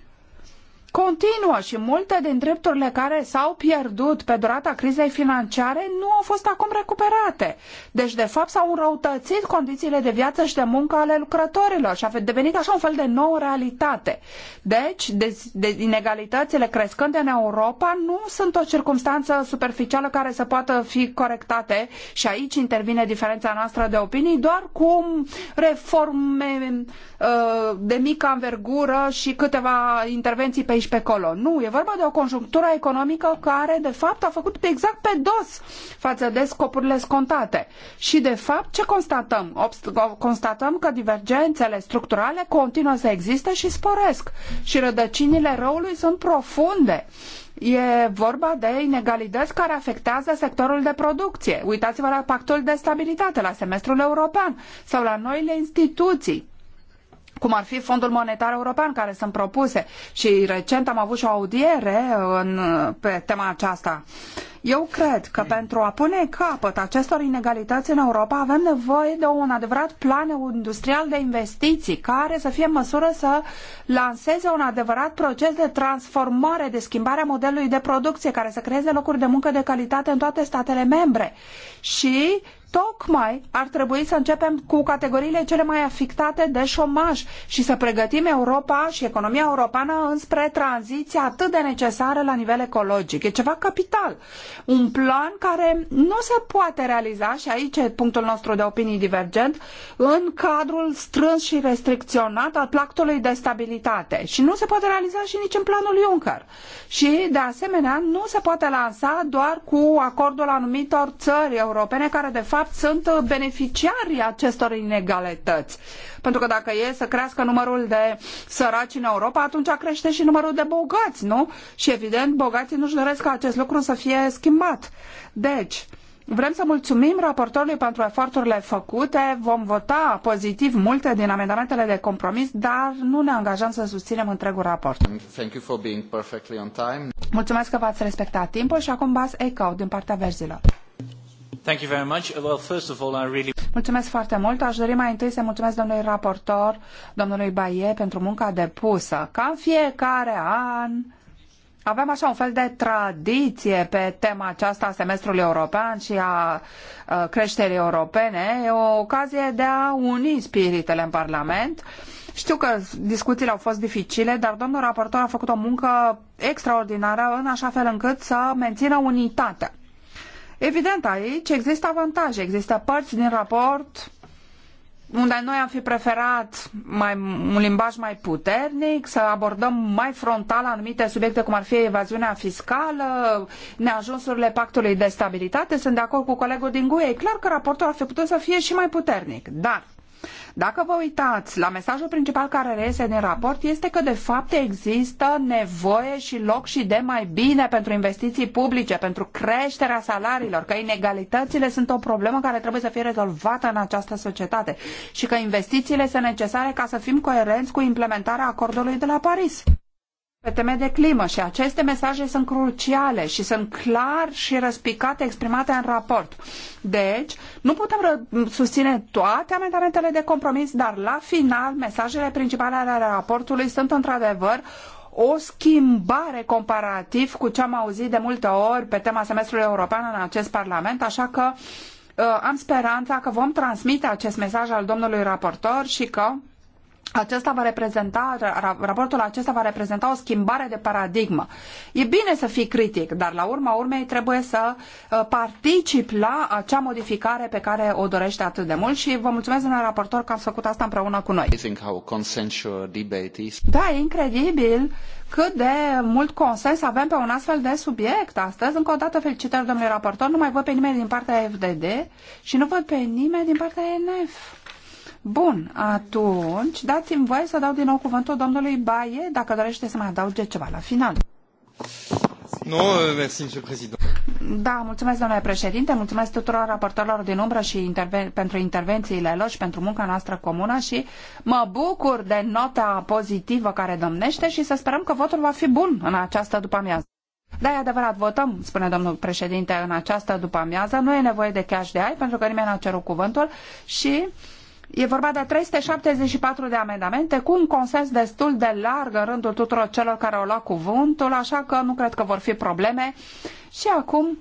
continuă și multe din drepturile care s-au pierdut pe durata crizei financiare nu au fost acum recuperate. Deci, de fapt, s-au înrăutățit condițiile de viață și de muncă ale lucrătorilor și a devenit așa un fel de nouă realitate. Deci, de, de, inegalitățile crescând în Europa nu sunt o circunstanță superficială care să poată fi corectate și aici intervine diferența noastră de opinii doar cu reforme uh, de mică învergură și câteva intervenții pe aici, pe acolo. Nu, e vorba de o conjunctură economică care, de fapt, a făcut exact pe dos față de scopurile scontate. Și, de fapt, ce constatăm? Constatăm că divergențele structurale continuă să existe și sporesc. Și rădăcinile răului sunt profunde. E vorba de inegalități care afectează sectorul de producție. Uitați-vă la pactul de stabilitate, la semestrul european sau la noile instituții cum ar fi Fondul Monetar European, care sunt propuse. Și recent am avut și o audiere în, pe tema aceasta. Eu cred că pentru a pune capăt acestor inegalități în Europa avem nevoie de un adevărat plan industrial de investiții care să fie în măsură să lanseze un adevărat proces de transformare, de schimbare a modelului de producție, care să creeze locuri de muncă de calitate în toate statele membre. Și tocmai ar trebui să începem cu categoriile cele mai afectate de șomaj și să pregătim Europa și economia europeană înspre tranziția atât de necesară la nivel ecologic. E ceva capital. Un plan care nu se poate realiza, și aici e punctul nostru de opinii divergent, în cadrul strâns și restricționat al pactului de stabilitate. Și nu se poate realiza și nici în planul Juncker. Și, de asemenea, nu se poate lansa doar cu acordul anumitor țări europene care, de fapt, fapt, sunt uh, beneficiarii acestor inegalități. Pentru că dacă e să crească numărul de săraci în Europa, atunci crește și numărul de bogați, nu? Și, evident, bogații nu-și doresc ca acest lucru să fie schimbat. Deci, Vrem să mulțumim raportorului pentru eforturile făcute, vom vota pozitiv multe din amendamentele de compromis, dar nu ne angajăm să susținem întregul raport. Mulțumesc că v-ați respectat timpul și acum Bas Ecau din partea verzilor. Mulțumesc foarte mult. Aș dori mai întâi să mulțumesc domnului raportor, domnului Baie, pentru munca depusă. Ca în fiecare an, avem așa un fel de tradiție pe tema aceasta a semestrului european și a creșterii europene. E o ocazie de a uni spiritele în Parlament. Știu că discuțiile au fost dificile, dar domnul raportor a făcut o muncă extraordinară în așa fel încât să mențină unitatea. Evident, aici există avantaje, există părți din raport unde noi am fi preferat mai, un limbaj mai puternic, să abordăm mai frontal anumite subiecte, cum ar fi evaziunea fiscală, neajunsurile pactului de stabilitate. Sunt de acord cu colegul din GUE. E clar că raportul ar fi putut să fie și mai puternic. Dar dacă vă uitați la mesajul principal care reiese din raport, este că de fapt există nevoie și loc și de mai bine pentru investiții publice, pentru creșterea salariilor, că inegalitățile sunt o problemă care trebuie să fie rezolvată în această societate și că investițiile sunt necesare ca să fim coerenți cu implementarea acordului de la Paris pe teme de climă și aceste mesaje sunt cruciale și sunt clar și răspicate exprimate în raport. Deci, nu putem susține toate amendamentele de compromis, dar la final mesajele principale ale raportului sunt într-adevăr o schimbare comparativ cu ce am auzit de multe ori pe tema semestrului european în acest Parlament, așa că uh, am speranța că vom transmite acest mesaj al domnului raportor și că acesta va reprezenta, raportul acesta va reprezenta o schimbare de paradigmă. E bine să fii critic, dar la urma urmei trebuie să uh, particip la acea modificare pe care o dorește atât de mult și vă mulțumesc, domnule raportor, că ați făcut asta împreună cu noi. Da, e incredibil cât de mult consens avem pe un astfel de subiect astăzi. Încă o dată felicitări, domnule raportor, nu mai văd pe nimeni din partea FDD și nu văd pe nimeni din partea NF. Bun, atunci dați-mi voie să dau din nou cuvântul domnului Baie, dacă dorește să mai adauge ceva la final. No, merci, monsieur Da, mulțumesc, domnule președinte, mulțumesc tuturor raportorilor din umbră și interven pentru intervențiile lor și pentru munca noastră comună și mă bucur de nota pozitivă care domnește și să sperăm că votul va fi bun în această după-amiază. Da, e adevărat, votăm, spune domnul președinte, în această după-amiază. Nu e nevoie de cash de ai, pentru că nimeni n-a cerut cuvântul și E vorba de 374 de amendamente cu un consens destul de larg în rândul tuturor celor care au luat cuvântul, așa că nu cred că vor fi probleme. Și acum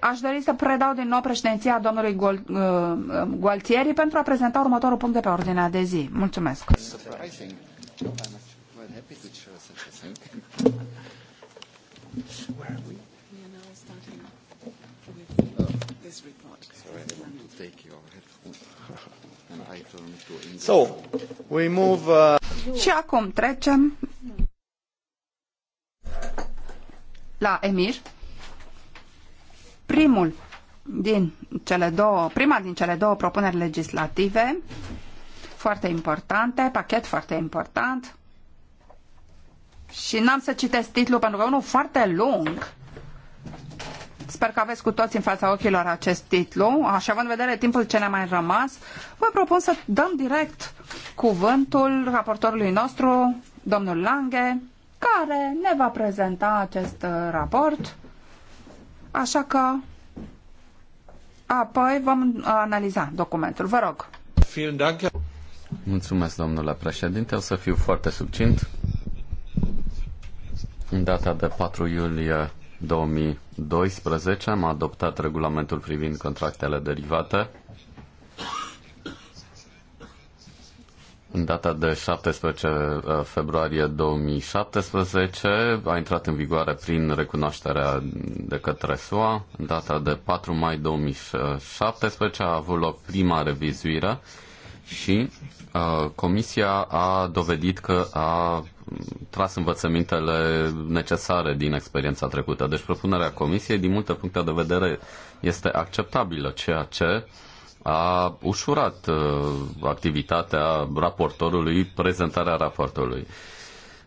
aș dori să predau din nou președinția domnului Gol, uh, Gualtieri pentru a prezenta următorul punct de pe ordinea de zi. Mulțumesc! Uh, Și acum trecem la Emir. Primul din cele două, prima din cele două propuneri legislative foarte importante, pachet foarte important. Și n-am să citesc titlul pentru că e unul foarte lung Sper că aveți cu toți în fața ochilor acest titlu. Așa, în vedere timpul ce ne-a mai rămas, vă propun să dăm direct cuvântul raportorului nostru, domnul Lange, care ne va prezenta acest uh, raport. Așa că apoi vom uh, analiza documentul. Vă rog. Mulțumesc, domnule președinte. O să fiu foarte succint. În data de 4 iulie 2012 am adoptat regulamentul privind contractele derivate. În data de 17 uh, februarie 2017 a intrat în vigoare prin recunoașterea de către SUA. În data de 4 mai 2017 a avut loc prima revizuire și uh, Comisia a dovedit că a tras învățămintele necesare din experiența trecută. Deci propunerea Comisiei, din multe puncte de vedere, este acceptabilă, ceea ce a ușurat uh, activitatea raportorului, prezentarea raportului.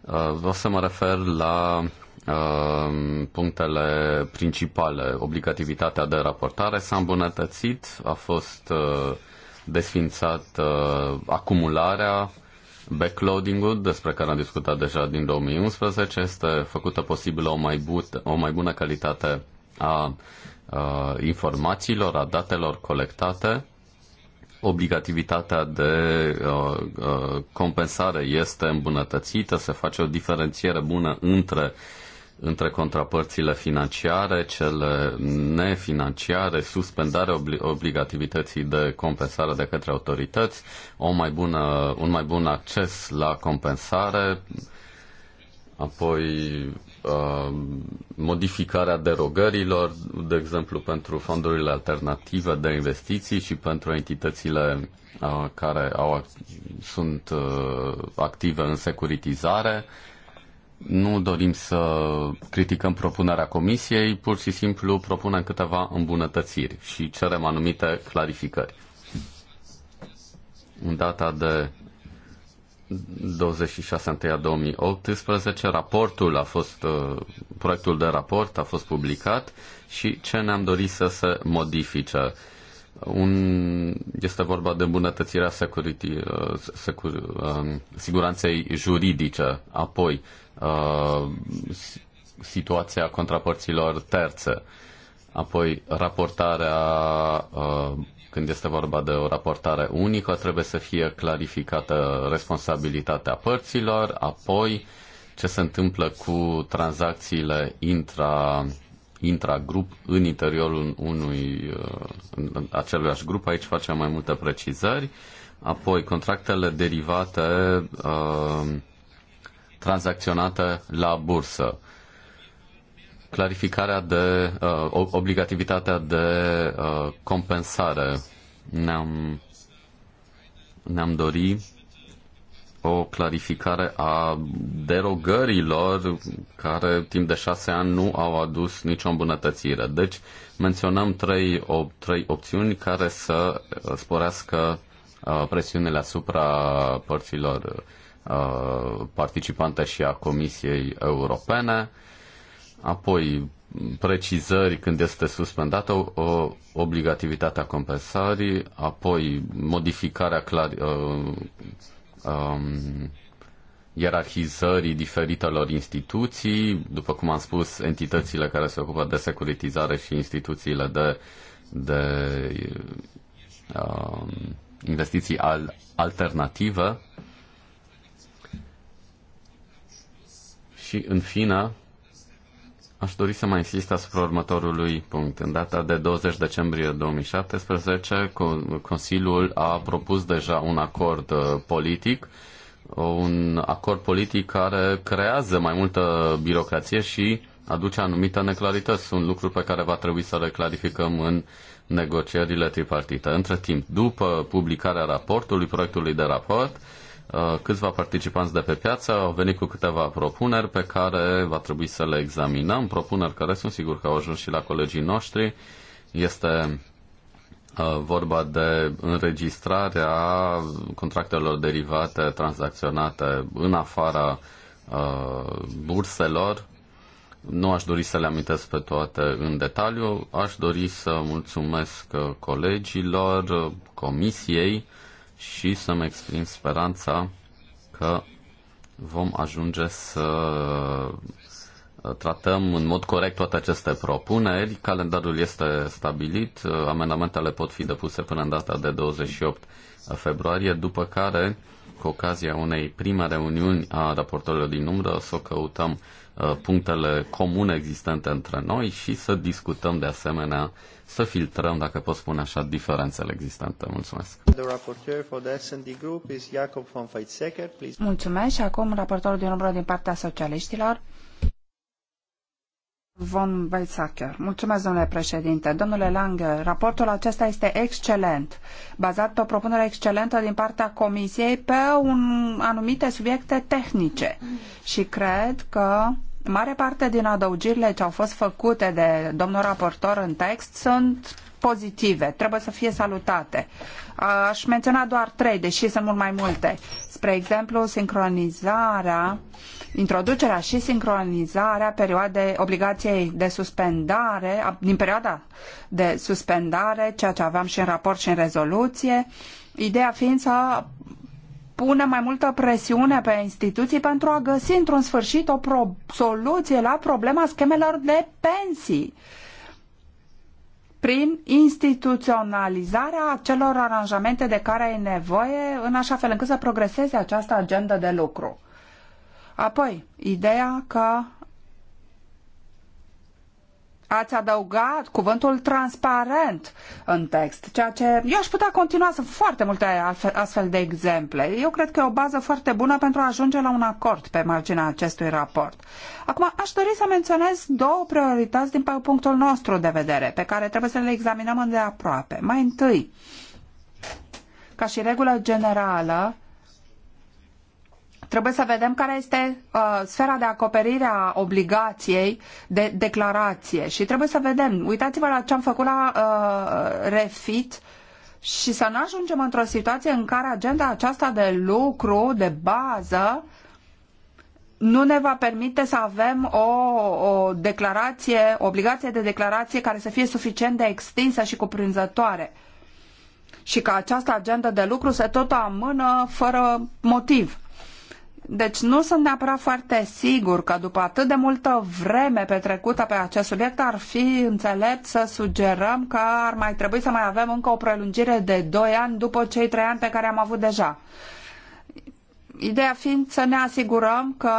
Uh, o să mă refer la uh, punctele principale. Obligativitatea de raportare s-a îmbunătățit, a fost uh, desfințat uh, acumularea, backloading-ul, despre care am discutat deja din 2011, este făcută posibilă o mai, but, o mai bună calitate a uh, informațiilor, a datelor colectate. Obligativitatea de uh, uh, compensare este îmbunătățită, se face o diferențiere bună între uh, între contrapărțile financiare, cele nefinanciare, suspendarea obli- obligativității de compensare de către autorități, o mai bună, un mai bun acces la compensare, apoi uh, modificarea derogărilor, de exemplu pentru fondurile alternative de investiții și pentru entitățile uh, care au, sunt uh, active în securitizare, nu dorim să criticăm propunerea comisiei, pur și simplu propunem câteva îmbunătățiri și cerem anumite clarificări. În data de 26 ianuarie raportul a fost, uh, proiectul de raport a fost publicat și ce ne-am dorit să se modifice. Un, este vorba de îmbunătățirea security, uh, secur, uh, siguranței juridice, apoi Uh, situația contrapărților terțe, apoi raportarea uh, când este vorba de o raportare unică, trebuie să fie clarificată responsabilitatea părților, apoi ce se întâmplă cu tranzacțiile intra, intra-grup în interiorul unui uh, în grup. Aici facem mai multe precizări. Apoi, contractele derivate uh, tranzacționată la bursă. Clarificarea de uh, obligativitatea de uh, compensare. Ne-am, ne-am dorit o clarificare a derogărilor care timp de șase ani nu au adus nicio îmbunătățire. Deci menționăm trei, op, trei opțiuni care să uh, sporească uh, presiunile asupra părților Uh, participantă și a Comisiei Europene, apoi precizări când este suspendată o obligativitatea compensării, apoi modificarea clar, uh, um, ierarhizării diferitelor instituții, după cum am spus, entitățile care se ocupă de securitizare și instituțiile de, de uh, investiții al, alternative, Și, în fină, aș dori să mai insist asupra următorului punct. În data de 20 decembrie 2017, Consiliul a propus deja un acord uh, politic un acord politic care creează mai multă birocrație și aduce anumite neclarități. Sunt lucruri pe care va trebui să le clarificăm în negocierile tripartite. Între timp, după publicarea raportului, proiectului de raport, Uh, câțiva participanți de pe piață au venit cu câteva propuneri pe care va trebui să le examinăm, propuneri care sunt sigur că au ajuns și la colegii noștri. Este uh, vorba de înregistrarea contractelor derivate tranzacționate în afara uh, burselor. Nu aș dori să le amintesc pe toate în detaliu, aș dori să mulțumesc colegilor, comisiei, și să-mi exprim speranța că vom ajunge să uh, tratăm în mod corect toate aceste propuneri. Calendarul este stabilit, uh, amendamentele pot fi depuse până în data de 28 februarie, după care, cu ocazia unei prime reuniuni a raportorilor din umbră, să o căutăm Uh, punctele comune existente între noi și să discutăm de asemenea, să filtrăm, dacă pot spune așa, diferențele existente. Mulțumesc. Mulțumesc și acum raportorul din umbră din partea socialiștilor, Von Weizsäcker. Mulțumesc, domnule președinte. Domnule Lange, raportul acesta este excelent, bazat pe o propunere excelentă din partea Comisiei pe un, anumite subiecte tehnice. Și cred că mare parte din adăugirile ce au fost făcute de domnul raportor în text sunt pozitive, trebuie să fie salutate. Aș menționa doar trei, deși sunt mult mai multe. Spre exemplu, sincronizarea uh, introducerea și sincronizarea perioadei obligației de suspendare, din perioada de suspendare, ceea ce aveam și în raport și în rezoluție, ideea fiind să pune mai multă presiune pe instituții pentru a găsi într-un sfârșit o soluție la problema schemelor de pensii prin instituționalizarea acelor aranjamente de care ai nevoie în așa fel încât să progreseze această agendă de lucru. Apoi, ideea că ați adăugat cuvântul transparent în text, ceea ce eu aș putea continua să foarte multe astfel de exemple. Eu cred că e o bază foarte bună pentru a ajunge la un acord pe marginea acestui raport. Acum, aș dori să menționez două priorități din punctul nostru de vedere, pe care trebuie să le examinăm îndeaproape. Mai întâi, ca și regulă generală, Trebuie să vedem care este uh, sfera de acoperire a obligației de declarație și trebuie să vedem. Uitați-vă la ce am făcut la uh, refit și să nu ajungem într-o situație în care agenda aceasta de lucru, de bază, nu ne va permite să avem o, o declarație, o obligație de declarație care să fie suficient de extinsă și cuprinzătoare. Și că această agenda de lucru se tot amână fără motiv. Deci nu sunt neapărat foarte sigur că după atât de multă vreme petrecută pe acest subiect ar fi înțelept să sugerăm că ar mai trebui să mai avem încă o prelungire de 2 ani după cei 3 ani pe care am avut deja. Ideea fiind să ne asigurăm că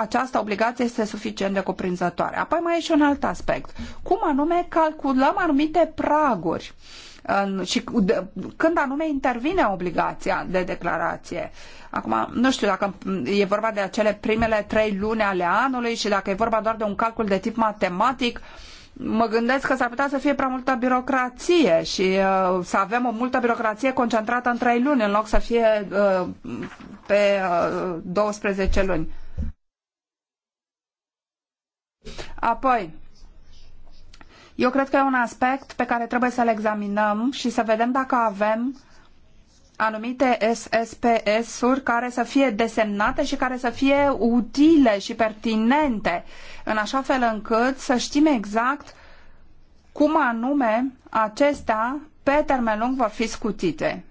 această obligație este suficient de cuprinzătoare. Apoi mai e și un alt aspect. Cum anume calculăm anumite praguri? și când anume intervine obligația de declarație. Acum, nu știu dacă e vorba de acele primele trei luni ale anului și dacă e vorba doar de un calcul de tip matematic, mă gândesc că s-ar putea să fie prea multă birocrație și uh, să avem o multă birocrație concentrată în trei luni în loc să fie uh, pe uh, 12 luni. Apoi, eu cred că e un aspect pe care trebuie să-l examinăm și să vedem dacă avem anumite SSPS-uri care să fie desemnate și care să fie utile și pertinente, în așa fel încât să știm exact cum anume acestea pe termen lung vor fi scutite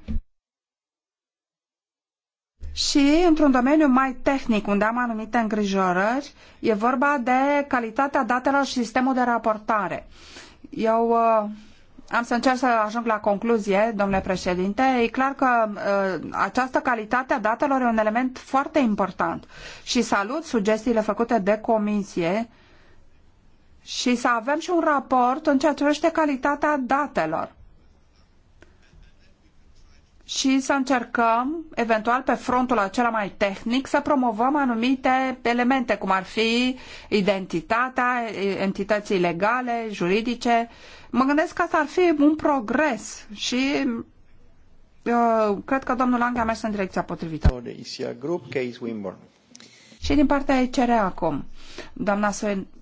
și într-un domeniu mai tehnic, unde am anumite îngrijorări, e vorba de calitatea datelor și sistemul de raportare. Eu uh, am să încerc să ajung la concluzie, domnule președinte. E clar că uh, această calitate a datelor e un element foarte important și salut sugestiile făcute de comisie și să avem și un raport în ceea ce privește calitatea datelor și să încercăm, eventual pe frontul acela mai tehnic, să promovăm anumite elemente, cum ar fi identitatea, entității legale, juridice. Mă gândesc că asta ar fi un progres și uh, cred că domnul Lange a mers în direcția potrivită. Și din partea ECR acum doamna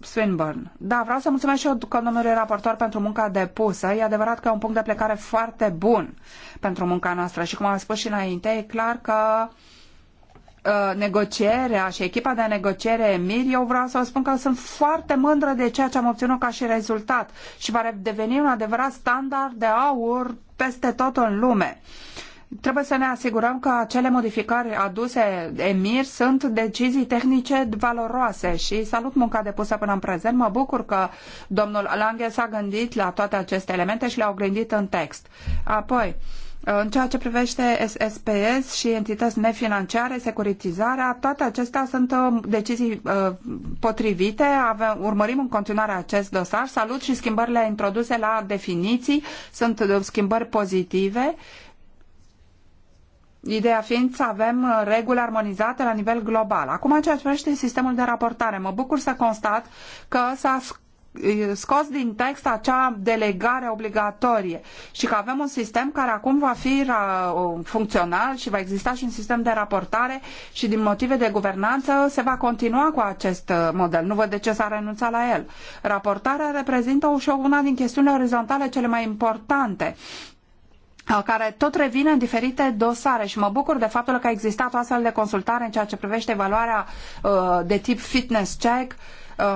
Swinburne. Da, vreau să mulțumesc și eu domnului raportor pentru munca depusă. E adevărat că e un punct de plecare foarte bun pentru munca noastră și cum am spus și înainte, e clar că uh, negocierea și echipa de negociere Emir, eu vreau să vă spun că sunt foarte mândră de ceea ce am obținut ca și rezultat și va deveni un adevărat standard de aur peste tot în lume. Uh, Trebuie să ne asigurăm că acele modificări aduse EMIR sunt decizii tehnice valoroase și salut munca depusă până în prezent. Mă bucur că domnul Lange s-a gândit la toate aceste elemente și le-au gândit în text. Apoi, în ceea ce privește SPS și entități nefinanciare, securitizarea, toate acestea sunt uh, decizii uh, potrivite. Avem, urmărim în continuare acest dosar. Salut și schimbările introduse la definiții. Sunt uh, schimbări pozitive Ideea fiind să avem uh, reguli armonizate la nivel global. Acum, în ceea ce privește sistemul de raportare, mă bucur să constat că s-a scos din text acea delegare obligatorie și că avem un sistem care acum va fi uh, funcțional și va exista și un sistem de raportare și din motive de guvernanță se va continua cu acest uh, model. Nu văd de ce s-a renunțat la el. Raportarea reprezintă ușor una din chestiunile orizontale cele mai importante Uh, care tot revine în diferite dosare și mă bucur de faptul că a existat o astfel de consultare în ceea ce privește evaluarea uh, de tip fitness check.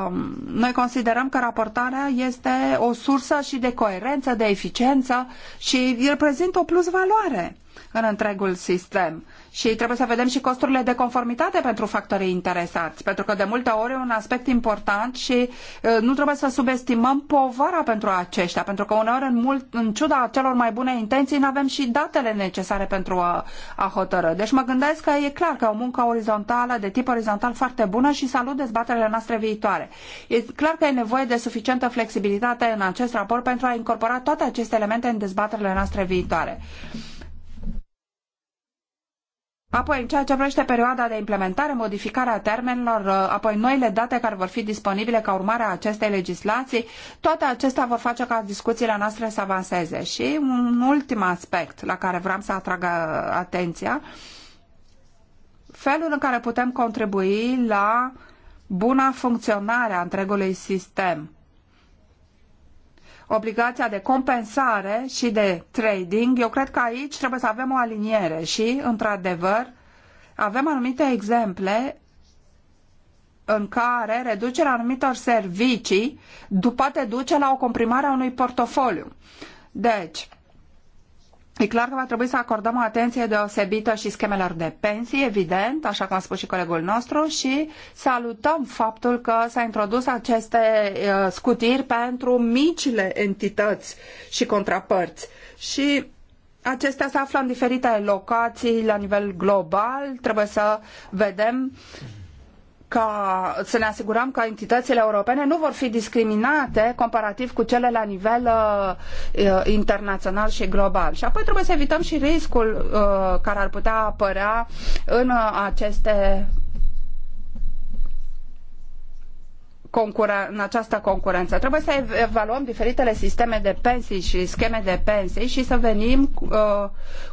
Um, noi considerăm că raportarea este o sursă și de coerență, de eficiență și reprezintă o plus valoare în întregul sistem. Și trebuie să vedem și costurile de conformitate pentru factorii interesați, pentru că de multe ori e un aspect important și nu trebuie să subestimăm povara pentru aceștia, pentru că uneori, în, mult, în ciuda celor mai bune intenții, nu avem și datele necesare pentru a, a hotărâ. Deci mă gândesc că e clar că o muncă orizontală, de tip orizontal, foarte bună și salut dezbaterile noastre viitoare. E clar că e nevoie de suficientă flexibilitate în acest raport pentru a incorpora toate aceste elemente în dezbaterile noastre viitoare. Apoi, în ceea ce vrește perioada de implementare, modificarea termenilor, uh, apoi noile date care vor fi disponibile ca urmare a acestei legislații, toate acestea vor face ca discuțiile noastre să avanseze. Și un ultim aspect la care vreau să atrag uh, atenția, felul în care putem contribui la buna funcționare a întregului sistem obligația de compensare și de trading, eu cred că aici trebuie să avem o aliniere și, într-adevăr, avem anumite exemple în care reducerea anumitor servicii poate duce la o comprimare a unui portofoliu. Deci, E clar că va trebui să acordăm o atenție deosebită și schemelor de pensii, evident, așa cum a spus și colegul nostru, și salutăm faptul că s-a introdus aceste scutiri pentru micile entități și contrapărți. Și Acestea se află în diferite locații la nivel global. Trebuie să vedem ca să ne asigurăm că entitățile europene nu vor fi discriminate comparativ cu cele la nivel uh, internațional și global. Și apoi trebuie să evităm și riscul uh, care ar putea apărea în uh, aceste concura- în această concurență. Trebuie să evaluăm diferitele sisteme de pensii și scheme de pensii și să venim uh,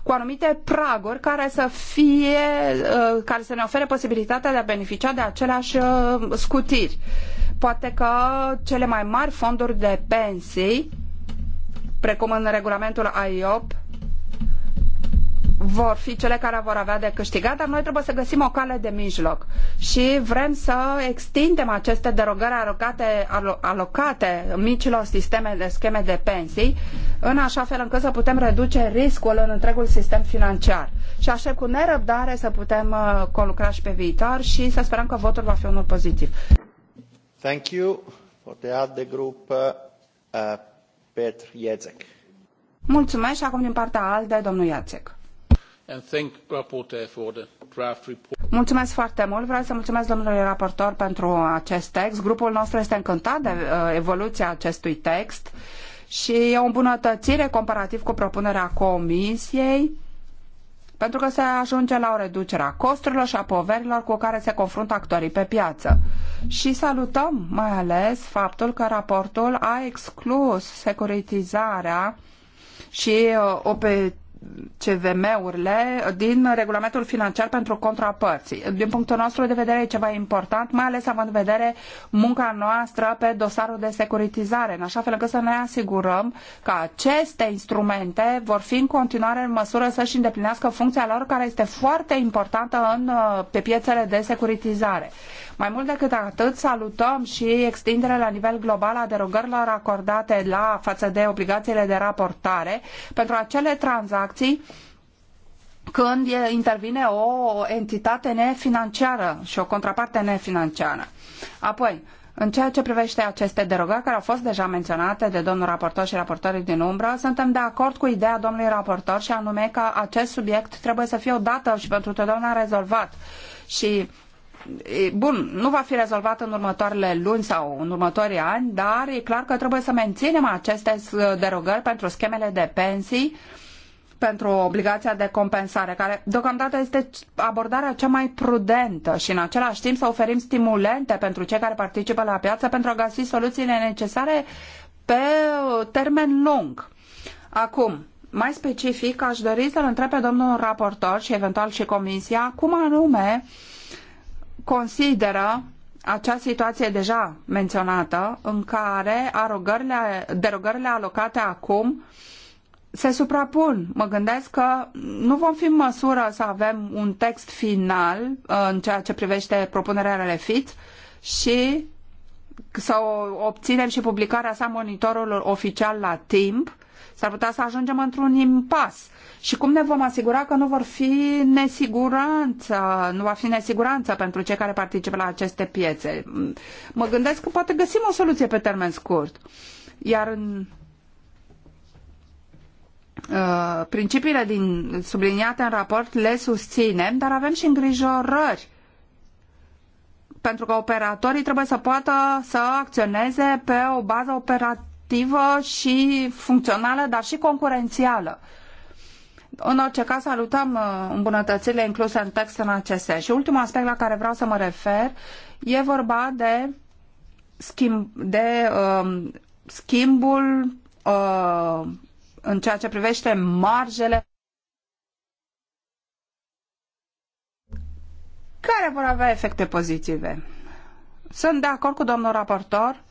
cu anumite praguri care să fie, uh, care să ne ofere posibilitatea de a beneficia de aceleași uh, scutiri. Poate că cele mai mari fonduri de pensii, precum în regulamentul IOP, vor fi cele care vor avea de câștigat, dar noi trebuie să găsim o cale de mijloc. Și vrem să extindem aceste derogări alocate, alocate micilor sisteme de scheme de pensii, în așa fel încât să putem reduce riscul în întregul sistem financiar. Și aștept cu nerăbdare să putem uh, conlucra și pe viitor și să sperăm că votul va fi unul pozitiv. Thank you for the other group, uh, uh Petr Jezek. Mulțumesc și acum din partea ALDE, domnul Iacek and thank for the draft report. Mulțumesc foarte mult. Vreau să mulțumesc domnului raportor pentru acest text. Grupul nostru este încântat de uh, evoluția acestui text și e o îmbunătățire comparativ cu propunerea comisiei pentru că se ajunge la o reducere a costurilor și a poverilor cu care se confruntă actorii pe piață. Și salutăm mai ales faptul că raportul a exclus securitizarea și uh, CVM-urile din regulamentul financiar pentru contrapărți. Din punctul nostru de vedere e ceva important, mai ales având în vedere munca noastră pe dosarul de securitizare, în așa fel încât să ne asigurăm că aceste instrumente vor fi în continuare în măsură să-și îndeplinească funcția lor care este foarte importantă în, pe piețele de securitizare. Mai mult decât atât, salutăm și extinderea la nivel global a derogărilor acordate la față de obligațiile de raportare pentru acele tranzacții când intervine o entitate nefinanciară și o contraparte nefinanciară. Apoi, în ceea ce privește aceste derogări care au fost deja menționate de domnul raportor și raportorii din umbră, suntem de acord cu ideea domnului raportor și anume că acest subiect trebuie să fie odată și pentru totdeauna rezolvat. Și bun, nu va fi rezolvat în următoarele luni sau în următorii ani, dar e clar că trebuie să menținem aceste derogări pentru schemele de pensii pentru obligația de compensare, care deocamdată este abordarea cea mai prudentă și în același timp să oferim stimulente pentru cei care participă la piață pentru a găsi soluțiile necesare pe termen lung. Acum, mai specific, aș dori să-l întreb pe domnul raportor și eventual și comisia cum anume uh, consideră acea situație deja menționată în care derogările alocate acum se suprapun. Mă gândesc că nu vom fi în măsură să avem un text final uh, în ceea ce privește propunerea Refit și să obținem și publicarea sa monitorul oficial la timp, s-ar putea să ajungem într-un impas și cum ne vom asigura că nu vor fi nesiguranță, nu va fi nesiguranță pentru cei care participă la aceste piețe. Mă gândesc că poate găsim o soluție pe termen scurt. Iar în uh, principiile din, subliniate în raport le susținem, dar avem și îngrijorări pentru că operatorii trebuie să poată să acționeze pe o bază operativă și funcțională, dar și concurențială. Uh, în orice caz, salutăm uh, îmbunătățirile incluse în text în acest sens. Și ultimul aspect la care vreau să mă refer e vorba de, schimb, de uh, schimbul uh, în ceea ce privește marjele care vor avea efecte pozitive. Sunt de acord cu domnul raportor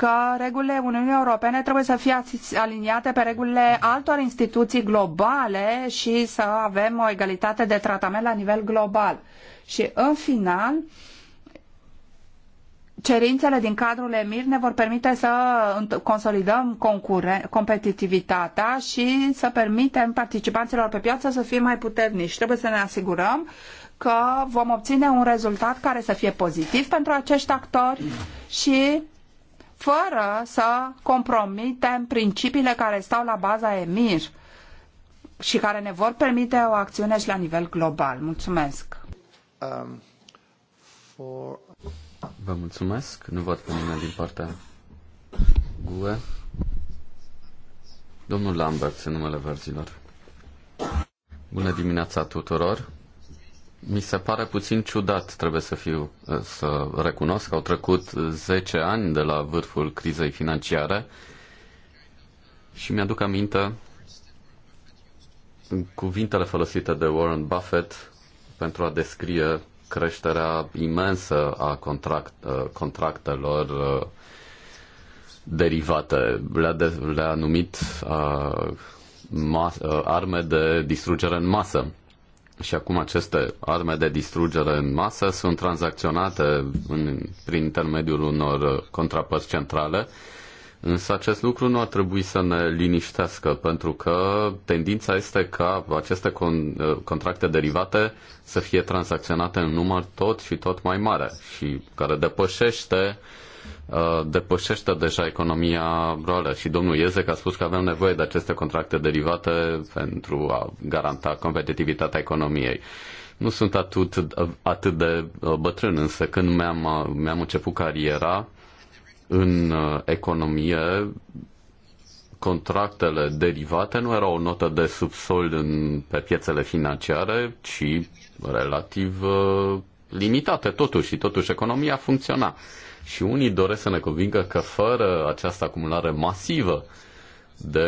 că regulile Uniunii Europene trebuie să fie aliniate pe regulile altor instituții globale și să avem o egalitate de tratament la nivel global. Și în final, cerințele din cadrul EMIR ne vor permite să consolidăm competitivitatea și să permitem participanților pe piață să fie mai puternici. Trebuie să ne asigurăm că vom obține un rezultat care să fie pozitiv pentru acești actori și fără să compromitem principiile care stau la baza EMIR și care ne vor permite o acțiune și la nivel global. Mulțumesc! Um, for... Vă mulțumesc. Nu văd pe nimeni din partea GUE. Domnul Lambert, în numele verzilor. Bună dimineața tuturor! Mi se pare puțin ciudat, trebuie să fiu, eh, să recunosc că au trecut 10 eh, ani de la vârful crizei financiare și mi-aduc aminte cuvintele folosite de Warren Buffett pentru a descrie creșterea imensă a contract, eh, contractelor derivate. Le-a, de, le-a numit uh, ma- arme de distrugere în masă și acum aceste arme de distrugere în masă sunt tranzacționate în, prin intermediul unor contrapărți centrale, însă acest lucru nu ar trebui să ne liniștească, pentru că tendința este ca aceste con- eh, contracte derivate să fie tranzacționate în număr tot și tot mai mare și care depășește uh, Uh, depășește deja economia rurală și domnul Iezec a spus că avem nevoie de aceste contracte derivate pentru a garanta competitivitatea economiei. Nu sunt atât, atât de uh, bătrân, însă când mi-am, uh, mi-am început cariera în economie, contractele derivate nu erau o notă de subsol în, pe piețele financiare, ci relativ uh, limitate totuși și totuși economia funcționa. Uh, și unii doresc să ne convingă că fără această acumulare masivă de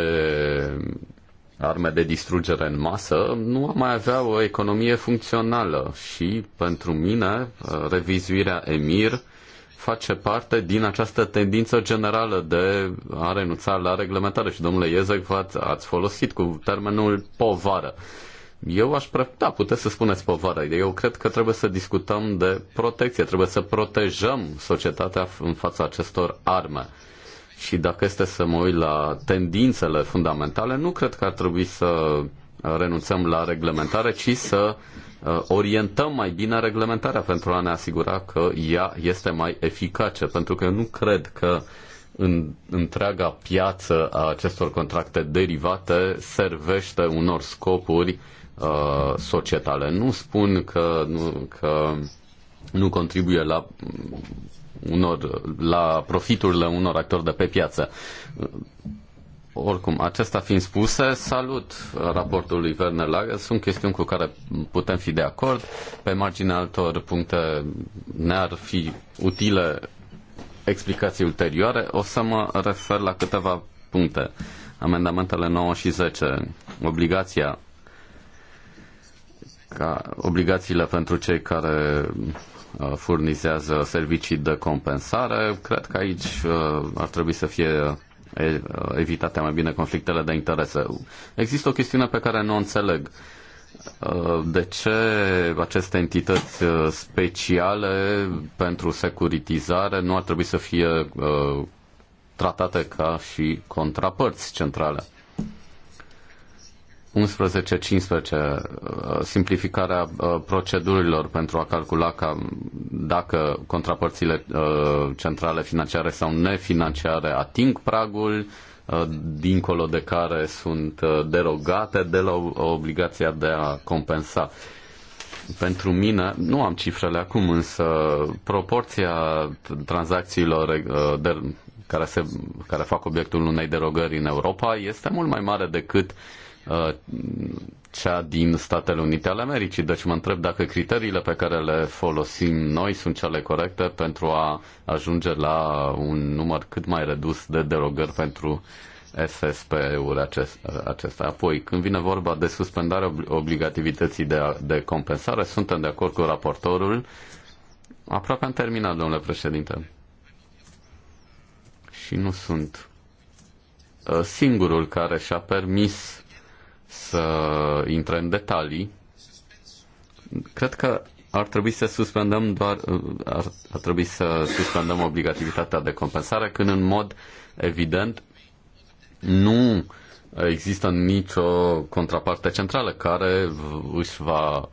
arme de distrugere în masă, nu am mai avea o economie funcțională și pentru mine revizuirea EMIR face parte din această tendință generală de a renunța la reglementare și domnule Iezec, ați folosit cu termenul povară. Eu aș pre... Da, puteți să spuneți povară. Eu cred că trebuie să discutăm de protecție, trebuie să protejăm societatea în fața acestor arme. Și dacă este să mă uit la tendințele fundamentale, nu cred că ar trebui să uh, renunțăm la reglementare, ci să uh, orientăm mai bine reglementarea pentru a ne asigura că ea este mai eficace. Pentru că eu nu cred că în întreaga piață a acestor contracte derivate servește unor scopuri uh, Uh, societale. Nu spun că nu, că nu contribuie la unor, la profiturile unor actori de pe piață. Uh, oricum, acesta fiind spuse, salut raportul lui Werner Lager. Sunt chestiuni cu care putem fi de acord. Pe marginea altor puncte ne-ar fi utile explicații ulterioare. O să mă refer la câteva puncte. Amendamentele 9 și 10, obligația ca obligațiile pentru cei care uh, furnizează servicii de compensare. Cred că aici uh, ar trebui să fie uh, evitate mai bine conflictele de interese. Există o chestiune pe care nu o înțeleg. De ce aceste entități speciale pentru securitizare nu ar trebui să fie tratate ca și contrapărți centrale? 11-15, uh, simplificarea uh, procedurilor pentru a calcula ca dacă contrapărțile uh, centrale financiare sau nefinanciare ating pragul, dincolo de care sunt derogate de la obligația de a compensa. Pentru mine, nu am cifrele acum, însă proporția tranzacțiilor care, se, care fac obiectul unei derogări în Europa este mult mai mare decât uh, Uh, cea din Statele Unite ale Americii. Deci mă întreb dacă criteriile pe care le folosim noi sunt cele corecte pentru a ajunge la un număr cât mai redus de derogări pentru ssp uri acestea. acesta. Apoi, când vine vorba de suspendarea obligativității de, de compensare, suntem de acord cu raportorul. Aproape am terminat, domnule președinte. Și nu sunt uh, singurul care și-a permis să intre în detalii. Cred că ar trebui să suspendăm doar ar, ar trebui să suspendăm obligativitatea de compensare când în mod evident nu există nicio contraparte centrală care își va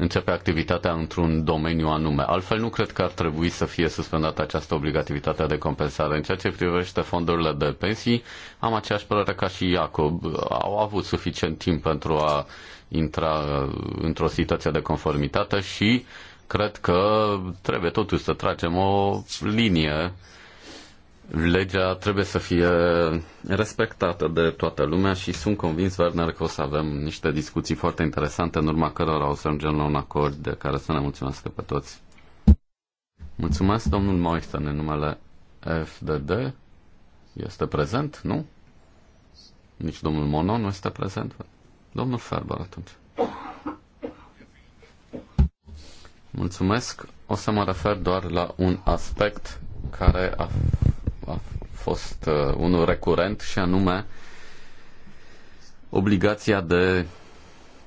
începe activitatea într-un domeniu anume. Altfel nu cred că ar trebui să fie suspendată această obligativitate de compensare. În ceea ce privește fondurile de pensii, am aceeași părere ca și Iacob. Au avut suficient timp pentru a intra într-o situație de conformitate și cred că trebuie totuși să tragem o linie uh, legea trebuie să fie respectată de toată lumea și sunt convins, Werner, că o să avem niște discuții foarte interesante în urma cărora o să ajungem la un acord de care să ne mulțumesc pe toți. Mulțumesc, domnul Moistan, în numele FDD. Este prezent, nu? Nici domnul Mono nu este prezent. Domnul Ferber, atunci. Mulțumesc. O să mă refer doar la un aspect care a a fost uh, unul recurent și anume obligația de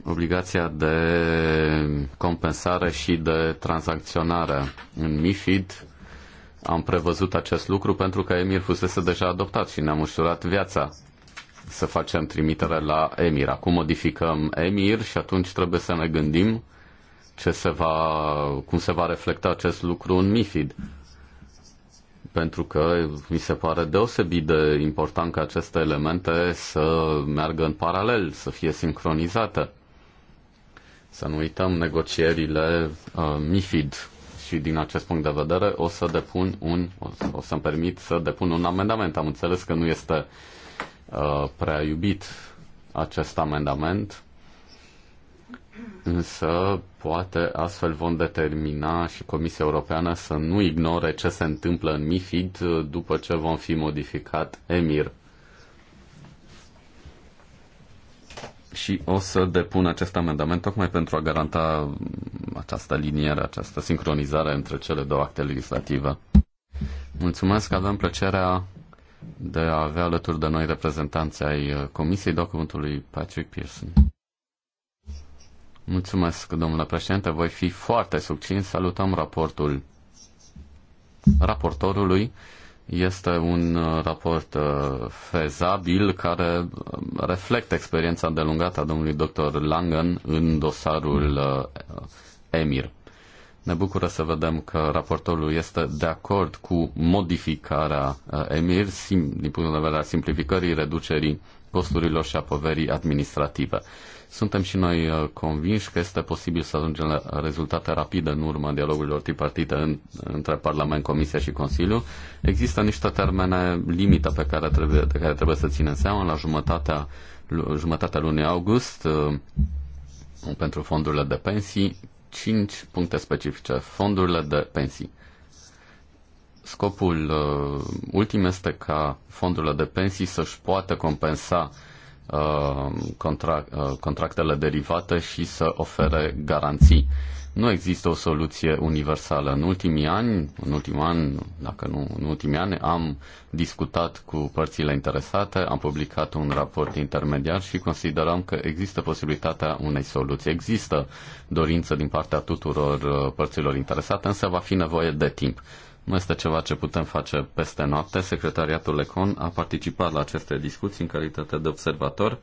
obligația de compensare și de tranzacționare în MIFID. Am prevăzut acest lucru pentru că EMIR fusese deja adoptat și ne-am ușurat viața să facem trimitere la EMIR. Acum modificăm EMIR și atunci trebuie să ne gândim ce se va, cum se va reflecta acest lucru în MIFID pentru că mi se pare deosebit de important ca aceste elemente să meargă în paralel, să fie sincronizate. Să nu uităm negocierile uh, MIFID și din acest punct de vedere o să depun un, o să-mi permit să depun un amendament. Am înțeles că nu este uh, prea iubit acest amendament, însă poate astfel vom determina și Comisia Europeană să nu ignore ce se întâmplă în MIFID după ce vom fi modificat EMIR. Și o să depun acest amendament tocmai pentru a garanta această liniere, această sincronizare între cele două acte legislative. Mulțumesc, că avem plăcerea de a avea alături de noi reprezentanții ai Comisiei, documentului Patrick Pearson. Mulțumesc, domnule președinte. Voi fi foarte succint. Salutăm raportul raportorului. Este un uh, raport uh, fezabil care uh, reflectă experiența delungată a domnului dr. Langen în dosarul EMIR. Ne bucură să vedem că raportorul este de acord cu modificarea EMIR din punct de vedere al simplificării, reducerii costurilor și a poverii administrative. Suntem și noi uh, convinși că este posibil să ajungem la rezultate rapide în urma dialogurilor tripartite în, între Parlament, Comisia și Consiliu. Există niște termene limită pe care trebuie, de care trebuie să ținem seama la jumătatea, jumătatea lunii august uh, pentru fondurile de pensii, 5 puncte specifice. Fondurile de pensii. Scopul uh, ultim este ca fondurile de pensii să-și poată compensa uh, Uh, uh, contractele derivate și să ofere garanții. Nu există o soluție universală. În ultimii ani, în ultimul an, dacă nu în ultimii ani, am discutat cu părțile interesate, am publicat un raport intermediar și considerăm că există posibilitatea unei soluții. Există dorință din partea tuturor uh, părților interesate, însă va fi nevoie de timp. Nu este ceva ce putem face peste noapte. Secretariatul Econ a participat la aceste discuții în calitate de observator.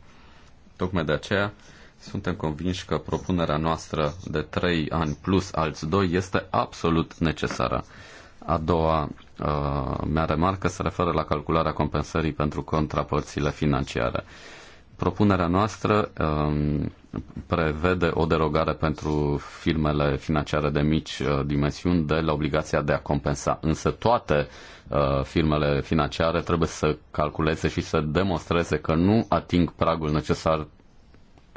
Tocmai de aceea suntem convinși că propunerea noastră de 3 ani plus alți 2 este absolut necesară. A doua uh, mea remarcă se referă la calcularea compensării pentru contrapărțile financiare. Uh, Propunerea noastră um, prevede o derogare pentru firmele financiare de mici uh, dimensiuni de la obligația de a compensa. Însă toate uh, firmele financiare trebuie să calculeze și să demonstreze că nu ating pragul necesar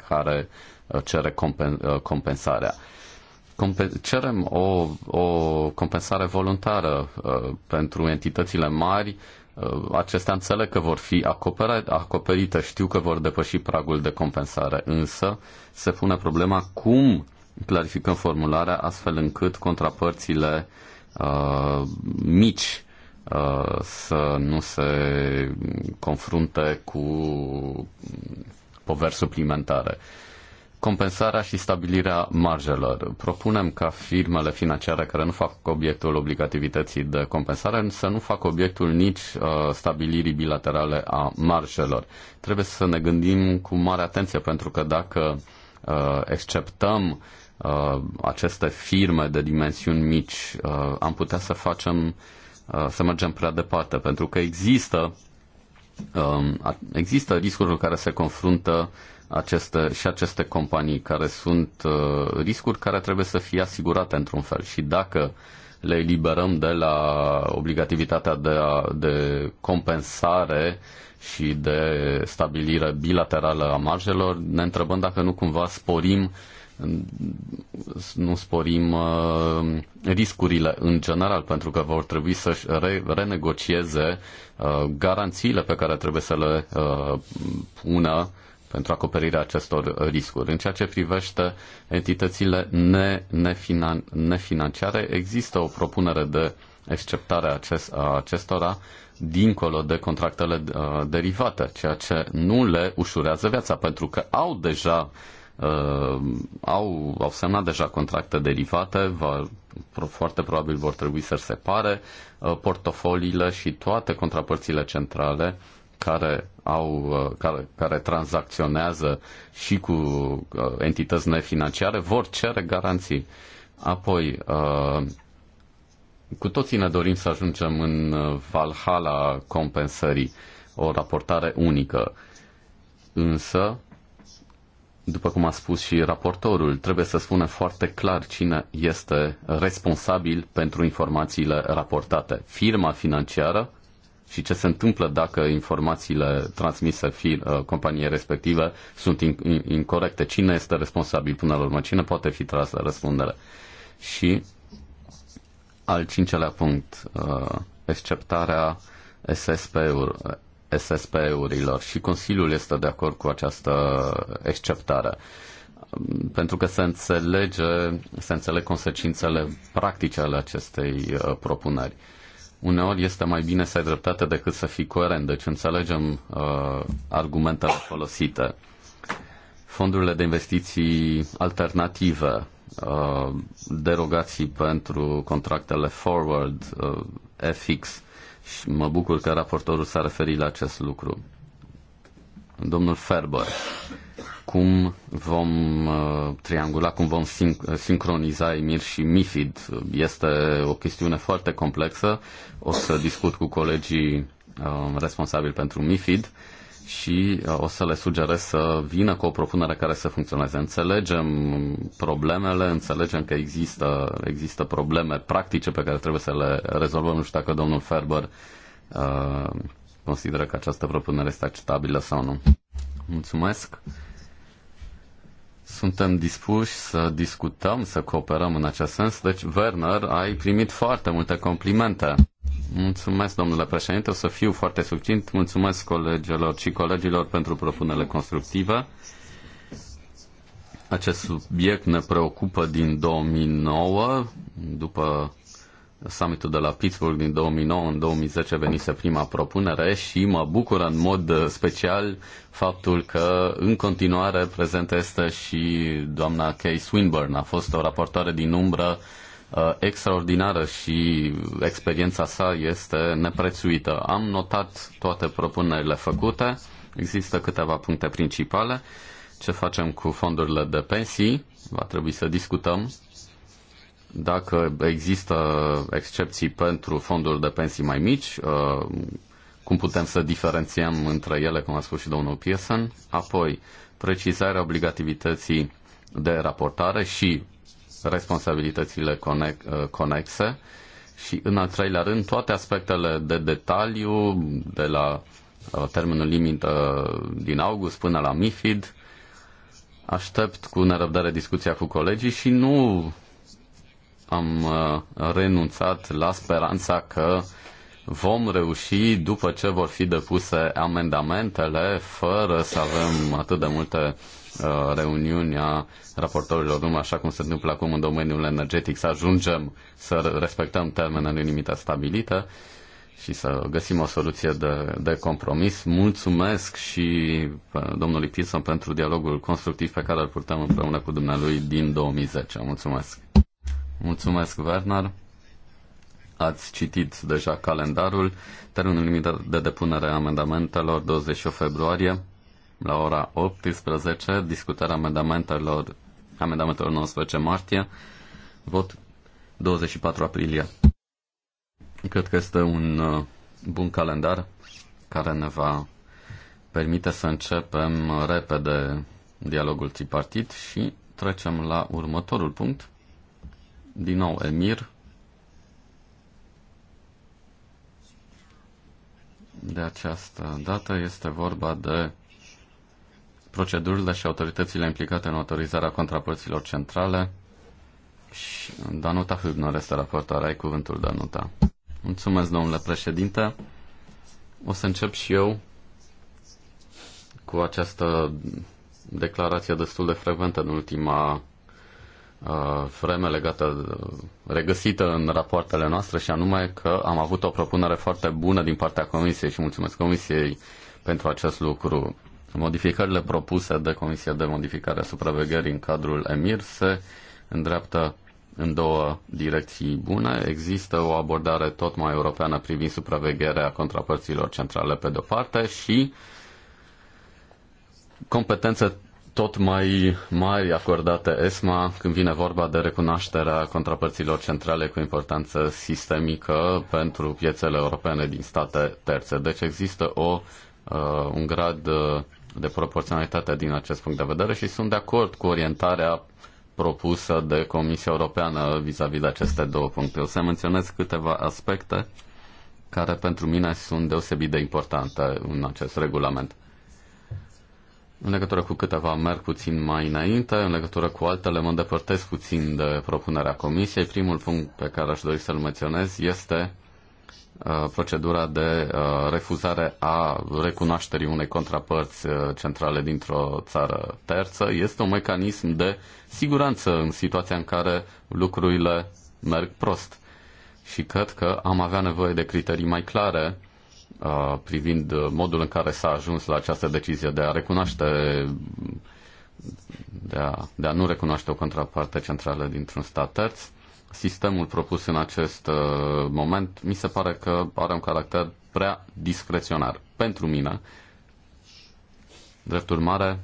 care uh, cere compen- uh, compensarea. Compe- cerem o, o compensare voluntară uh, pentru entitățile mari uh, Uh, acestea înțeleg că vor fi acoperite, știu că vor depăși pragul de compensare, însă se pune problema cum clarificăm formularea astfel încât contrapărțile uh, mici uh, să nu se confrunte cu poveri suplimentare. Uh, compensarea și stabilirea marjelor. Propunem ca firmele financiare care nu fac obiectul obligativității de compensare să nu fac obiectul nici uh, stabilirii bilaterale a marjelor. Trebuie să ne gândim cu mare atenție pentru că dacă uh, exceptăm uh, aceste firme de dimensiuni mici, uh, am putea să facem uh, să mergem prea departe, pentru că există um, există riscuri care se confruntă aceste, și aceste companii, care sunt uh, riscuri care trebuie să fie asigurate într-un fel. Și dacă le eliberăm de la obligativitatea de, a, de compensare și de stabilire bilaterală a marjelor, ne întrebăm dacă nu cumva sporim nu sporim uh, riscurile în general, pentru că vor trebui să-și re- renegocieze uh, garanțiile pe care trebuie să le uh, pună pentru acoperirea acestor uh, riscuri. În ceea ce privește entitățile nefinanciare, există o propunere de exceptare a acestora dincolo de contractele uh, derivate, ceea ce nu le ușurează viața, pentru că au deja uh, au, au semnat deja contracte derivate, va, pro, foarte probabil vor trebui să separe uh, portofoliile și toate contrapărțile centrale care au, uh, care, care tranzacționează și cu uh, entități nefinanciare vor cere garanții. Apoi, uh, cu toții ne dorim să ajungem în Valhalla compensării, o raportare unică. Însă, după cum a spus și raportorul, trebuie să spună foarte clar cine este responsabil pentru informațiile raportate. Firma financiară și ce se întâmplă dacă informațiile transmise fi, uh, companiei respective sunt incorrecte. Cine este responsabil până la urmă? Cine poate fi tras la răspundere? Și al cincelea punct, uh, exceptarea SSP-urilor. SSP și Consiliul este de acord cu această exceptare pentru că se înțelege, se înțeleg consecințele practice ale acestei uh, propuneri. Uh, uneori este mai bine să ai dreptate decât să fii coerent, deci înțelegem uh, argumentele folosite. Fondurile de investiții alternative, uh, derogații pentru contractele forward, uh, FX, și mă bucur că raportorul s-a referit la acest lucru domnul Ferber cum vom uh, triangula, cum vom sin- uh, sincroniza EMIR și MIFID. Este o chestiune foarte complexă. O să discut cu colegii uh, responsabili pentru MIFID și uh, o să le sugerez să vină cu o propunere care să funcționeze. Înțelegem problemele, înțelegem că există, există probleme practice pe care trebuie să le rezolvăm. Nu știu dacă domnul Ferber uh, consideră că această propunere este acceptabilă sau nu. Mulțumesc! Suntem dispuși să discutăm, să cooperăm în acest sens. Deci, Werner, ai primit foarte multe complimente. Mulțumesc, domnule președinte, o să fiu foarte succint. Mulțumesc colegilor și colegilor pentru propunerile constructive. Acest subiect ne preocupă din 2009, după summitul de la Pittsburgh din 2009 în 2010 venise prima propunere și mă bucur în mod uh, special faptul că în continuare prezentă este și doamna Kay Swinburne. A fost o raportoare din umbră uh, extraordinară și experiența sa este neprețuită. Am notat toate propunerile făcute. Există câteva puncte principale. Ce facem cu fondurile de pensii? Va trebui să discutăm dacă există excepții pentru fonduri de pensii mai mici, uh, cum putem să diferențiem între ele, cum a spus și domnul Pearson, apoi precizarea obligativității de raportare și responsabilitățile uh, conexe și, în al treilea rând, toate aspectele de detaliu, de la uh, termenul limită din august până la MIFID. Aștept cu nerăbdare discuția cu colegii și nu am uh, renunțat la speranța că vom reuși, după ce vor fi depuse amendamentele, fără să avem atât de multe uh, reuniuni a raportorilor numai așa cum se întâmplă acum în domeniul energetic, să ajungem să respectăm termenele limite stabilite și să găsim o soluție de, de compromis. Mulțumesc și uh, domnului Pilson pentru dialogul constructiv pe care îl purtăm împreună cu dumnealui din 2010. Mulțumesc! Mulțumesc, Werner. Ați citit deja calendarul. Termenul limită de depunere a amendamentelor 28 februarie la ora 18, discutarea amendamentelor, amendamentelor 19 martie, vot 24 aprilie. Cred că este un uh, bun calendar care ne va permite să începem repede dialogul tripartit și trecem la următorul punct. Din nou, Emir. De această dată este vorba de procedurile și autoritățile implicate în autorizarea contrapărților centrale. Și Danuta Hübner este raportoarea. Ai cuvântul, Danuta. Mulțumesc, domnule președinte. O să încep și eu cu această declarație destul de frecventă în ultima Uh, vreme legată, uh, regăsită în rapoartele noastre și anume că am avut o propunere foarte bună din partea Comisiei și mulțumesc Comisiei pentru acest lucru. Modificările propuse de Comisia de Modificare a Supravegherii în cadrul EMIR se îndreaptă în două direcții bune. Există o abordare tot mai europeană privind supravegherea contrapărților centrale pe de-o parte și competențe tot mai mari acordate ESMA când vine vorba de recunoașterea contrapărților centrale cu importanță sistemică pentru piețele europene din state terțe. Deci există o, uh, un grad uh, de proporționalitate din acest punct de vedere și sunt de acord cu orientarea propusă de Comisia Europeană vis-a-vis -vis de aceste două puncte. O să menționez câteva aspecte care pentru mine sunt deosebit de importante în acest regulament. În legătură cu câteva merg puțin mai înainte, în legătură cu altele mă îndepărtez puțin de propunerea comisiei. Primul punct pe care aș dori să-l menționez este uh, procedura de uh, refuzare a recunoașterii unei contrapărți uh, centrale dintr-o țară terță. Este un mecanism de siguranță în situația în care lucrurile merg prost. Și cred că am avea nevoie de criterii mai clare Uh, privind uh, modul în care s-a ajuns la această decizie de a recunoaște de a, de a nu recunoaște o contraparte centrală dintr-un stat terț. Sistemul propus în acest uh, moment mi se pare că are un caracter prea discreționar pentru mine. Drept urmare,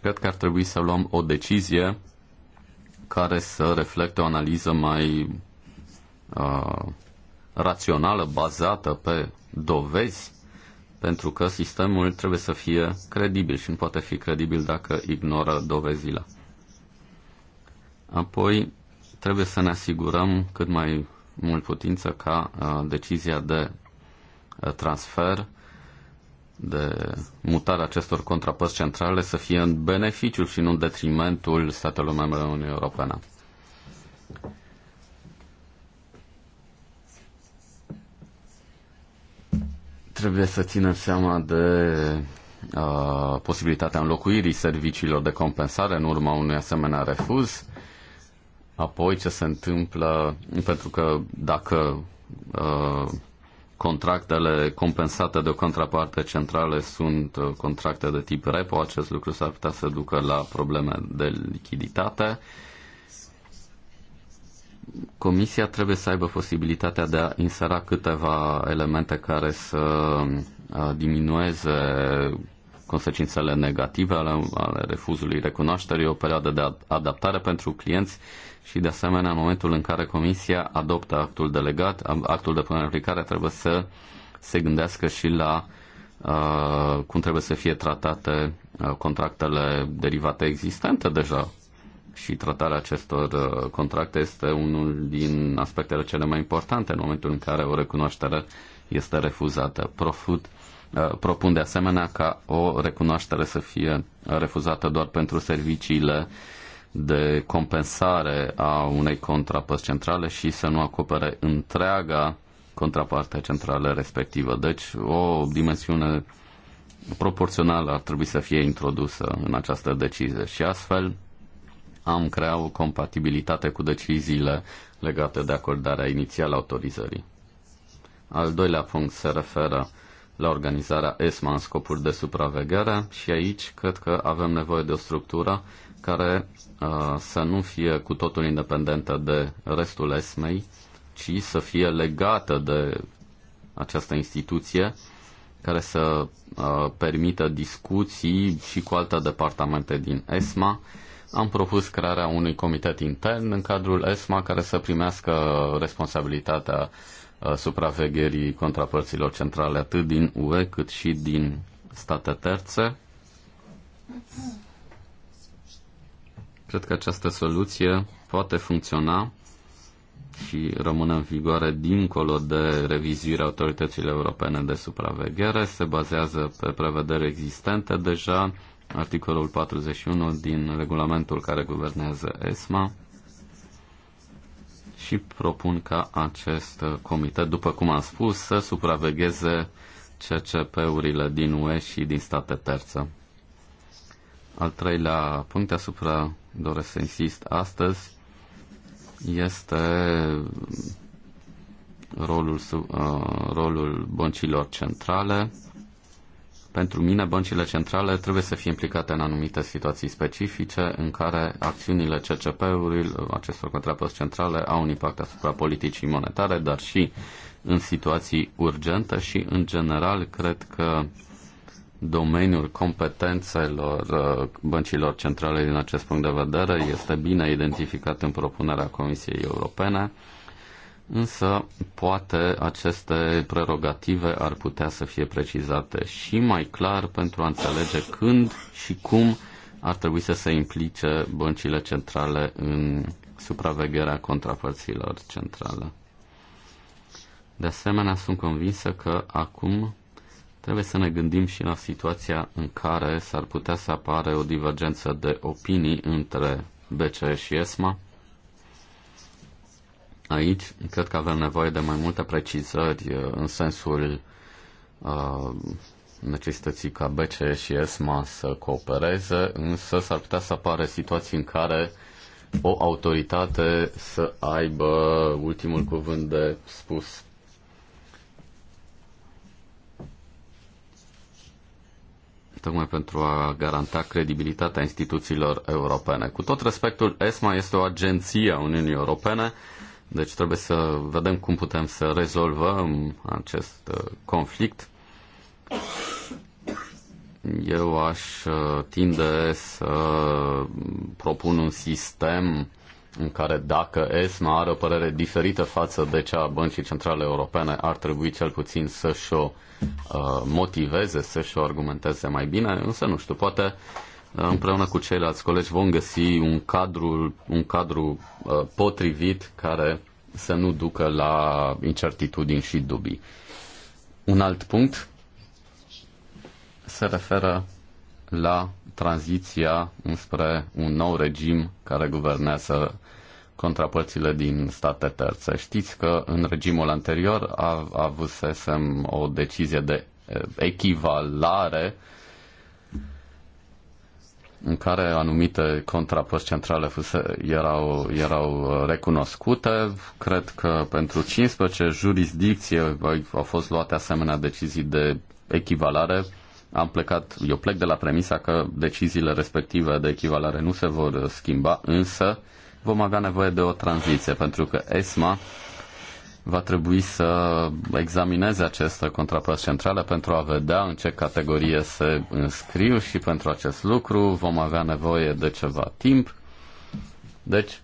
cred că ar trebui să luăm o decizie care să reflecte o analiză mai uh, rațională bazată pe dovezi, pentru că sistemul trebuie să fie credibil și nu poate fi credibil dacă ignoră dovezile. Apoi, trebuie să ne asigurăm cât mai mult putință ca decizia de transfer, de mutare acestor contrapăți centrale să fie în beneficiul și nu în detrimentul statelor membre ale Uniunii Europene. Trebuie să țină seama de uh, posibilitatea înlocuirii serviciilor de compensare în urma unui asemenea refuz. Apoi ce se întâmplă, pentru că dacă uh, contractele compensate de o contraparte centrală sunt uh, contracte de tip repo, acest lucru s-ar putea să ducă la probleme de lichiditate. Uh, Comisia trebuie să aibă posibilitatea de a insera câteva elemente care să diminueze consecințele negative ale, ale refuzului recunoașterii, o perioadă de adaptare pentru clienți și, de asemenea, în momentul în care Comisia adoptă actul delegat, actul de punere în aplicare trebuie să se gândească și la uh, cum trebuie să fie tratate contractele derivate existente deja și tratarea acestor uh, contracte este unul din aspectele cele mai importante în momentul în care o recunoaștere este refuzată. Profut, uh, propun de asemenea ca o recunoaștere să fie refuzată doar pentru serviciile de compensare a unei contrapărți centrale și să nu acopere întreaga contraparte centrală respectivă. Deci o dimensiune proporțională ar trebui să fie introdusă în această decizie și astfel am crea o compatibilitate cu deciziile legate de acordarea inițială autorizării. Al doilea punct se referă la organizarea ESMA în scopuri de supraveghere și aici cred că avem nevoie de o structură care uh, să nu fie cu totul independentă de restul ESMEI, ci să fie legată de această instituție care să uh, permită discuții și cu alte departamente din ESMA am propus crearea unui comitet intern în cadrul ESMA care să primească responsabilitatea uh, supravegherii contrapărților centrale atât din UE cât și din state terțe. Cred că această soluție poate funcționa și rămâne în vigoare dincolo de revizuirea autorităților europene de supraveghere. Se bazează pe prevederi existente deja articolul 41 din regulamentul care guvernează ESMA și propun ca acest comitet, după cum am spus, să supravegheze CCP-urile din UE și din state terță. Al treilea punct asupra doresc să insist astăzi este rolul, uh, rolul băncilor centrale pentru mine, băncile centrale trebuie să fie implicate în anumite situații specifice în care acțiunile CCP-urilor, acestor contrapăți centrale, au un impact asupra politicii monetare, dar și în situații urgente și, în general, cred că domeniul competențelor uh, băncilor centrale din acest punct de vedere este bine identificat în propunerea Comisiei Europene însă poate aceste prerogative ar putea să fie precizate și mai clar pentru a înțelege când și cum ar trebui să se implice băncile centrale în supravegherea contrapărților centrale. De asemenea, sunt convinsă că acum trebuie să ne gândim și la situația în care s-ar putea să apare o divergență de opinii între BCE și ESMA Aici cred că avem nevoie de mai multe precizări uh, în sensul uh, necesității ca BCE și ESMA să coopereze, însă s-ar putea să apară situații în care o autoritate să aibă ultimul cuvânt de spus. tocmai pentru a garanta credibilitatea instituțiilor europene. Cu tot respectul, ESMA este o agenție a Uniunii Europene deci trebuie să vedem cum putem să rezolvăm acest uh, conflict. Eu aș uh, tinde să propun un sistem în care dacă ESMA are o părere diferită față de cea a Băncii Centrale Europene, ar trebui cel puțin să-și o uh, motiveze, să-și o argumenteze mai bine, însă nu știu, poate uh, împreună cu ceilalți colegi vom găsi un cadru, un cadru uh, potrivit care să nu ducă la incertitudini și dubii. Un alt punct se referă la tranziția înspre un nou regim care guvernează contrapărțile din state terțe. Știți că în regimul anterior a avusesem o decizie de uh, echivalare uh, în care anumite contrapărți centrale fuse, erau, erau uh, recunoscute. Cred că pentru 15 jurisdicții au fost luate asemenea decizii de echivalare. Am plecat, eu plec de la premisa că deciziile respective de echivalare nu se vor schimba, însă vom avea nevoie de o tranziție, pentru că ESMA va trebui să examineze această contrapărți centrală pentru a vedea în ce categorie se înscriu și pentru acest lucru vom avea nevoie de ceva timp. Deci,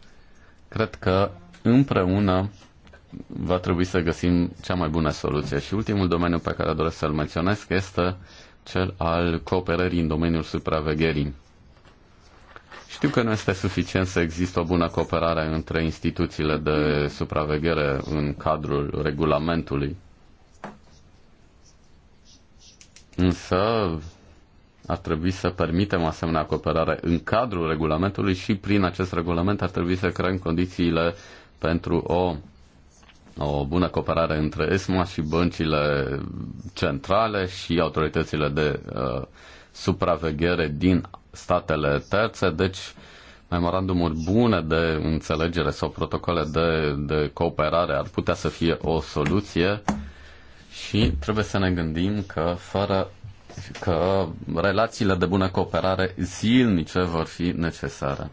cred că împreună va trebui să găsim cea mai bună soluție. Și ultimul domeniu pe care doresc să-l menționez este cel al cooperării în domeniul supravegherii. Știu că nu este suficient să există o bună cooperare între instituțiile de supraveghere în cadrul regulamentului. Însă ar trebui să permitem asemenea cooperare în cadrul regulamentului și prin acest regulament ar trebui să creăm condițiile pentru o, o bună cooperare între ESMA și băncile centrale și autoritățile de uh, supraveghere din statele terțe, deci memorandumuri bune de înțelegere sau protocole de, de cooperare ar putea să fie o soluție și trebuie să ne gândim că fără că relațiile de bună cooperare zilnice vor fi necesare.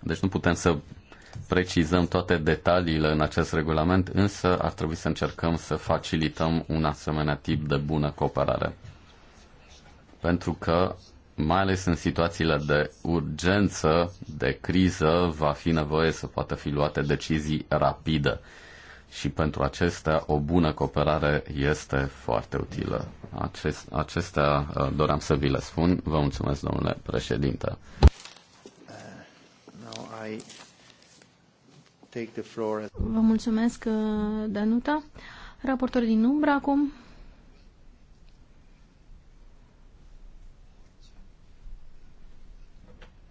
Deci nu putem să precizăm toate detaliile în acest regulament, însă ar trebui să încercăm să facilităm un asemenea tip de bună cooperare. Pentru că mai ales în situațiile de urgență, de criză, va fi nevoie să poată fi luate decizii rapide. Și pentru acestea, o bună cooperare este foarte utilă. Acest, acestea uh, doream să vi le spun. Vă mulțumesc, domnule președinte. Uh, Vă mulțumesc, uh, Danuta. Raportor din umbră acum.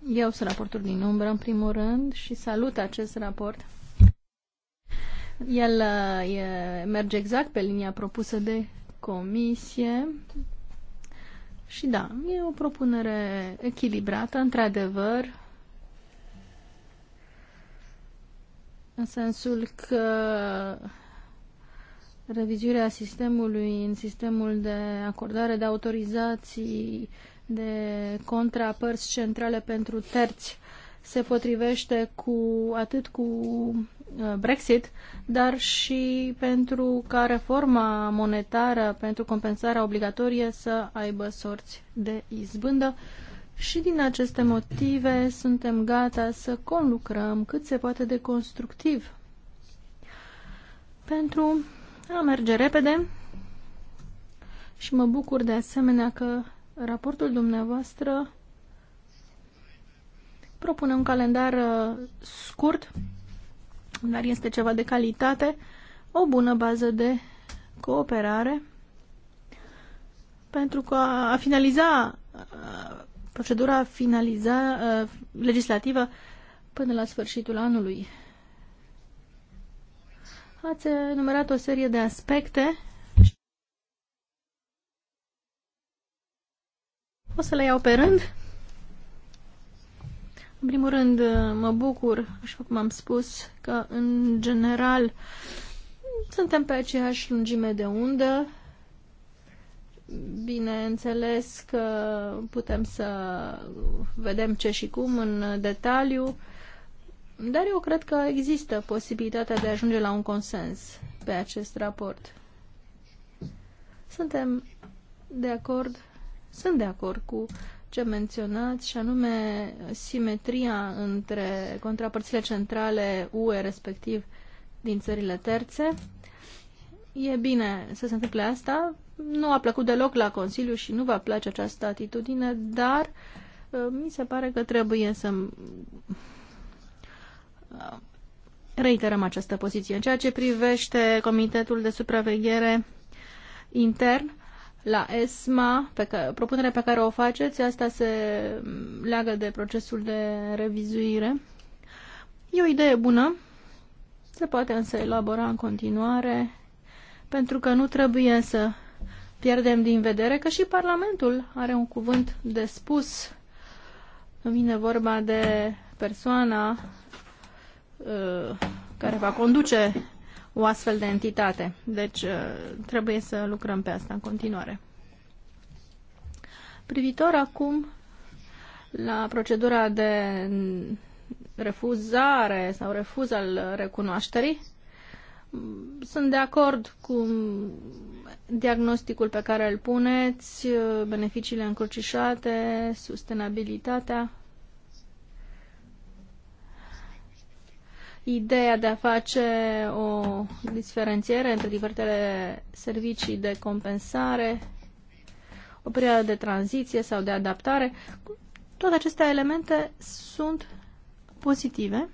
Eu sunt raportul din umbră, în primul rând, și salut acest raport. El uh, e, merge exact pe linia propusă de comisie și da, e o propunere echilibrată, într-adevăr, în sensul că revizuirea sistemului în sistemul de acordare de autorizații de contrapărți centrale pentru terți se potrivește cu atât cu uh, Brexit, dar și pentru ca reforma monetară pentru compensarea obligatorie să aibă sorți de izbândă. Și din aceste motive suntem gata să conlucrăm cât se poate de constructiv pentru a merge repede și mă bucur de asemenea că Raportul dumneavoastră propune un calendar uh, scurt, dar este ceva de calitate, o bună bază de cooperare pentru că a finaliza procedura finaliza, legislativă până la sfârșitul anului. Ați enumerat o serie de aspecte O să le iau pe rând. În primul rând, uh, mă bucur, așa cum am spus, că în general suntem pe aceeași lungime de undă. Bineînțeles că putem să vedem ce și cum în detaliu, dar eu cred că există posibilitatea de a ajunge la un consens pe acest raport. Suntem de acord sunt de acord cu ce menționați, și anume simetria între contrapărțile centrale UE, respectiv din țările terțe. E bine să se întâmple asta. Nu a plăcut deloc la Consiliu și nu va place această atitudine, dar uh, mi se pare că trebuie să uh, reiterăm această poziție. În ceea ce privește Comitetul de Supraveghere Intern, la ESMA, pe care, propunerea pe care o faceți, asta se leagă de procesul de revizuire. E o idee bună, se poate însă elabora în continuare, pentru că nu trebuie să pierdem din vedere că și Parlamentul are un cuvânt de spus. Vine vorba de persoana uh, care va conduce o astfel de entitate. Deci uh, trebuie să lucrăm pe asta în continuare. Privitor acum la procedura de refuzare sau refuz al recunoașterii, sunt de acord cu diagnosticul pe care îl puneți, uh, beneficiile încrucișate, sustenabilitatea ideea de a face o diferențiere între diferitele servicii de compensare, o perioadă de tranziție sau de adaptare. Toate aceste elemente sunt pozitive.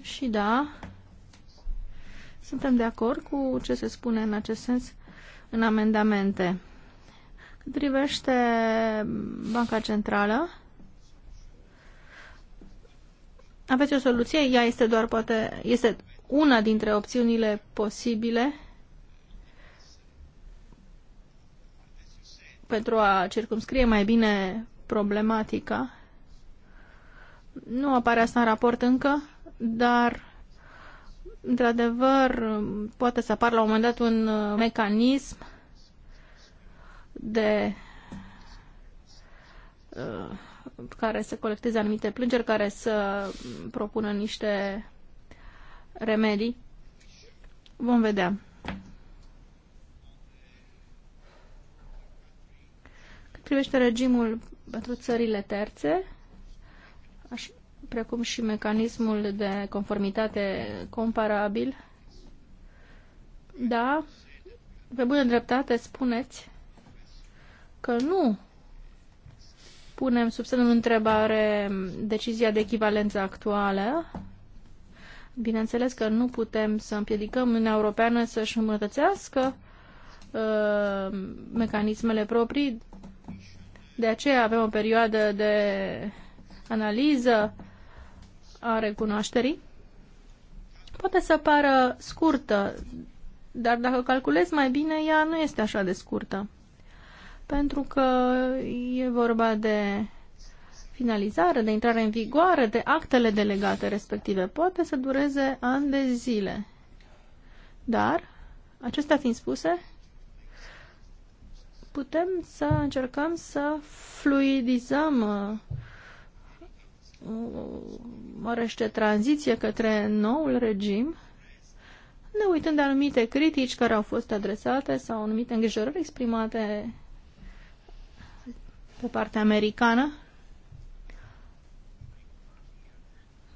Și da, suntem de acord cu ce se spune în acest sens în amendamente. Cât privește Banca Centrală, aveți o soluție? Ea este doar poate, este una dintre opțiunile posibile pentru a circumscrie mai bine problematica. Nu apare asta în raport încă, dar într-adevăr poate să apară la un moment dat un uh, mecanism de uh, care să colecteze anumite plângeri, care să propună niște remedii. Vom vedea. Cât privește regimul pentru țările terțe, aș, precum și mecanismul de conformitate comparabil, da, pe bună dreptate spuneți că nu punem sub semnul întrebare decizia de echivalență actuală. Bineînțeles că nu putem să împiedicăm Uniunea Europeană să-și îmbunătățească uh, mecanismele proprii. De aceea avem o perioadă de analiză a recunoașterii. Poate să pară scurtă, dar dacă calculezi mai bine, ea nu este așa de scurtă pentru că e vorba de finalizare, de intrare în vigoare, de actele delegate respective. Poate să dureze ani de zile. Dar, acestea fiind spuse, putem să încercăm să fluidizăm mărește uh, tranziție către noul regim, ne uitând de anumite critici care au fost adresate sau anumite îngrijorări exprimate pe partea americană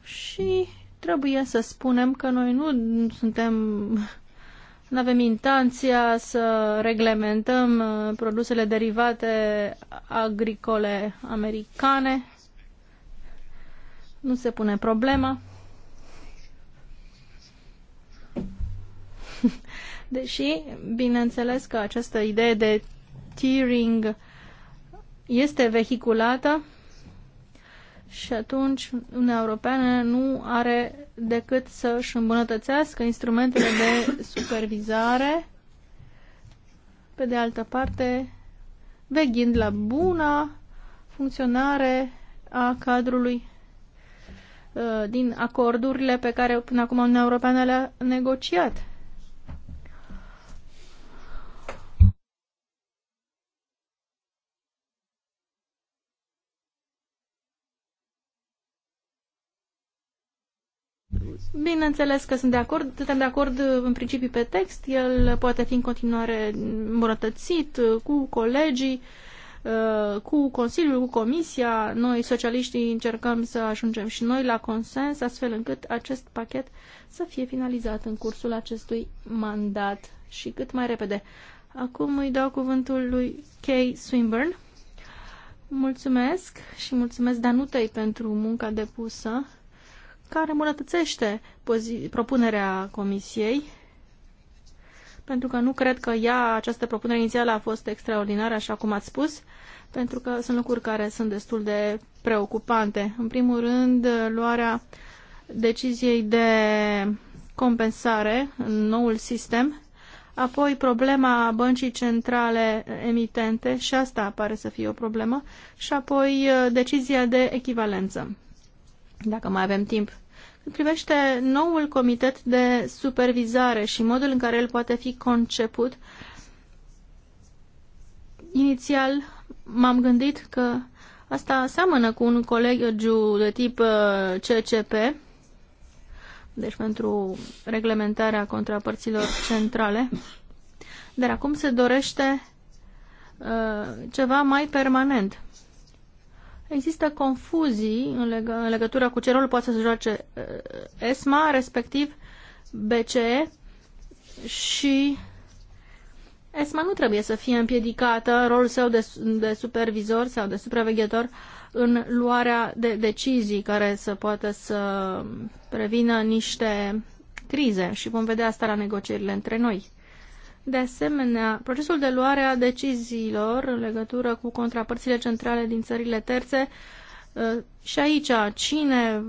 și trebuie să spunem că noi nu suntem nu avem intenția să reglementăm uh, produsele derivate agricole americane. Nu se pune problema. Deși, bineînțeles că această idee de tiering este vehiculată și atunci Uniunea Europeană nu are decât să își îmbunătățească instrumentele de supervizare, pe de altă parte, veghind la buna funcționare a cadrului uh, din acordurile pe care până acum Uniunea Europeană le-a negociat. Bineînțeles că sunt de acord, suntem de acord uh, în principiu pe text, el uh, poate fi în continuare îmbunătățit uh, cu colegii, cu Consiliul, cu Comisia. Noi, socialiștii, încercăm să ajungem și noi la consens, astfel încât acest pachet să fie finalizat în cursul acestui mandat și cât mai repede. Acum îi dau cuvântul lui Kay Swinburne. Mulțumesc și mulțumesc Danutei pentru munca depusă care îmbunătățește propunerea Comisiei, pentru că nu cred că ea, această propunere inițială a fost extraordinară, așa cum ați spus, pentru că sunt lucruri care sunt destul de preocupante. În primul rând, luarea deciziei de compensare în noul sistem, apoi problema băncii centrale emitente, și asta pare să fie o problemă, și apoi uh, decizia de echivalență, dacă mai avem timp privește noul comitet de supervizare și modul în care el poate fi conceput, inițial m-am gândit că asta seamănă cu un colegiu de tip uh, CCP, deci pentru reglementarea contrapărților centrale, dar acum se dorește uh, ceva mai permanent. Există confuzii în, leg- în legătură cu ce rol poate să joace uh, ESMA, respectiv BCE și ESMA nu trebuie să fie împiedicată rolul său de, de supervizor sau de supraveghetor în luarea de decizii care să poată să prevină niște crize și vom vedea asta la negocierile între noi. De asemenea, procesul de luare a deciziilor în legătură cu contrapărțile centrale din țările terțe uh, și aici cine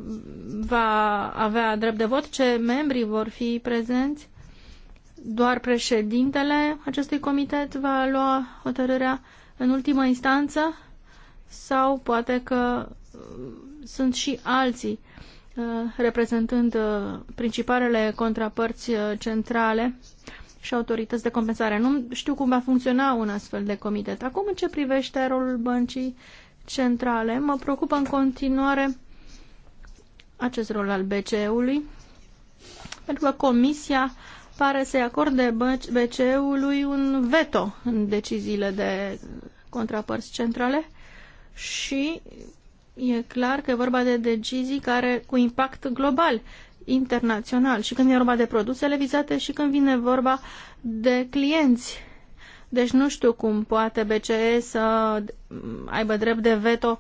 va avea drept de vot, ce membri vor fi prezenți, doar președintele acestui comitet va lua hotărârea în ultimă instanță sau poate că uh, sunt și alții uh, reprezentând principalele contrapărți centrale și autorități de compensare. Nu știu cum va funcționa un astfel de comitet. Acum, în ce privește rolul băncii centrale, mă preocupă în continuare acest rol al BCE-ului, pentru că Comisia pare să-i acorde BCE-ului un veto în deciziile de contrapărți centrale și e clar că e vorba de decizii care cu impact global internațional și când e vorba de produsele vizate și când vine vorba de clienți. Deci nu știu cum poate BCE să aibă drept de veto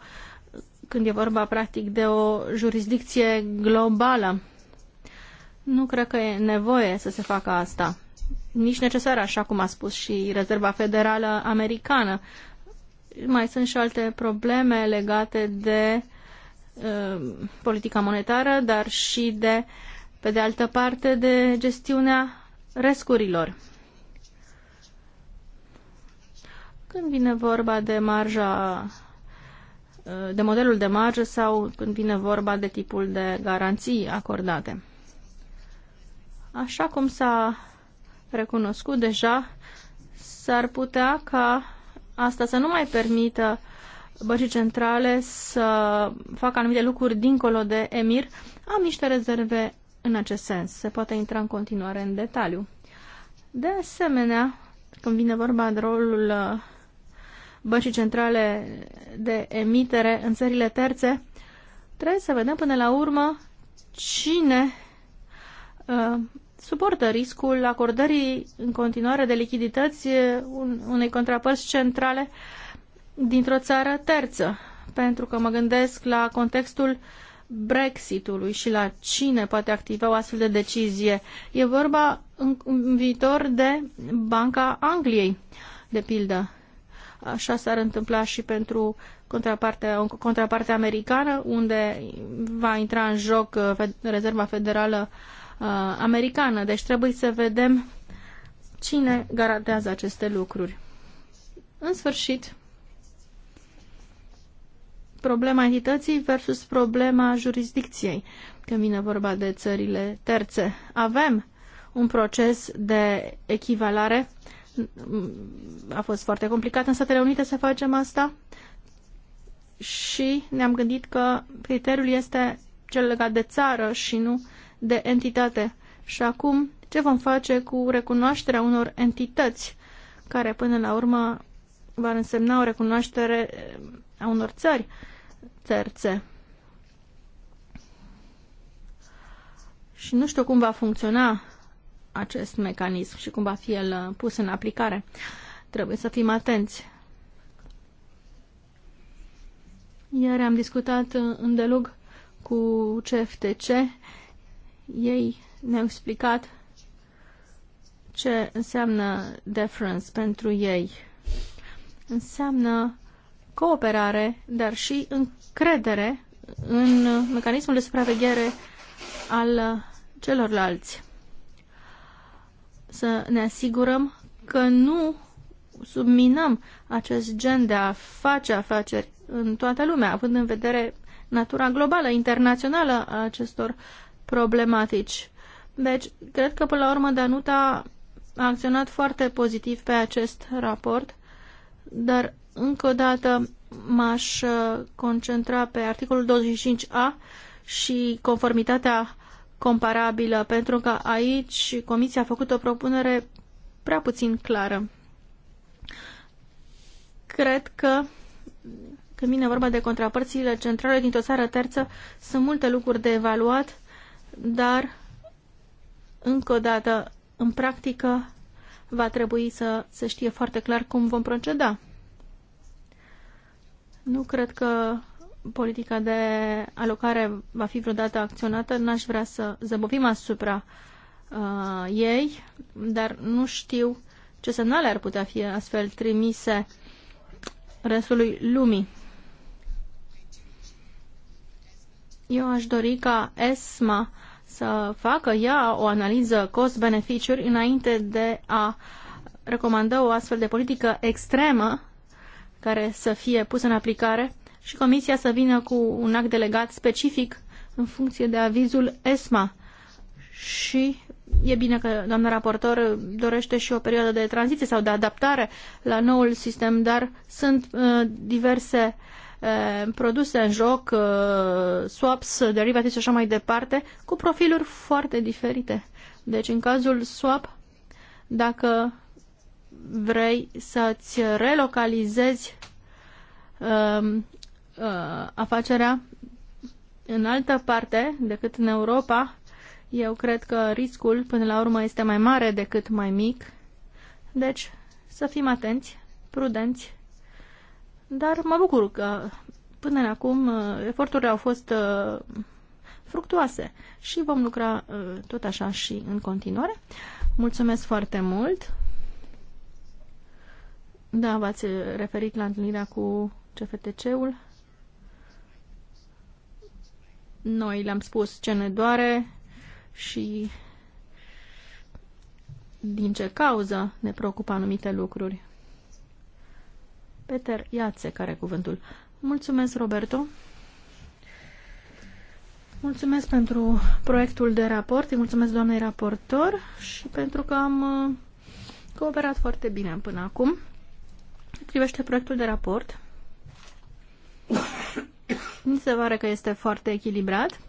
când e vorba practic de o jurisdicție globală. Nu cred că e nevoie să se facă asta. Nici necesar, așa cum a spus și Rezerva Federală Americană. Mai sunt și alte probleme legate de Uh, politica monetară, dar și de, pe de altă parte, de gestiunea riscurilor. Când vine vorba de marja, uh, de modelul de marjă sau când vine vorba de tipul de garanții acordate. Așa cum s-a recunoscut deja, s-ar putea ca asta să nu mai permită uh, băncii centrale să facă anumite lucruri dincolo de EMIR, am niște rezerve în acest sens. Se poate intra în continuare în detaliu. De asemenea, când vine vorba de rolul uh, băncii centrale de emitere în țările terțe, trebuie să vedem până la urmă cine uh, suportă riscul acordării în continuare de lichidități uh, unei contrapărți centrale uh, dintr-o țară terță, pentru că mă gândesc la contextul Brexitului și la cine poate activa o astfel de decizie. E vorba în, în viitor de Banca Angliei, de pildă. Așa s-ar întâmpla și pentru contrapartea, contrapartea americană, unde va intra în joc uh, Rezerva Federală uh, Americană. Deci trebuie să vedem cine garantează aceste lucruri. În sfârșit, problema entității versus problema jurisdicției, când vine vorba de țările terțe. Avem un proces de echivalare. A fost foarte complicat în Statele Unite să facem asta și ne-am gândit că criteriul este cel legat de țară și nu de entitate. Și acum, ce vom face cu recunoașterea unor entități care până la urmă va însemna o recunoaștere a unor țări? terțe. Și nu știu cum va funcționa acest mecanism și cum va fi el uh, pus în aplicare. Trebuie să fim atenți. Iar am discutat uh, îndelug cu CFTC. Ei ne-au explicat ce înseamnă deference pentru ei. Înseamnă cooperare, dar și încredere în mecanismul de supraveghere al celorlalți. Să ne asigurăm că nu subminăm acest gen de a face afaceri în toată lumea, având în vedere natura globală, internațională a acestor problematici. Deci, cred că până la urmă Danuta a acționat foarte pozitiv pe acest raport, dar încă o dată m-aș uh, concentra pe articolul 25a și conformitatea comparabilă, pentru că aici Comisia a făcut o propunere prea puțin clară. Cred că când vine vorba de contrapărțile centrale dintr-o țară terță, sunt multe lucruri de evaluat, dar, încă o dată, în practică, va trebui să se știe foarte clar cum vom proceda. Nu cred că politica de alocare va fi vreodată acționată. N-aș vrea să zăbovim asupra uh, ei, dar nu știu ce semnale ar putea fi astfel trimise restului lumii. Eu aș dori ca ESMA să facă ea o analiză cost-beneficiuri înainte de a recomanda o astfel de politică extremă care să fie pusă în aplicare și Comisia să vină cu un act delegat specific în funcție de avizul ESMA. Și e bine că doamna raportor dorește și o perioadă de tranziție sau de adaptare la noul sistem, dar sunt uh, diverse uh, produse în joc, uh, swaps, derivate și așa mai departe, cu profiluri foarte diferite. Deci, în cazul swap, dacă vrei să-ți relocalizezi um, uh, afacerea în altă parte decât în Europa, eu cred că riscul până la urmă este mai mare decât mai mic. Deci să fim atenți, prudenți. Dar mă bucur că până acum uh, eforturile au fost uh, fructuoase și vom lucra tot așa și în continuare. Mulțumesc foarte mult! Da, v-ați referit la întâlnirea cu CFTC-ul. Noi le-am spus ce ne doare și din ce cauză ne preocupă anumite lucruri. Peter iați care cuvântul. Mulțumesc, Roberto. Mulțumesc pentru proiectul de raport, îi mulțumesc doamnei raportor și pentru că am uh, cooperat foarte bine până acum. Cât privește proiectul de raport, mi se pare că este foarte echilibrat.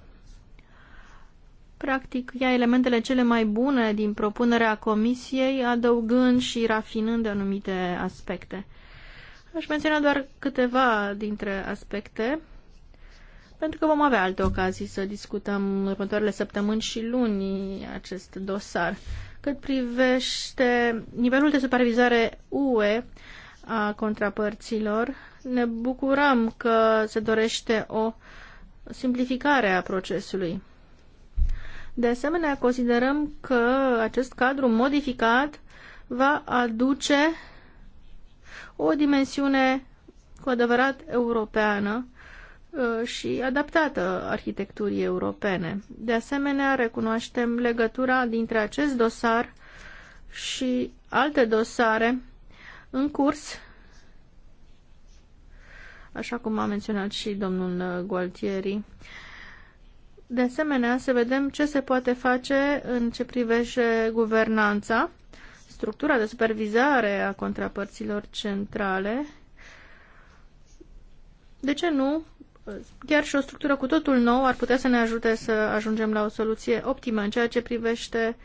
Practic, ia elementele cele mai bune din propunerea comisiei, adăugând și rafinând anumite aspecte. Aș menționa doar câteva dintre aspecte, pentru că vom avea alte ocazii să discutăm următoarele săptămâni și luni acest dosar. Cât privește nivelul de supervizare UE, a contrapărților. Ne bucurăm că se dorește o simplificare a procesului. De asemenea, considerăm că acest cadru modificat va aduce o dimensiune cu adevărat europeană uh, și adaptată arhitecturii europene. De asemenea, recunoaștem legătura dintre acest dosar și alte dosare în curs, așa cum a menționat și domnul uh, Gualtieri. De asemenea, să vedem ce se poate face în ce privește guvernanța, structura de supervizare a contrapărților centrale. De ce nu? Chiar și o structură cu totul nouă ar putea să ne ajute să ajungem la o soluție optimă în ceea ce privește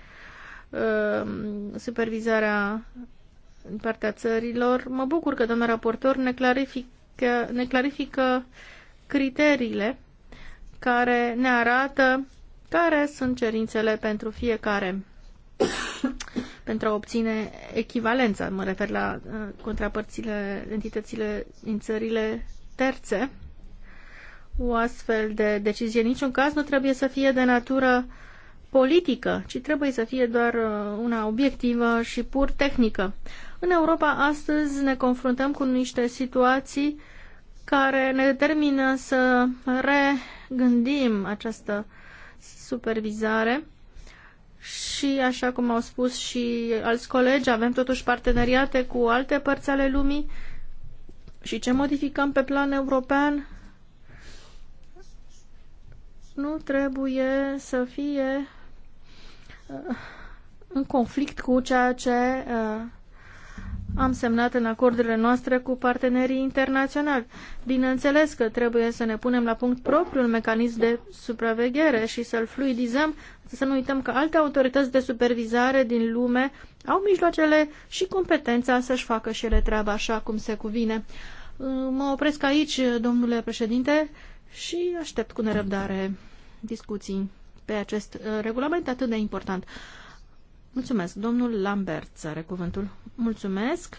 uh, supervizarea din partea țărilor. Mă bucur că domnul raportor ne clarifică, ne clarifică criteriile care ne arată care sunt cerințele pentru fiecare pentru a obține echivalența, mă refer la uh, contrapărțile, entitățile din țările terțe. O astfel de decizie în niciun caz nu trebuie să fie de natură politică, ci trebuie să fie doar uh, una obiectivă și pur tehnică. În Europa astăzi ne confruntăm cu niște situații care ne determină să regândim această supervizare și, așa cum au spus și alți colegi, avem totuși parteneriate cu alte părți ale lumii și ce modificăm pe plan european nu trebuie să fie uh, în conflict cu ceea ce uh, am semnat în acordurile noastre cu partenerii internaționali. Bineînțeles că trebuie să ne punem la punct propriul mecanism de supraveghere și să-l fluidizăm, să nu uităm că alte autorități de supervizare din lume au mijloacele și competența să-și facă și ele treaba așa cum se cuvine. Mă opresc aici, domnule președinte, și aștept cu nerăbdare discuții pe acest uh, regulament atât de important. Mulțumesc. Domnul Lambert are cuvântul. Mulțumesc.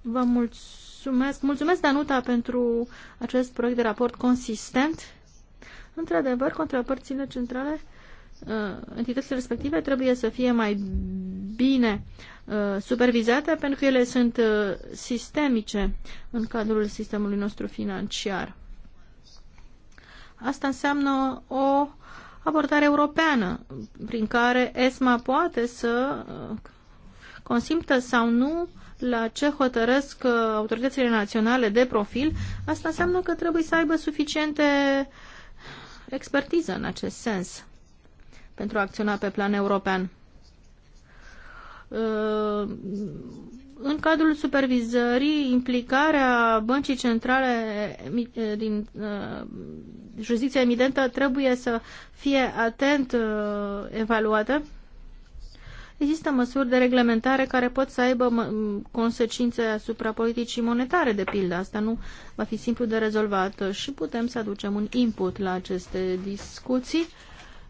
Vă mulțumesc. Mulțumesc, Danuta, pentru acest proiect de raport consistent. Într-adevăr, contrapărțile centrale, uh, entitățile respective trebuie să fie mai bine uh, supervizate pentru că ele sunt uh, sistemice în cadrul sistemului nostru financiar. Asta înseamnă o uh, abordare europeană prin care ESMA poate să uh, consimtă sau nu la ce hotărăsc uh, autoritățile naționale de profil, asta înseamnă că trebuie să aibă suficiente expertiză în acest sens pentru a acționa pe plan european. Uh, în cadrul supervizării, implicarea Băncii Centrale din jurisdicția emidentă trebuie să fie atent uh, evaluată. Există măsuri de reglementare care pot să aibă consecințe asupra politicii monetare, de pildă. Asta nu va fi simplu de rezolvat și putem să aducem un input la aceste discuții.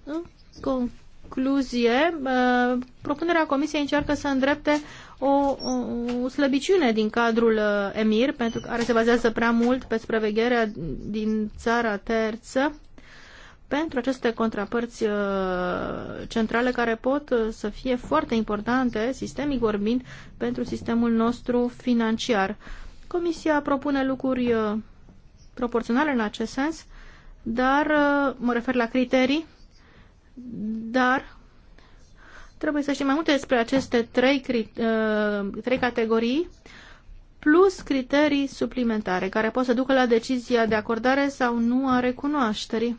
În concluzie, uh, propunerea Comisiei încearcă să îndrepte o, o slăbiciune din cadrul uh, EMIR, pentru care se bazează prea mult pe supravegherea din țara terță pentru aceste contrapărți uh, centrale care pot uh, să fie foarte importante, sistemic vorbind, pentru sistemul nostru financiar. Comisia propune lucruri proporționale în acest sens, dar mă refer la criterii, dar Trebuie să știm mai multe despre aceste trei, uh, trei categorii, plus criterii suplimentare, care pot să ducă la decizia de acordare sau nu a recunoașterii.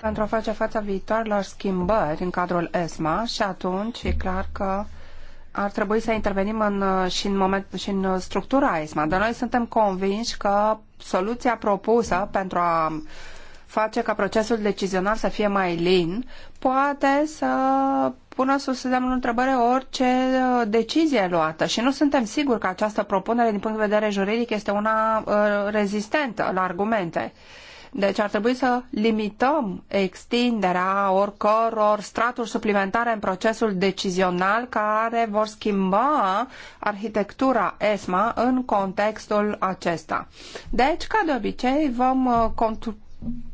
Pentru a face față viitoarelor schimbări în cadrul ESMA și atunci e clar că ar trebui să intervenim în, uh, și, în moment, și în uh, structura ESMA, dar noi suntem convinși că soluția propusă pentru a face ca procesul decizional să fie mai lin, poate să pună sub semnul întrebare: orice uh, decizie luată și nu suntem siguri că această propunere din punct de vedere juridic este una rezistentă la argumente. Uh, deci ar trebui să limităm extinderea oricăror straturi suplimentare în procesul decizional care vor schimba arhitectura ESMA în contextul acesta. Deci, ca de obicei, vom uh,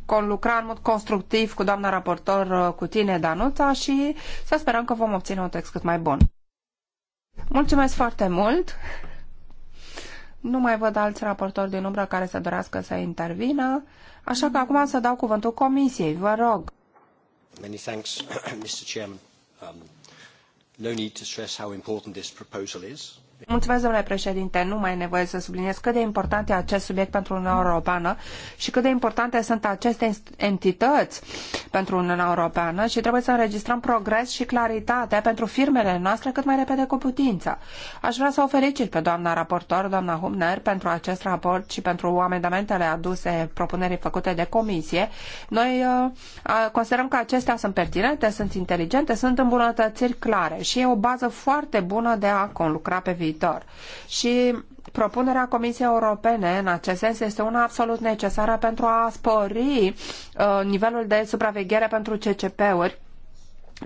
conlucra în mod constructiv cu doamna raportor, uh, cu tine, Danuța, și să sperăm că vom obține un text cât mai bun. Mulțumesc foarte mult! Nu mai văd alți raportori din umbră care să dorească să intervină. Așa că acum să dau cuvântul Comisiei, vă rog. Many thanks, Mr. Chairman. Um, no need to stress how important this proposal is. Mulțumesc, domnule președinte. Nu mai e nevoie să subliniez cât de important e acest subiect pentru Uniunea Europeană și cât de importante sunt aceste entități pentru Uniunea Europeană și trebuie să înregistrăm progres și claritate pentru firmele noastre cât mai repede cu putință. Aș vrea să o felicit pe doamna raportor, doamna Humner, pentru acest raport și pentru amendamentele aduse propunerii făcute de comisie. Noi uh, considerăm că acestea sunt pertinente, sunt inteligente, sunt îmbunătățiri clare și e o bază foarte bună de a conlucra pe viitor viitor. Și propunerea Comisiei Europene în acest sens este una absolut necesară pentru a spori uh, nivelul de supraveghere pentru CCP-uri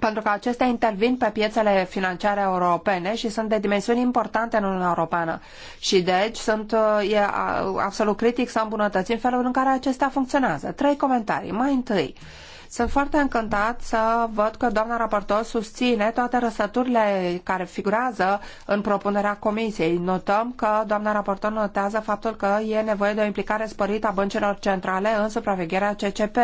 pentru că acestea intervin pe piețele financiare europene și sunt de dimensiuni importante în Uniunea Europeană. Și deci sunt, uh, e absolut critic să îmbunătățim felul în care acestea funcționează. Trei comentarii. Mai întâi, uh, sunt foarte încântat să văd că doamna raportor susține toate răsăturile care figurează în propunerea comisiei. Notăm că doamna raportor notează faptul că e nevoie de o implicare sporită a băncilor centrale în supravegherea CCP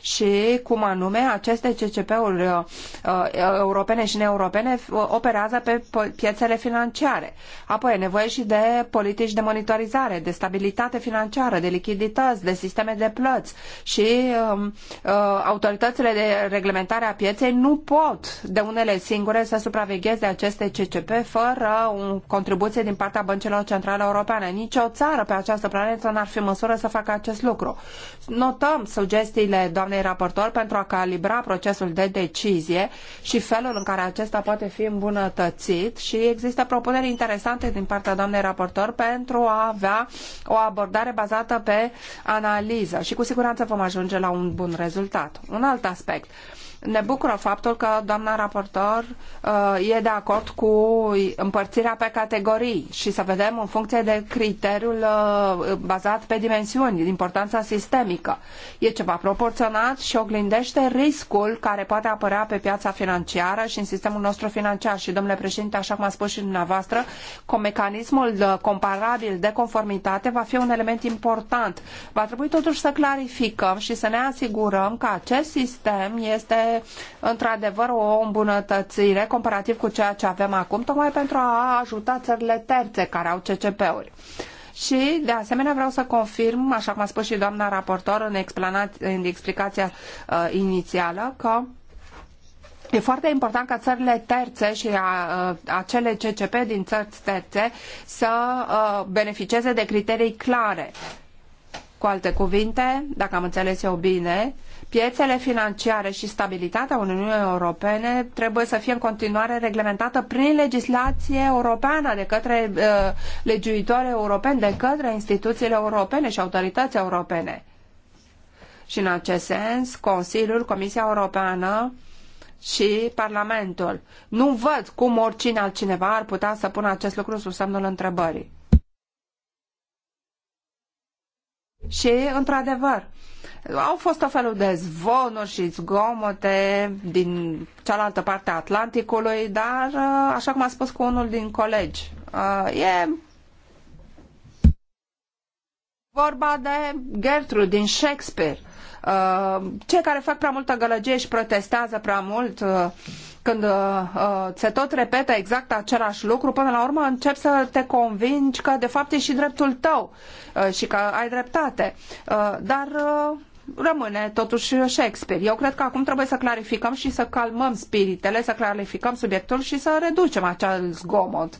și cum anume aceste CCP-uri uh, uh, europene și neeuropene operează pe piețele financiare. Apoi e nevoie și de politici de monitorizare, de stabilitate financiară, de lichidități, de sisteme de plăți și um, uh, autoritățile de reglementare a pieței nu pot de unele singure să supravegheze aceste CCP fără o contribuție din partea băncilor centrale europene. Nici o țară pe această planetă n-ar fi măsură să facă acest lucru notăm sugestiile doamnei raportor pentru a calibra procesul de decizie și felul în care acesta poate fi îmbunătățit și există propuneri interesante din partea doamnei raportor pentru a avea o abordare bazată pe analiză și cu siguranță vom ajunge la un bun rezultat. Un alt aspect. Uh, ne bucură faptul că doamna raportor uh, e de acord cu împărțirea pe categorii și să vedem în funcție de criteriul uh, bazat pe dimensiuni, importanța sistemică. E ceva proporționat și oglindește riscul care poate apărea pe piața financiară și în sistemul nostru financiar. Și, domnule președinte, așa cum a spus și dumneavoastră, cu mecanismul uh, comparabil de conformitate va fi un element important. Va trebui totuși să clarificăm și să ne asigurăm că acest sistem este într-adevăr o îmbunătățire comparativ cu ceea ce avem acum, tocmai pentru a ajuta țările terțe care au CCP-uri. Și, de asemenea, vreau să confirm, așa cum a spus și doamna raportor în, în explicația uh, inițială, că E foarte important ca țările terțe și a, uh, acele CCP din țări terțe să uh, beneficieze de criterii clare. Cu alte cuvinte, dacă am înțeles eu bine, Piețele financiare și stabilitatea Uniunii Europene trebuie să fie în continuare reglementată prin legislație europeană, de către uh, legiuitori europeni, de către instituțiile europene și autorități europene. Și în acest sens, Consiliul, Comisia Europeană și Parlamentul. Nu văd cum oricine altcineva ar putea să pună acest lucru sub semnul întrebării. Și, într-adevăr, au fost o felul de zvonuri și zgomote din cealaltă parte a Atlanticului, dar, uh, așa cum a spus cu unul din colegi, uh, e vorba de Gertrude din Shakespeare. Uh, cei care fac prea multă gălăgie și protestează prea mult când uh, uh, se tot repetă exact același lucru, până la urmă încep să te convingi că de fapt e și dreptul tău uh, și că ai dreptate. Uh, dar uh, rămâne totuși Shakespeare. Eu cred că acum trebuie să clarificăm și să calmăm spiritele, să clarificăm subiectul și să reducem acel zgomot.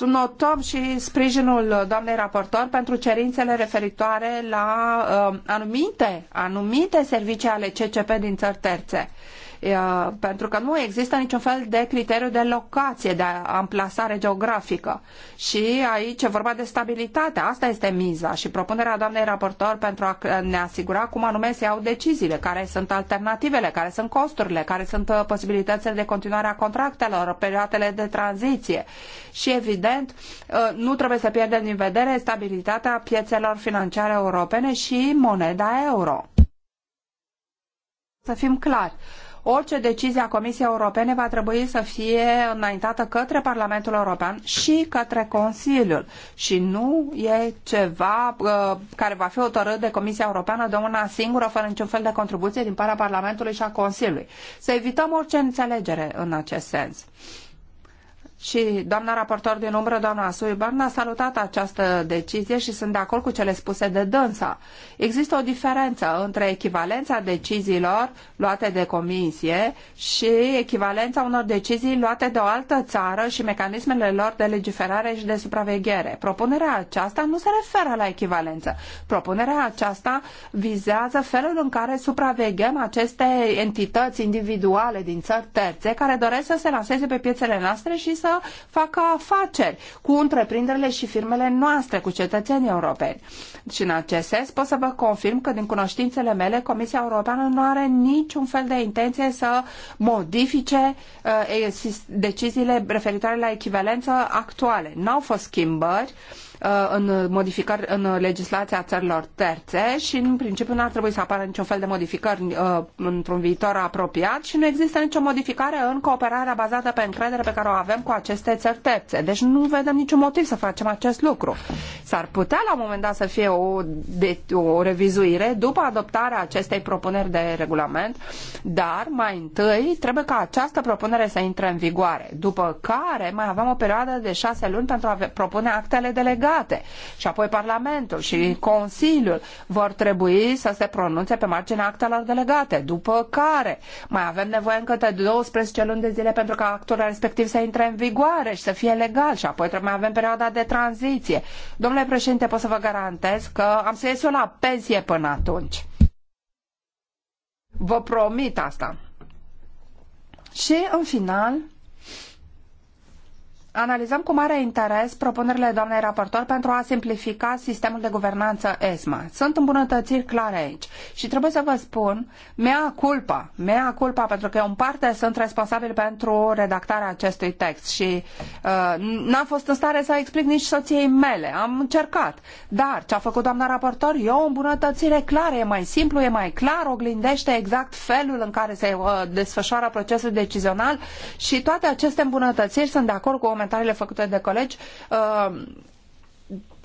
Notăm și sprijinul doamnei raportor pentru cerințele referitoare la uh, anumite, anumite servicii ale CCP din țări terțe. Uh, pentru că nu există niciun fel de criteriu de locație, de amplasare geografică. Și aici e vorba de stabilitate, asta este miza și propunerea doamnei raportor pentru a ne asigura cum anume se iau deciziile, care sunt alternativele, care sunt costurile, care sunt uh, posibilitățile de continuare a contractelor, perioadele de tranziție. Și evident, uh, nu trebuie să pierdem din vedere stabilitatea piețelor financiare europene și moneda euro. Să fim clari, orice decizie a Comisiei Europene va trebui să fie înaintată către Parlamentul European și către Consiliul și nu e ceva uh, care va fi hotărât de Comisia Europeană de una singură fără niciun fel de contribuție din partea Parlamentului și a Consiliului. Să evităm orice înțelegere în acest sens. Uh, și doamna raportor din umbră, doamna Suiban, a salutat această decizie și sunt de acord cu cele spuse de dânsa. Există o diferență între echivalența deciziilor luate de comisie și echivalența unor decizii luate de o altă țară și mecanismele lor de legiferare și de supraveghere. Propunerea aceasta nu se referă la echivalență. Propunerea aceasta vizează felul în care supraveghem aceste entități individuale din țări terțe care doresc să se lanseze pe piețele noastre și să să facă afaceri cu întreprinderile și firmele noastre, cu cetățenii europeni. Și în acest sens pot să vă confirm că din cunoștințele mele Comisia Europeană nu are niciun fel de intenție să modifice uh, deciziile referitoare la echivalență actuale. N-au fost schimbări uh, Uh, în, modificări, în legislația țărilor terțe și în principiu nu ar trebui să apară niciun fel de modificări uh, într-un viitor apropiat și nu există nicio modificare în cooperarea bazată pe încredere pe care o avem cu aceste țări terțe. Deci nu vedem niciun motiv să facem acest lucru. S-ar putea la un moment dat să fie o, de, o revizuire după adoptarea acestei propuneri de regulament, dar mai întâi trebuie ca această propunere să intre în vigoare, după care mai avem o perioadă de șase luni pentru a propune actele delegate state. Și apoi Parlamentul și Consiliul vor trebui să se pronunțe pe marginea actelor delegate, după care mai avem nevoie încă de 12 luni de zile pentru ca actul respectiv să intre în vigoare și să fie legal și apoi mai avem perioada de tranziție. Domnule președinte, pot să vă garantez că am să ies eu la pensie până atunci. Vă promit asta. Și, în final, analizăm cu mare interes propunerile doamnei raportor pentru a simplifica sistemul de guvernanță ESMA. Sunt îmbunătățiri clare aici și trebuie să vă spun, mea culpa, mea culpa, pentru că eu în parte sunt responsabil pentru redactarea acestui text și uh, n-am fost în stare să explic nici soției mele, am încercat. Dar ce a făcut doamna raportor e o îmbunătățire clară, e mai simplu, e mai clar, oglindește exact felul în care se uh, desfășoară procesul decizional și toate aceste îmbunătățiri sunt de acord cu o comentariile făcute de colegi uh,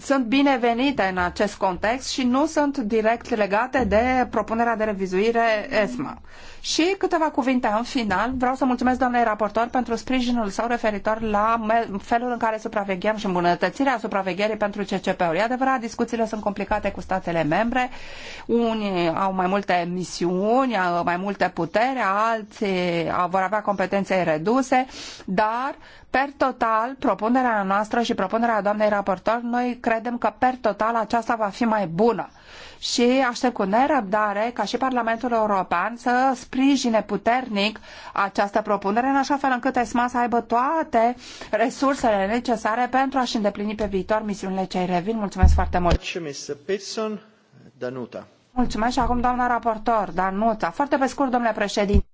sunt binevenite în acest context și nu sunt direct legate de propunerea de revizuire ESMA. Și câteva cuvinte în final. Vreau să mulțumesc doamnei raportor pentru sprijinul său referitor la felul în care supraveghem și îmbunătățirea supravegherii pentru CCP-uri. E adevărat, discuțiile sunt complicate cu statele membre. Unii au mai multe misiuni, au mai multe putere, alții vor avea competențe reduse, dar Per total, propunerea noastră și propunerea doamnei raportor, noi credem că per total aceasta va fi mai bună și aștept cu nerăbdare ca și Parlamentul European să sprijine puternic această propunere în așa fel încât ESMA să aibă toate resursele necesare pentru a-și îndeplini pe viitor misiunile ce îi revin. Mulțumesc foarte mult! Mulțumesc și acum doamna raportor, Danuta. Foarte pe scurt, domnule președinte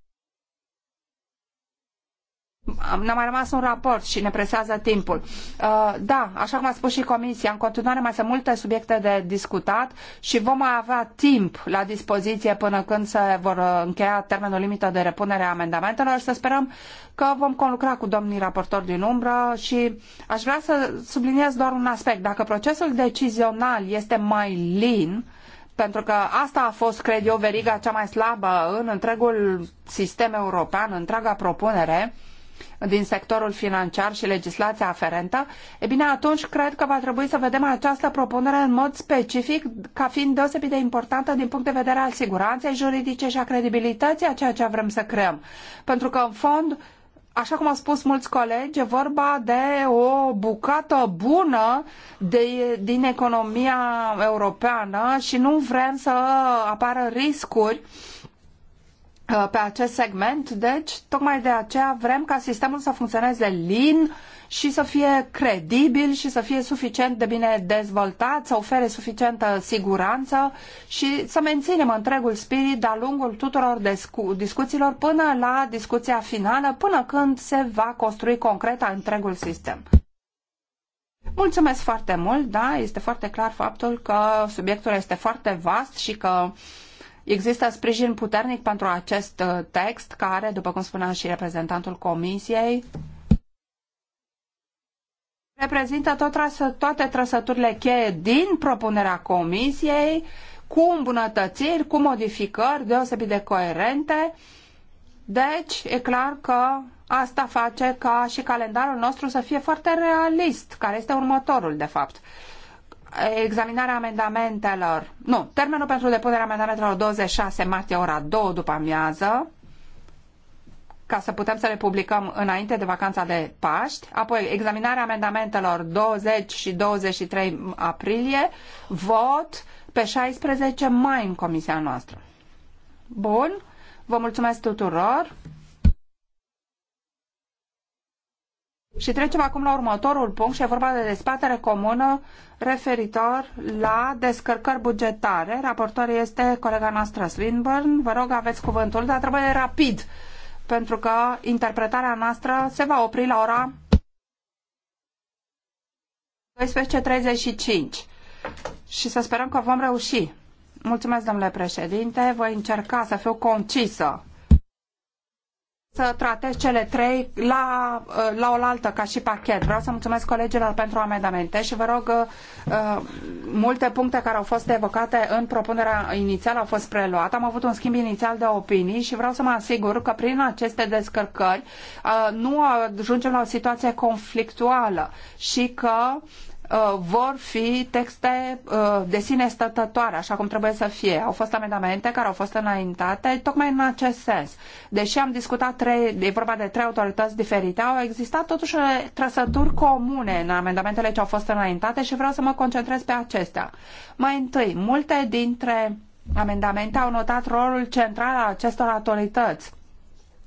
ne-a mai rămas un raport și ne presează timpul. Uh, da, așa cum a spus și Comisia, în continuare mai sunt multe subiecte de discutat și vom mai avea timp la dispoziție până când se vor uh, încheia termenul limită de repunere a amendamentelor și să sperăm că vom conlucra cu domnii raportori din umbră și aș vrea să subliniez doar un aspect. Dacă procesul decizional este mai lin, pentru că asta a fost, cred eu, veriga cea mai slabă în întregul sistem european, în întreaga propunere, din sectorul financiar și legislația aferentă, e bine, atunci cred că va trebui să vedem această propunere în mod specific ca fiind deosebit de importantă din punct de vedere al siguranței juridice și a credibilității a ceea ce vrem să creăm. Pentru că, în fond, așa cum au spus mulți colegi, e vorba de o bucată bună de, din economia europeană și nu vrem să apară riscuri Uh, pe acest segment, deci tocmai de aceea vrem ca sistemul să funcționeze lin și să fie credibil și să fie suficient de bine dezvoltat, să ofere suficientă siguranță și să menținem întregul spirit de-a lungul tuturor discu- discuțiilor până la discuția finală, până când se va construi concret întregul sistem. Mulțumesc foarte mult, da, este foarte clar faptul că subiectul este foarte vast și că uh, Există sprijin puternic pentru acest uh, text care, după cum spunea și reprezentantul Comisiei, reprezintă tot trasă, toate trăsăturile cheie din propunerea Comisiei cu îmbunătățiri, cu modificări deosebit de coerente. Deci, e clar că asta face ca și calendarul nostru să fie foarte realist, care este următorul, de fapt examinarea amendamentelor. Nu, termenul pentru depunerea amendamentelor 26 martie ora 2 după amiază ca să putem să le publicăm înainte de vacanța de Paști, apoi examinarea amendamentelor 20 și 23 aprilie, vot pe 16 mai în comisia noastră. Bun, vă mulțumesc tuturor! Și trecem acum la următorul punct și e vorba de dezbatere comună referitor la descărcări bugetare. Raportor este colega noastră Swinburne. Vă rog, aveți cuvântul, dar trebuie rapid, pentru că interpretarea noastră se va opri la ora 12.35 și să sperăm că vom reuși. Mulțumesc, domnule președinte, voi încerca să fiu concisă să tratez cele trei la, uh, la oaltă ca și pachet. Vreau să mulțumesc colegilor pentru amendamente și vă rog uh, multe puncte care au fost evocate în propunerea inițială au fost preluate. Am avut un schimb inițial de opinii și vreau să mă asigur că prin aceste descărcări uh, nu ajungem la o situație conflictuală și că Uh, vor fi texte uh, de sine stătătoare, așa cum trebuie să fie. Au fost amendamente care au fost înaintate tocmai în acest sens. Deși am discutat trei, e vorba de trei autorități diferite, au existat totuși trăsături comune în amendamentele ce au fost înaintate și vreau să mă concentrez pe acestea. Mai întâi, multe dintre amendamente au notat rolul central al acestor autorități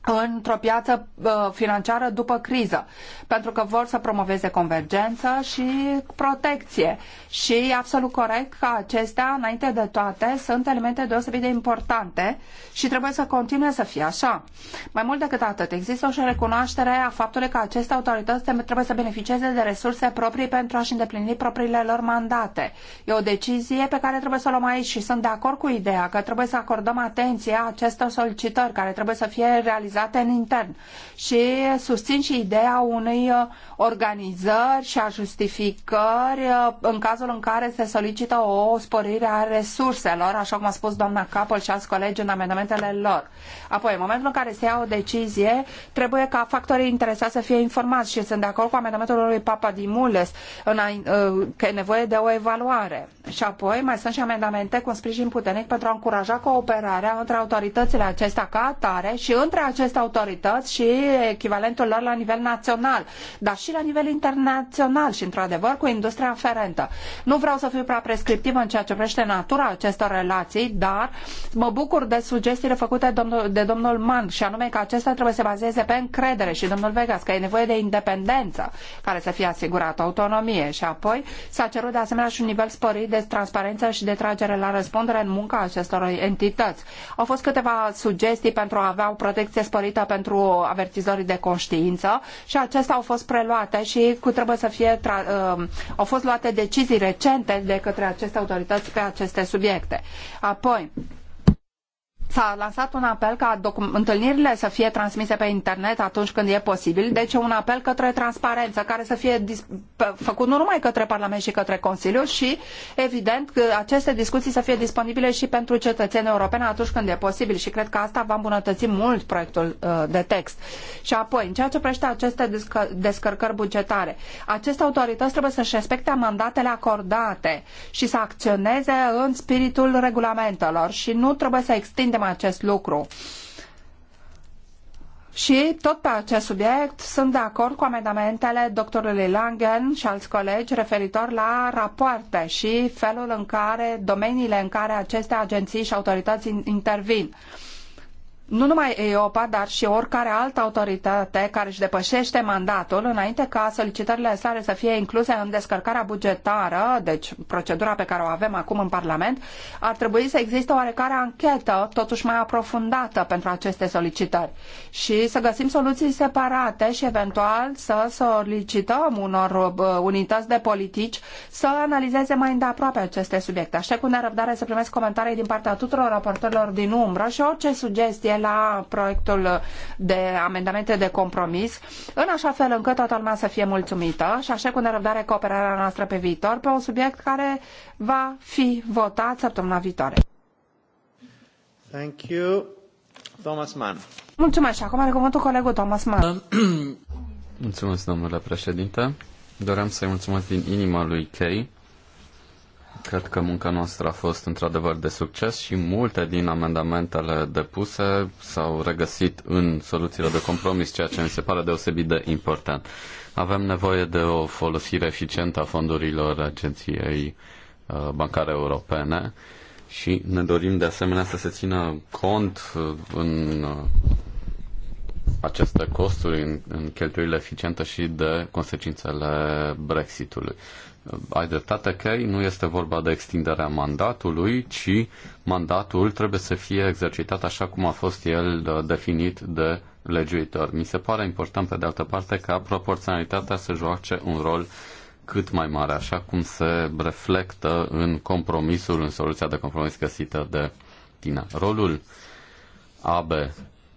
într-o piață financiară după criză, pentru că vor să promoveze convergență și protecție. Și e absolut corect că acestea, înainte de toate, sunt elemente deosebit de importante și trebuie să continue să fie așa. Mai mult decât atât, există și recunoaștere a faptului că aceste autorități trebuie să beneficieze de resurse proprii pentru a-și îndeplini propriile lor mandate. E o decizie pe care trebuie să o luăm aici și sunt de acord cu ideea că trebuie să acordăm atenție acestor solicitări care trebuie să fie realizate organizate în intern și susțin și ideea unei uh, organizări și a justificări uh, în cazul în care se solicită o sporire a resurselor, așa cum a spus doamna Capăl și alți colegi în amendamentele lor. Apoi, în momentul în care se ia o decizie, trebuie ca factorii interesați să fie informați și sunt de acord cu amendamentul lui Papa Dimules în a, uh, că e nevoie de o evaluare. Și apoi mai sunt și amendamente cu un sprijin puternic pentru a încuraja cooperarea între autoritățile acestea ca atare și între aceste aceste autorități și echivalentul lor la nivel național, dar și la nivel internațional și, într-adevăr, cu industria aferentă. Nu vreau să fiu prea prescriptivă în ceea ce privește natura acestor relații, dar mă bucur de sugestiile făcute de domnul Mann și anume că acesta trebuie să bazeze pe încredere și domnul Vegas că e nevoie de independență care să fie asigurată, autonomie și apoi s-a cerut de asemenea și un nivel sporit de transparență și de tragere la răspundere în munca acestor entități. Au fost câteva sugestii pentru a avea o protecție sporită pentru avertizări de conștiință și acestea au fost preluate și cu trebuie să fie uh, au fost luate decizii recente de către aceste autorități pe aceste subiecte. Apoi, S-a lansat un apel ca întâlnirile să fie transmise pe internet atunci când e posibil, deci un apel către transparență, care să fie făcut nu numai către Parlament și către Consiliu și, evident, că aceste discuții să fie disponibile și pentru cetățenii europeni atunci când e posibil și cred că asta va îmbunătăți mult proiectul uh, de text. Și apoi, în ceea ce prește aceste descă- descărcări bugetare, aceste autorități trebuie să-și respecte mandatele acordate și să acționeze în spiritul regulamentelor și nu trebuie să extindem acest lucru. Și tot pe acest subiect sunt de acord cu amendamentele doctorului Langen și alți colegi referitor la rapoarte și felul în care, domeniile în care aceste agenții și autorități intervin nu numai EIOPA, dar și oricare altă autoritate care își depășește mandatul înainte ca solicitările sale să fie incluse în descărcarea bugetară, deci procedura pe care o avem acum în Parlament, ar trebui să existe oarecare anchetă totuși mai aprofundată pentru aceste solicitări și să găsim soluții separate și eventual să solicităm unor uh, unități de politici să analizeze mai îndeaproape aceste subiecte. Aștept cu nerăbdare să primesc comentarii din partea tuturor raportorilor din umbră și orice sugestie la proiectul de amendamente de compromis, în așa fel încât toată lumea să fie mulțumită și așa cu nerăbdare cooperarea noastră pe viitor pe un subiect care va fi votat săptămâna viitoare. Thank you. Thomas Mann. Mulțumesc. Acum are cuvântul colegul Thomas Mann. Mulțumesc, domnule președinte. Doream să-i mulțumesc din inima lui Kay Cred că munca noastră a fost într-adevăr de succes și multe din amendamentele depuse s-au regăsit în soluțiile de compromis, ceea ce mi se pare deosebit de important. Avem nevoie de o folosire eficientă a fondurilor Agenției uh, Bancare Europene și ne dorim de asemenea să se țină cont uh, în uh, aceste costuri în, în cheltuielile eficiente și de consecințele Brexitului. Ai dreptate că nu este vorba de extinderea mandatului, ci mandatul trebuie să fie exercitat așa cum a fost el uh, definit de legiuitor. Mi se pare important, pe de altă parte, ca proporționalitatea să joace un rol cât mai mare, așa cum se reflectă în compromisul, în soluția de compromis găsită de tine. Rolul AB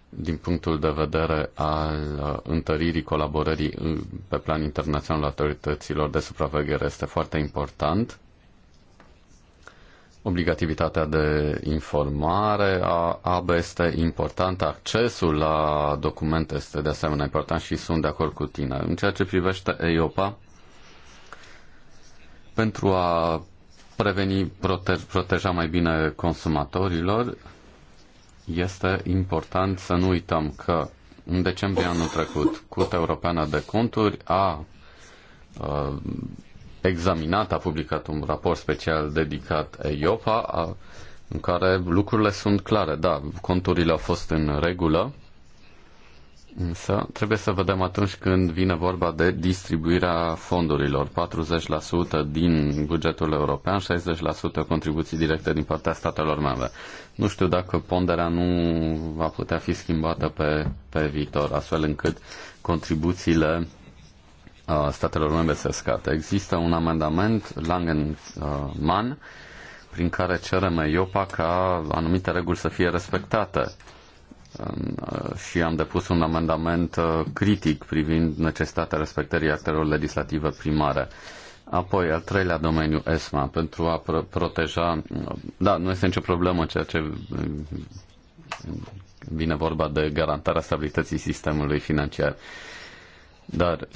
din punctul de vedere al uh, întăririi colaborării uh, pe plan internațional autorităților de supraveghere este foarte important. Obligativitatea de informare a AB este importantă, accesul la documente este de asemenea important și sunt de acord cu tine. În ceea ce privește EIOPA, pentru a preveni, proteja mai bine consumatorilor, este important să nu uităm că în decembrie anul trecut Curtea Europeană de Conturi a uh, examinat, a publicat un raport special dedicat EIOPA, a, în care lucrurile sunt clare. Da, conturile au fost în regulă, însă trebuie să vedem atunci când vine vorba de distribuirea fondurilor. 40% din bugetul european, 60% contribuții directe din partea statelor membre. Nu știu dacă ponderea nu va putea fi schimbată pe, pe viitor, astfel încât contribuțiile uh, statelor membre să scadă. Există un amendament, Langenman, uh, prin care cerem EIOPA ca anumite reguli să fie respectate um, uh, și am depus un amendament critic privind necesitatea respectării actelor legislative primare. Apoi, al treilea domeniu, ESMA, pentru a pr- proteja. Da, nu este nicio problemă ceea ce vine vorba de garantarea stabilității sistemului financiar. Dar,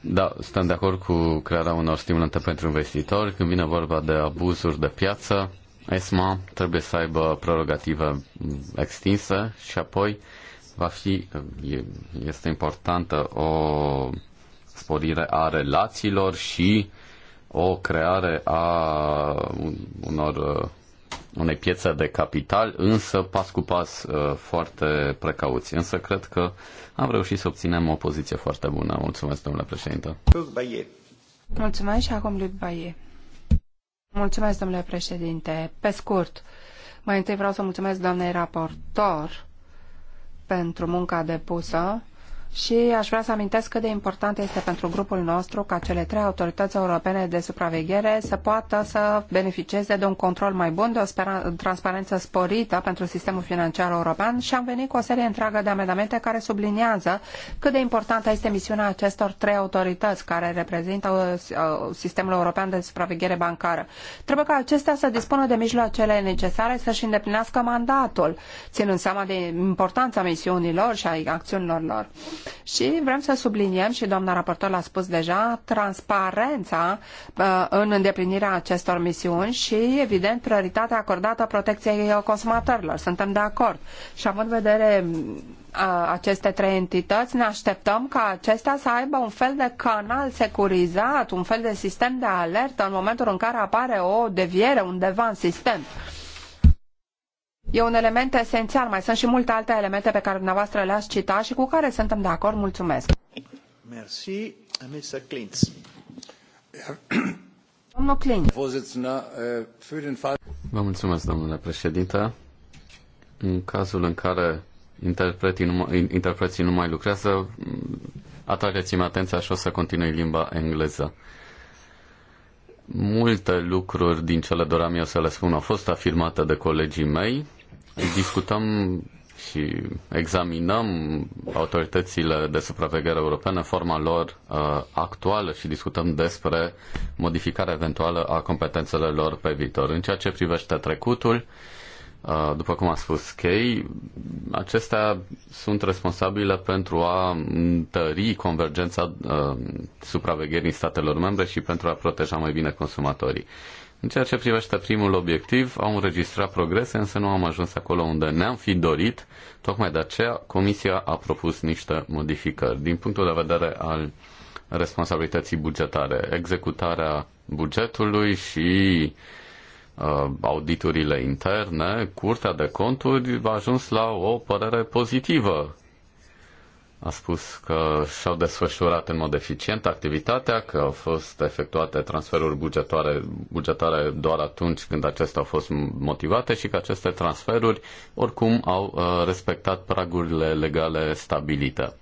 da, stăm de acord cu crearea unor stimulante pentru investitori. Când vine vorba de abuzuri de piață, ESMA trebuie să aibă prerogative extinse și apoi va fi, este importantă o sporire a relațiilor și o creare a unor uh, unei piețe de capital, însă pas cu pas uh, foarte precauți. Însă cred că am reușit să obținem o poziție foarte bună. Mulțumesc, domnule președinte. Mulțumesc și acum lui Baie. Mulțumesc, domnule președinte. Pe scurt, mai întâi vreau să mulțumesc doamnei raportor pentru munca depusă și aș vrea să amintesc cât de important este pentru grupul nostru ca cele trei autorități europene de supraveghere să poată să beneficieze de un control mai bun, de o transparență sporită pentru sistemul financiar european și am venit cu o serie întreagă de amendamente care subliniază cât de importantă este misiunea acestor trei autorități care reprezintă uh, uh, sistemul european de supraveghere bancară. Trebuie ca acestea să dispună de mijloacele necesare să-și îndeplinească mandatul, ținând seama de importanța misiunilor și a acțiunilor lor. Și vrem să subliniem, și doamna raportor l-a spus deja, transparența uh, în îndeplinirea acestor misiuni și, evident, prioritatea acordată protecției consumatorilor. Suntem de acord. Și având în vedere uh, aceste trei entități, ne așteptăm ca acestea să aibă un fel de canal securizat, un fel de sistem de alertă în momentul în care apare o deviere undeva în sistem. E un element esențial, mai sunt și multe alte elemente pe care dumneavoastră le-ați cita și cu care suntem de acord. Mulțumesc. Merci, Mr. Klintz. Domnul Klintz. Äh, Vă mulțumesc, domnule președinte. În cazul în care interpreții nu, mai, interpreții nu mai lucrează, atrageți-mi atenția și o să continui limba engleză. Multe lucruri din cele doream eu să le spun au fost afirmate de colegii mei discutăm și examinăm autoritățile de supraveghere europene în forma lor uh, actuală și discutăm despre modificarea eventuală a competențelor lor pe viitor. În ceea ce privește trecutul, uh, după cum a spus Kay, acestea sunt responsabile pentru a întări convergența uh, supravegherii statelor membre și pentru a proteja mai bine consumatorii. Uh, în ceea ce privește primul obiectiv, au înregistrat progrese, însă nu am ajuns acolo unde ne-am fi dorit. Tocmai de aceea, Comisia a propus niște modificări. Din punctul de vedere al responsabilității bugetare, executarea bugetului și uh, auditurile interne, Curtea de Conturi a ajuns la o părere pozitivă a spus că și-au desfășurat în mod eficient activitatea, că au fost efectuate transferuri bugetare, bugetare doar atunci când acestea au fost motivate și că aceste transferuri oricum au uh, respectat pragurile legale stabilite.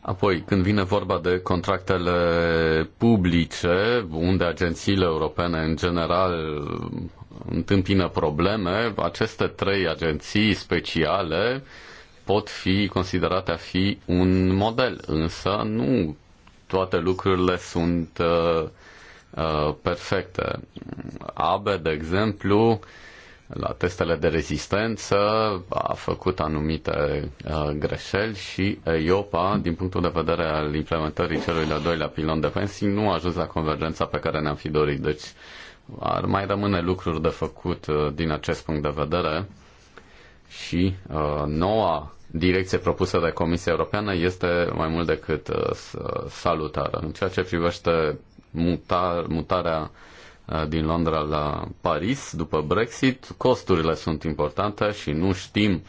Apoi, când vine vorba de contractele publice, unde agențiile europene în general întâmpină probleme, aceste trei agenții speciale uh, pot fi considerate a fi un model, însă nu toate lucrurile sunt uh, uh, perfecte. Abe, de exemplu, la testele de rezistență a făcut anumite uh, greșeli și EIOPA, din punctul de vedere al implementării celui de-al doilea pilon de pensii, nu a ajuns la convergența pe care ne-am fi dorit. Deci ar mai rămâne lucruri de făcut uh, din acest punct de vedere și uh, noua direcție propusă de Comisia Europeană este mai mult decât uh, uh, salutară. În ceea ce privește mutar, mutarea uh, din Londra la Paris după Brexit, costurile sunt importante și nu știm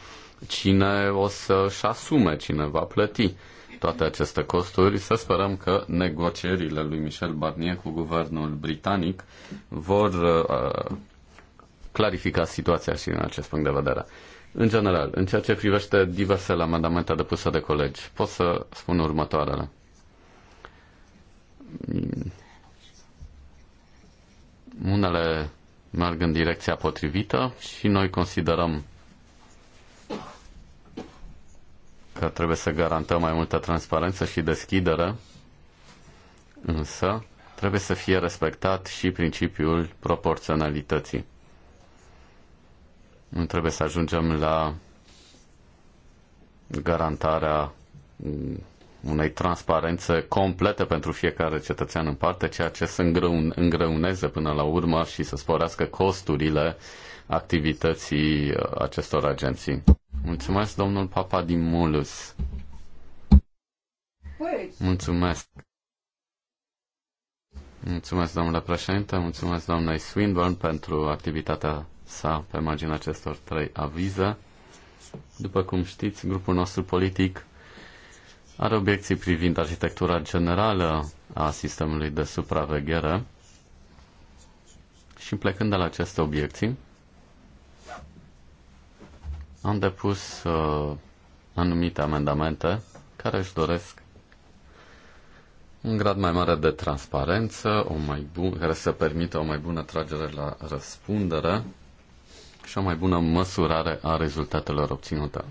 cine o să-și asume, cine va plăti toate aceste costuri. Să sperăm că negocierile lui Michel Barnier cu guvernul britanic vor clarifica situația și în acest punct de vedere. În general, în ceea ce privește diversele amendamente depuse de colegi, pot să spun următoarele. Mm. Unele merg în direcția potrivită și noi considerăm că trebuie să garantăm mai multă transparență și deschidere, însă trebuie să fie respectat și principiul proporționalității nu trebuie să ajungem la garantarea unei transparențe complete pentru fiecare cetățean în parte, ceea ce să îngreuneze până la urmă și să sporească costurile activității uh, acestor agenții. Mulțumesc, domnul Papa din Mulus. Mulțumesc. Mulțumesc, domnule președinte, mulțumesc, doamnei Swinburne, pentru activitatea sa pe marginea acestor trei avize. După cum știți, grupul nostru politic are obiecții privind arhitectura generală a sistemului de supraveghere și plecând de la aceste obiecții, am depus uh, anumite amendamente care își doresc un grad mai mare de transparență, o mai bun, care să permită o mai bună tragere la răspundere și o mai bună măsurare a rezultatelor obținute.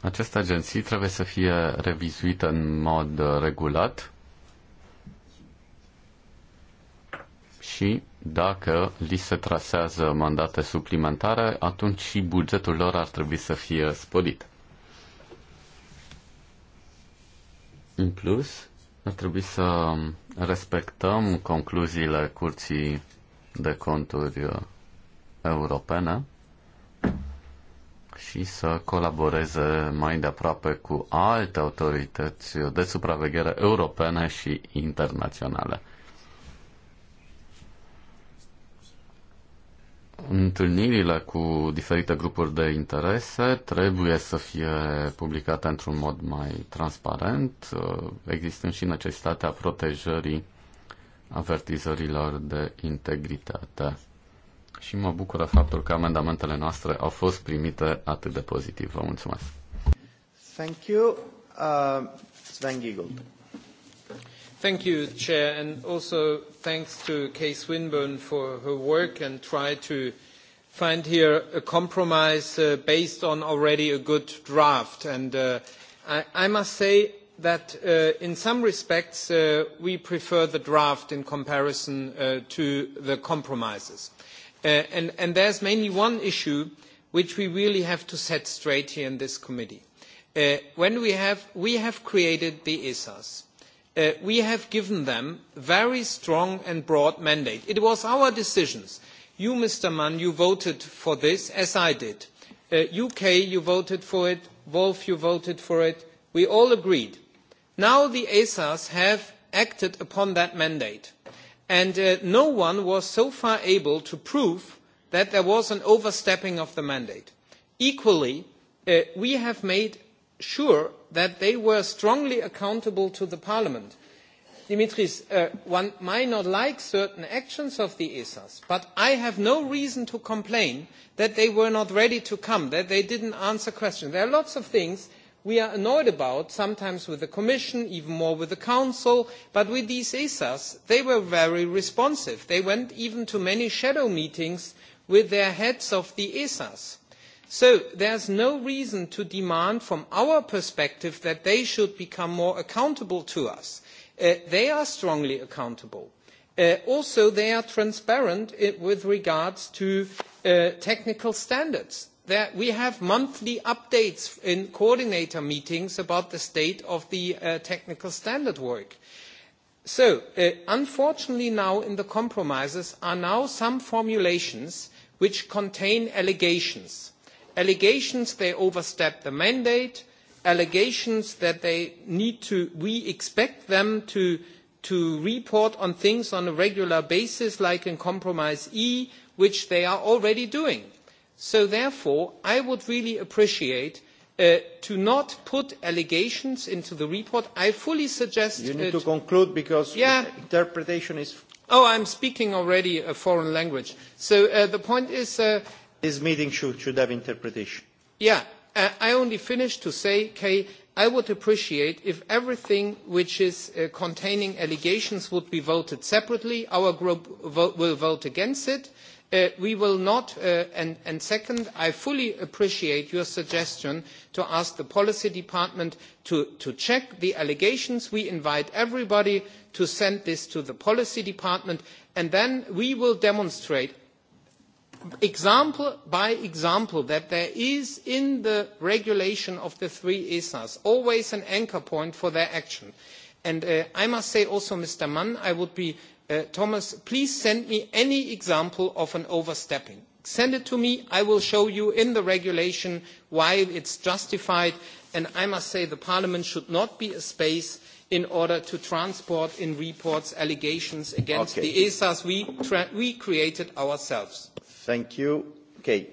Această agenție trebuie să fie revizuită în mod uh, regulat și dacă li se trasează mandate suplimentare, atunci și bugetul lor ar trebui să fie sporit. În plus, ar trebui să respectăm concluziile Curții de Conturi uh, Europene și să colaboreze mai de aproape cu alte autorități de supraveghere europene și internaționale. întâlnirile cu diferite grupuri de interese trebuie să fie publicate într-un mod mai transparent, uh, existând și necesitatea protejării avertizărilor de integritate. Și mă bucură faptul că amendamentele noastre au fost primite atât de pozitiv. Vă mulțumesc. Thank you. Uh, Sven Giegold. Thank you, Chair, and also thanks to Kay Swinburne for her work and try to find here a compromise uh, based on already a good draft. And uh, I, I must say that uh, in some respects uh, we prefer the draft in comparison uh, to the compromises. Uh, and, and there's mainly one issue which we really have to set straight here in this committee. Uh, when we have, we have created the ESAs. Uh, we have given them very strong and broad mandate. It was our decisions. You, Mr. Mann, you voted for this, as I did. Uh, UK, you voted for it. Wolf, you voted for it. We all agreed. Now the ASAs have acted upon that mandate. And uh, no one was so far able to prove that there was an overstepping of the mandate. Equally, uh, we have made sure that they were strongly accountable to the parliament. Dimitris, uh, one might not like certain actions of the ESAs, but I have no reason to complain that they were not ready to come, that they didn't answer questions. There are lots of things we are annoyed about, sometimes with the Commission, even more with the Council, but with these ESAs, they were very responsive. They went even to many shadow meetings with their heads of the ESAs so there is no reason to demand from our perspective that they should become more accountable to us. Uh, they are strongly accountable. Uh, also they are transparent with regard to uh, technical standards. we have monthly updates in coordinator meetings about the state of the uh, technical standard work. So, uh, unfortunately now in the compromises are now some formulations which contain allegations allegations they overstepped the mandate, allegations that they need to, we expect them to, to report on things on a regular basis, like in Compromise E, which they are already doing. So therefore, I would really appreciate Uh, to not put allegations into the report. I fully suggest You need to conclude because yeah. interpretation is... Oh, I'm speaking already a foreign language. So uh, the point is, uh, this meeting should, should have interpretation. Yeah, uh, I only finished to say, Kay, I would appreciate if everything which is uh, containing allegations would be voted separately. Our group vote, will vote against it. Uh, we will not, uh, and, and second, I fully appreciate your suggestion to ask the policy department to, to check the allegations. We invite everybody to send this to the policy department, and then we will demonstrate example by example that there is in the regulation of the three esas always an anchor point for their action and uh, i must say also mr mann i would be uh, thomas please send me any example of an overstepping send it to me i will show you in the regulation why it's justified and i must say the parliament should not be a space in order to transport in reports allegations against okay. the esas we, we created ourselves Thank you. Okay.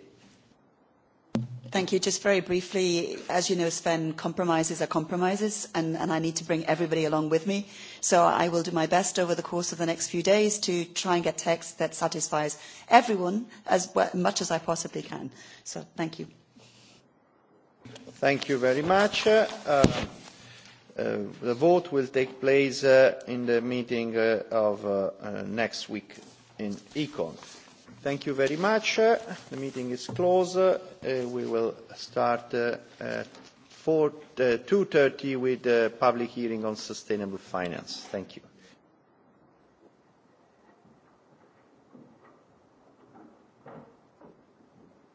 Thank you. Just very briefly, as you know, Sven, compromises are compromises, and, I need to bring everybody along with me. So I will do my best over the course of the next few days to try and get text that satisfies everyone as much as I possibly can. So thank you. Thank you very much. Uh, uh the vote will take place uh, in the meeting uh, of uh, next week in Econ. Thank you very much. The meeting is closed. Uh, we will start uh, at uh, 2.30 with a public hearing on sustainable finance. Thank you.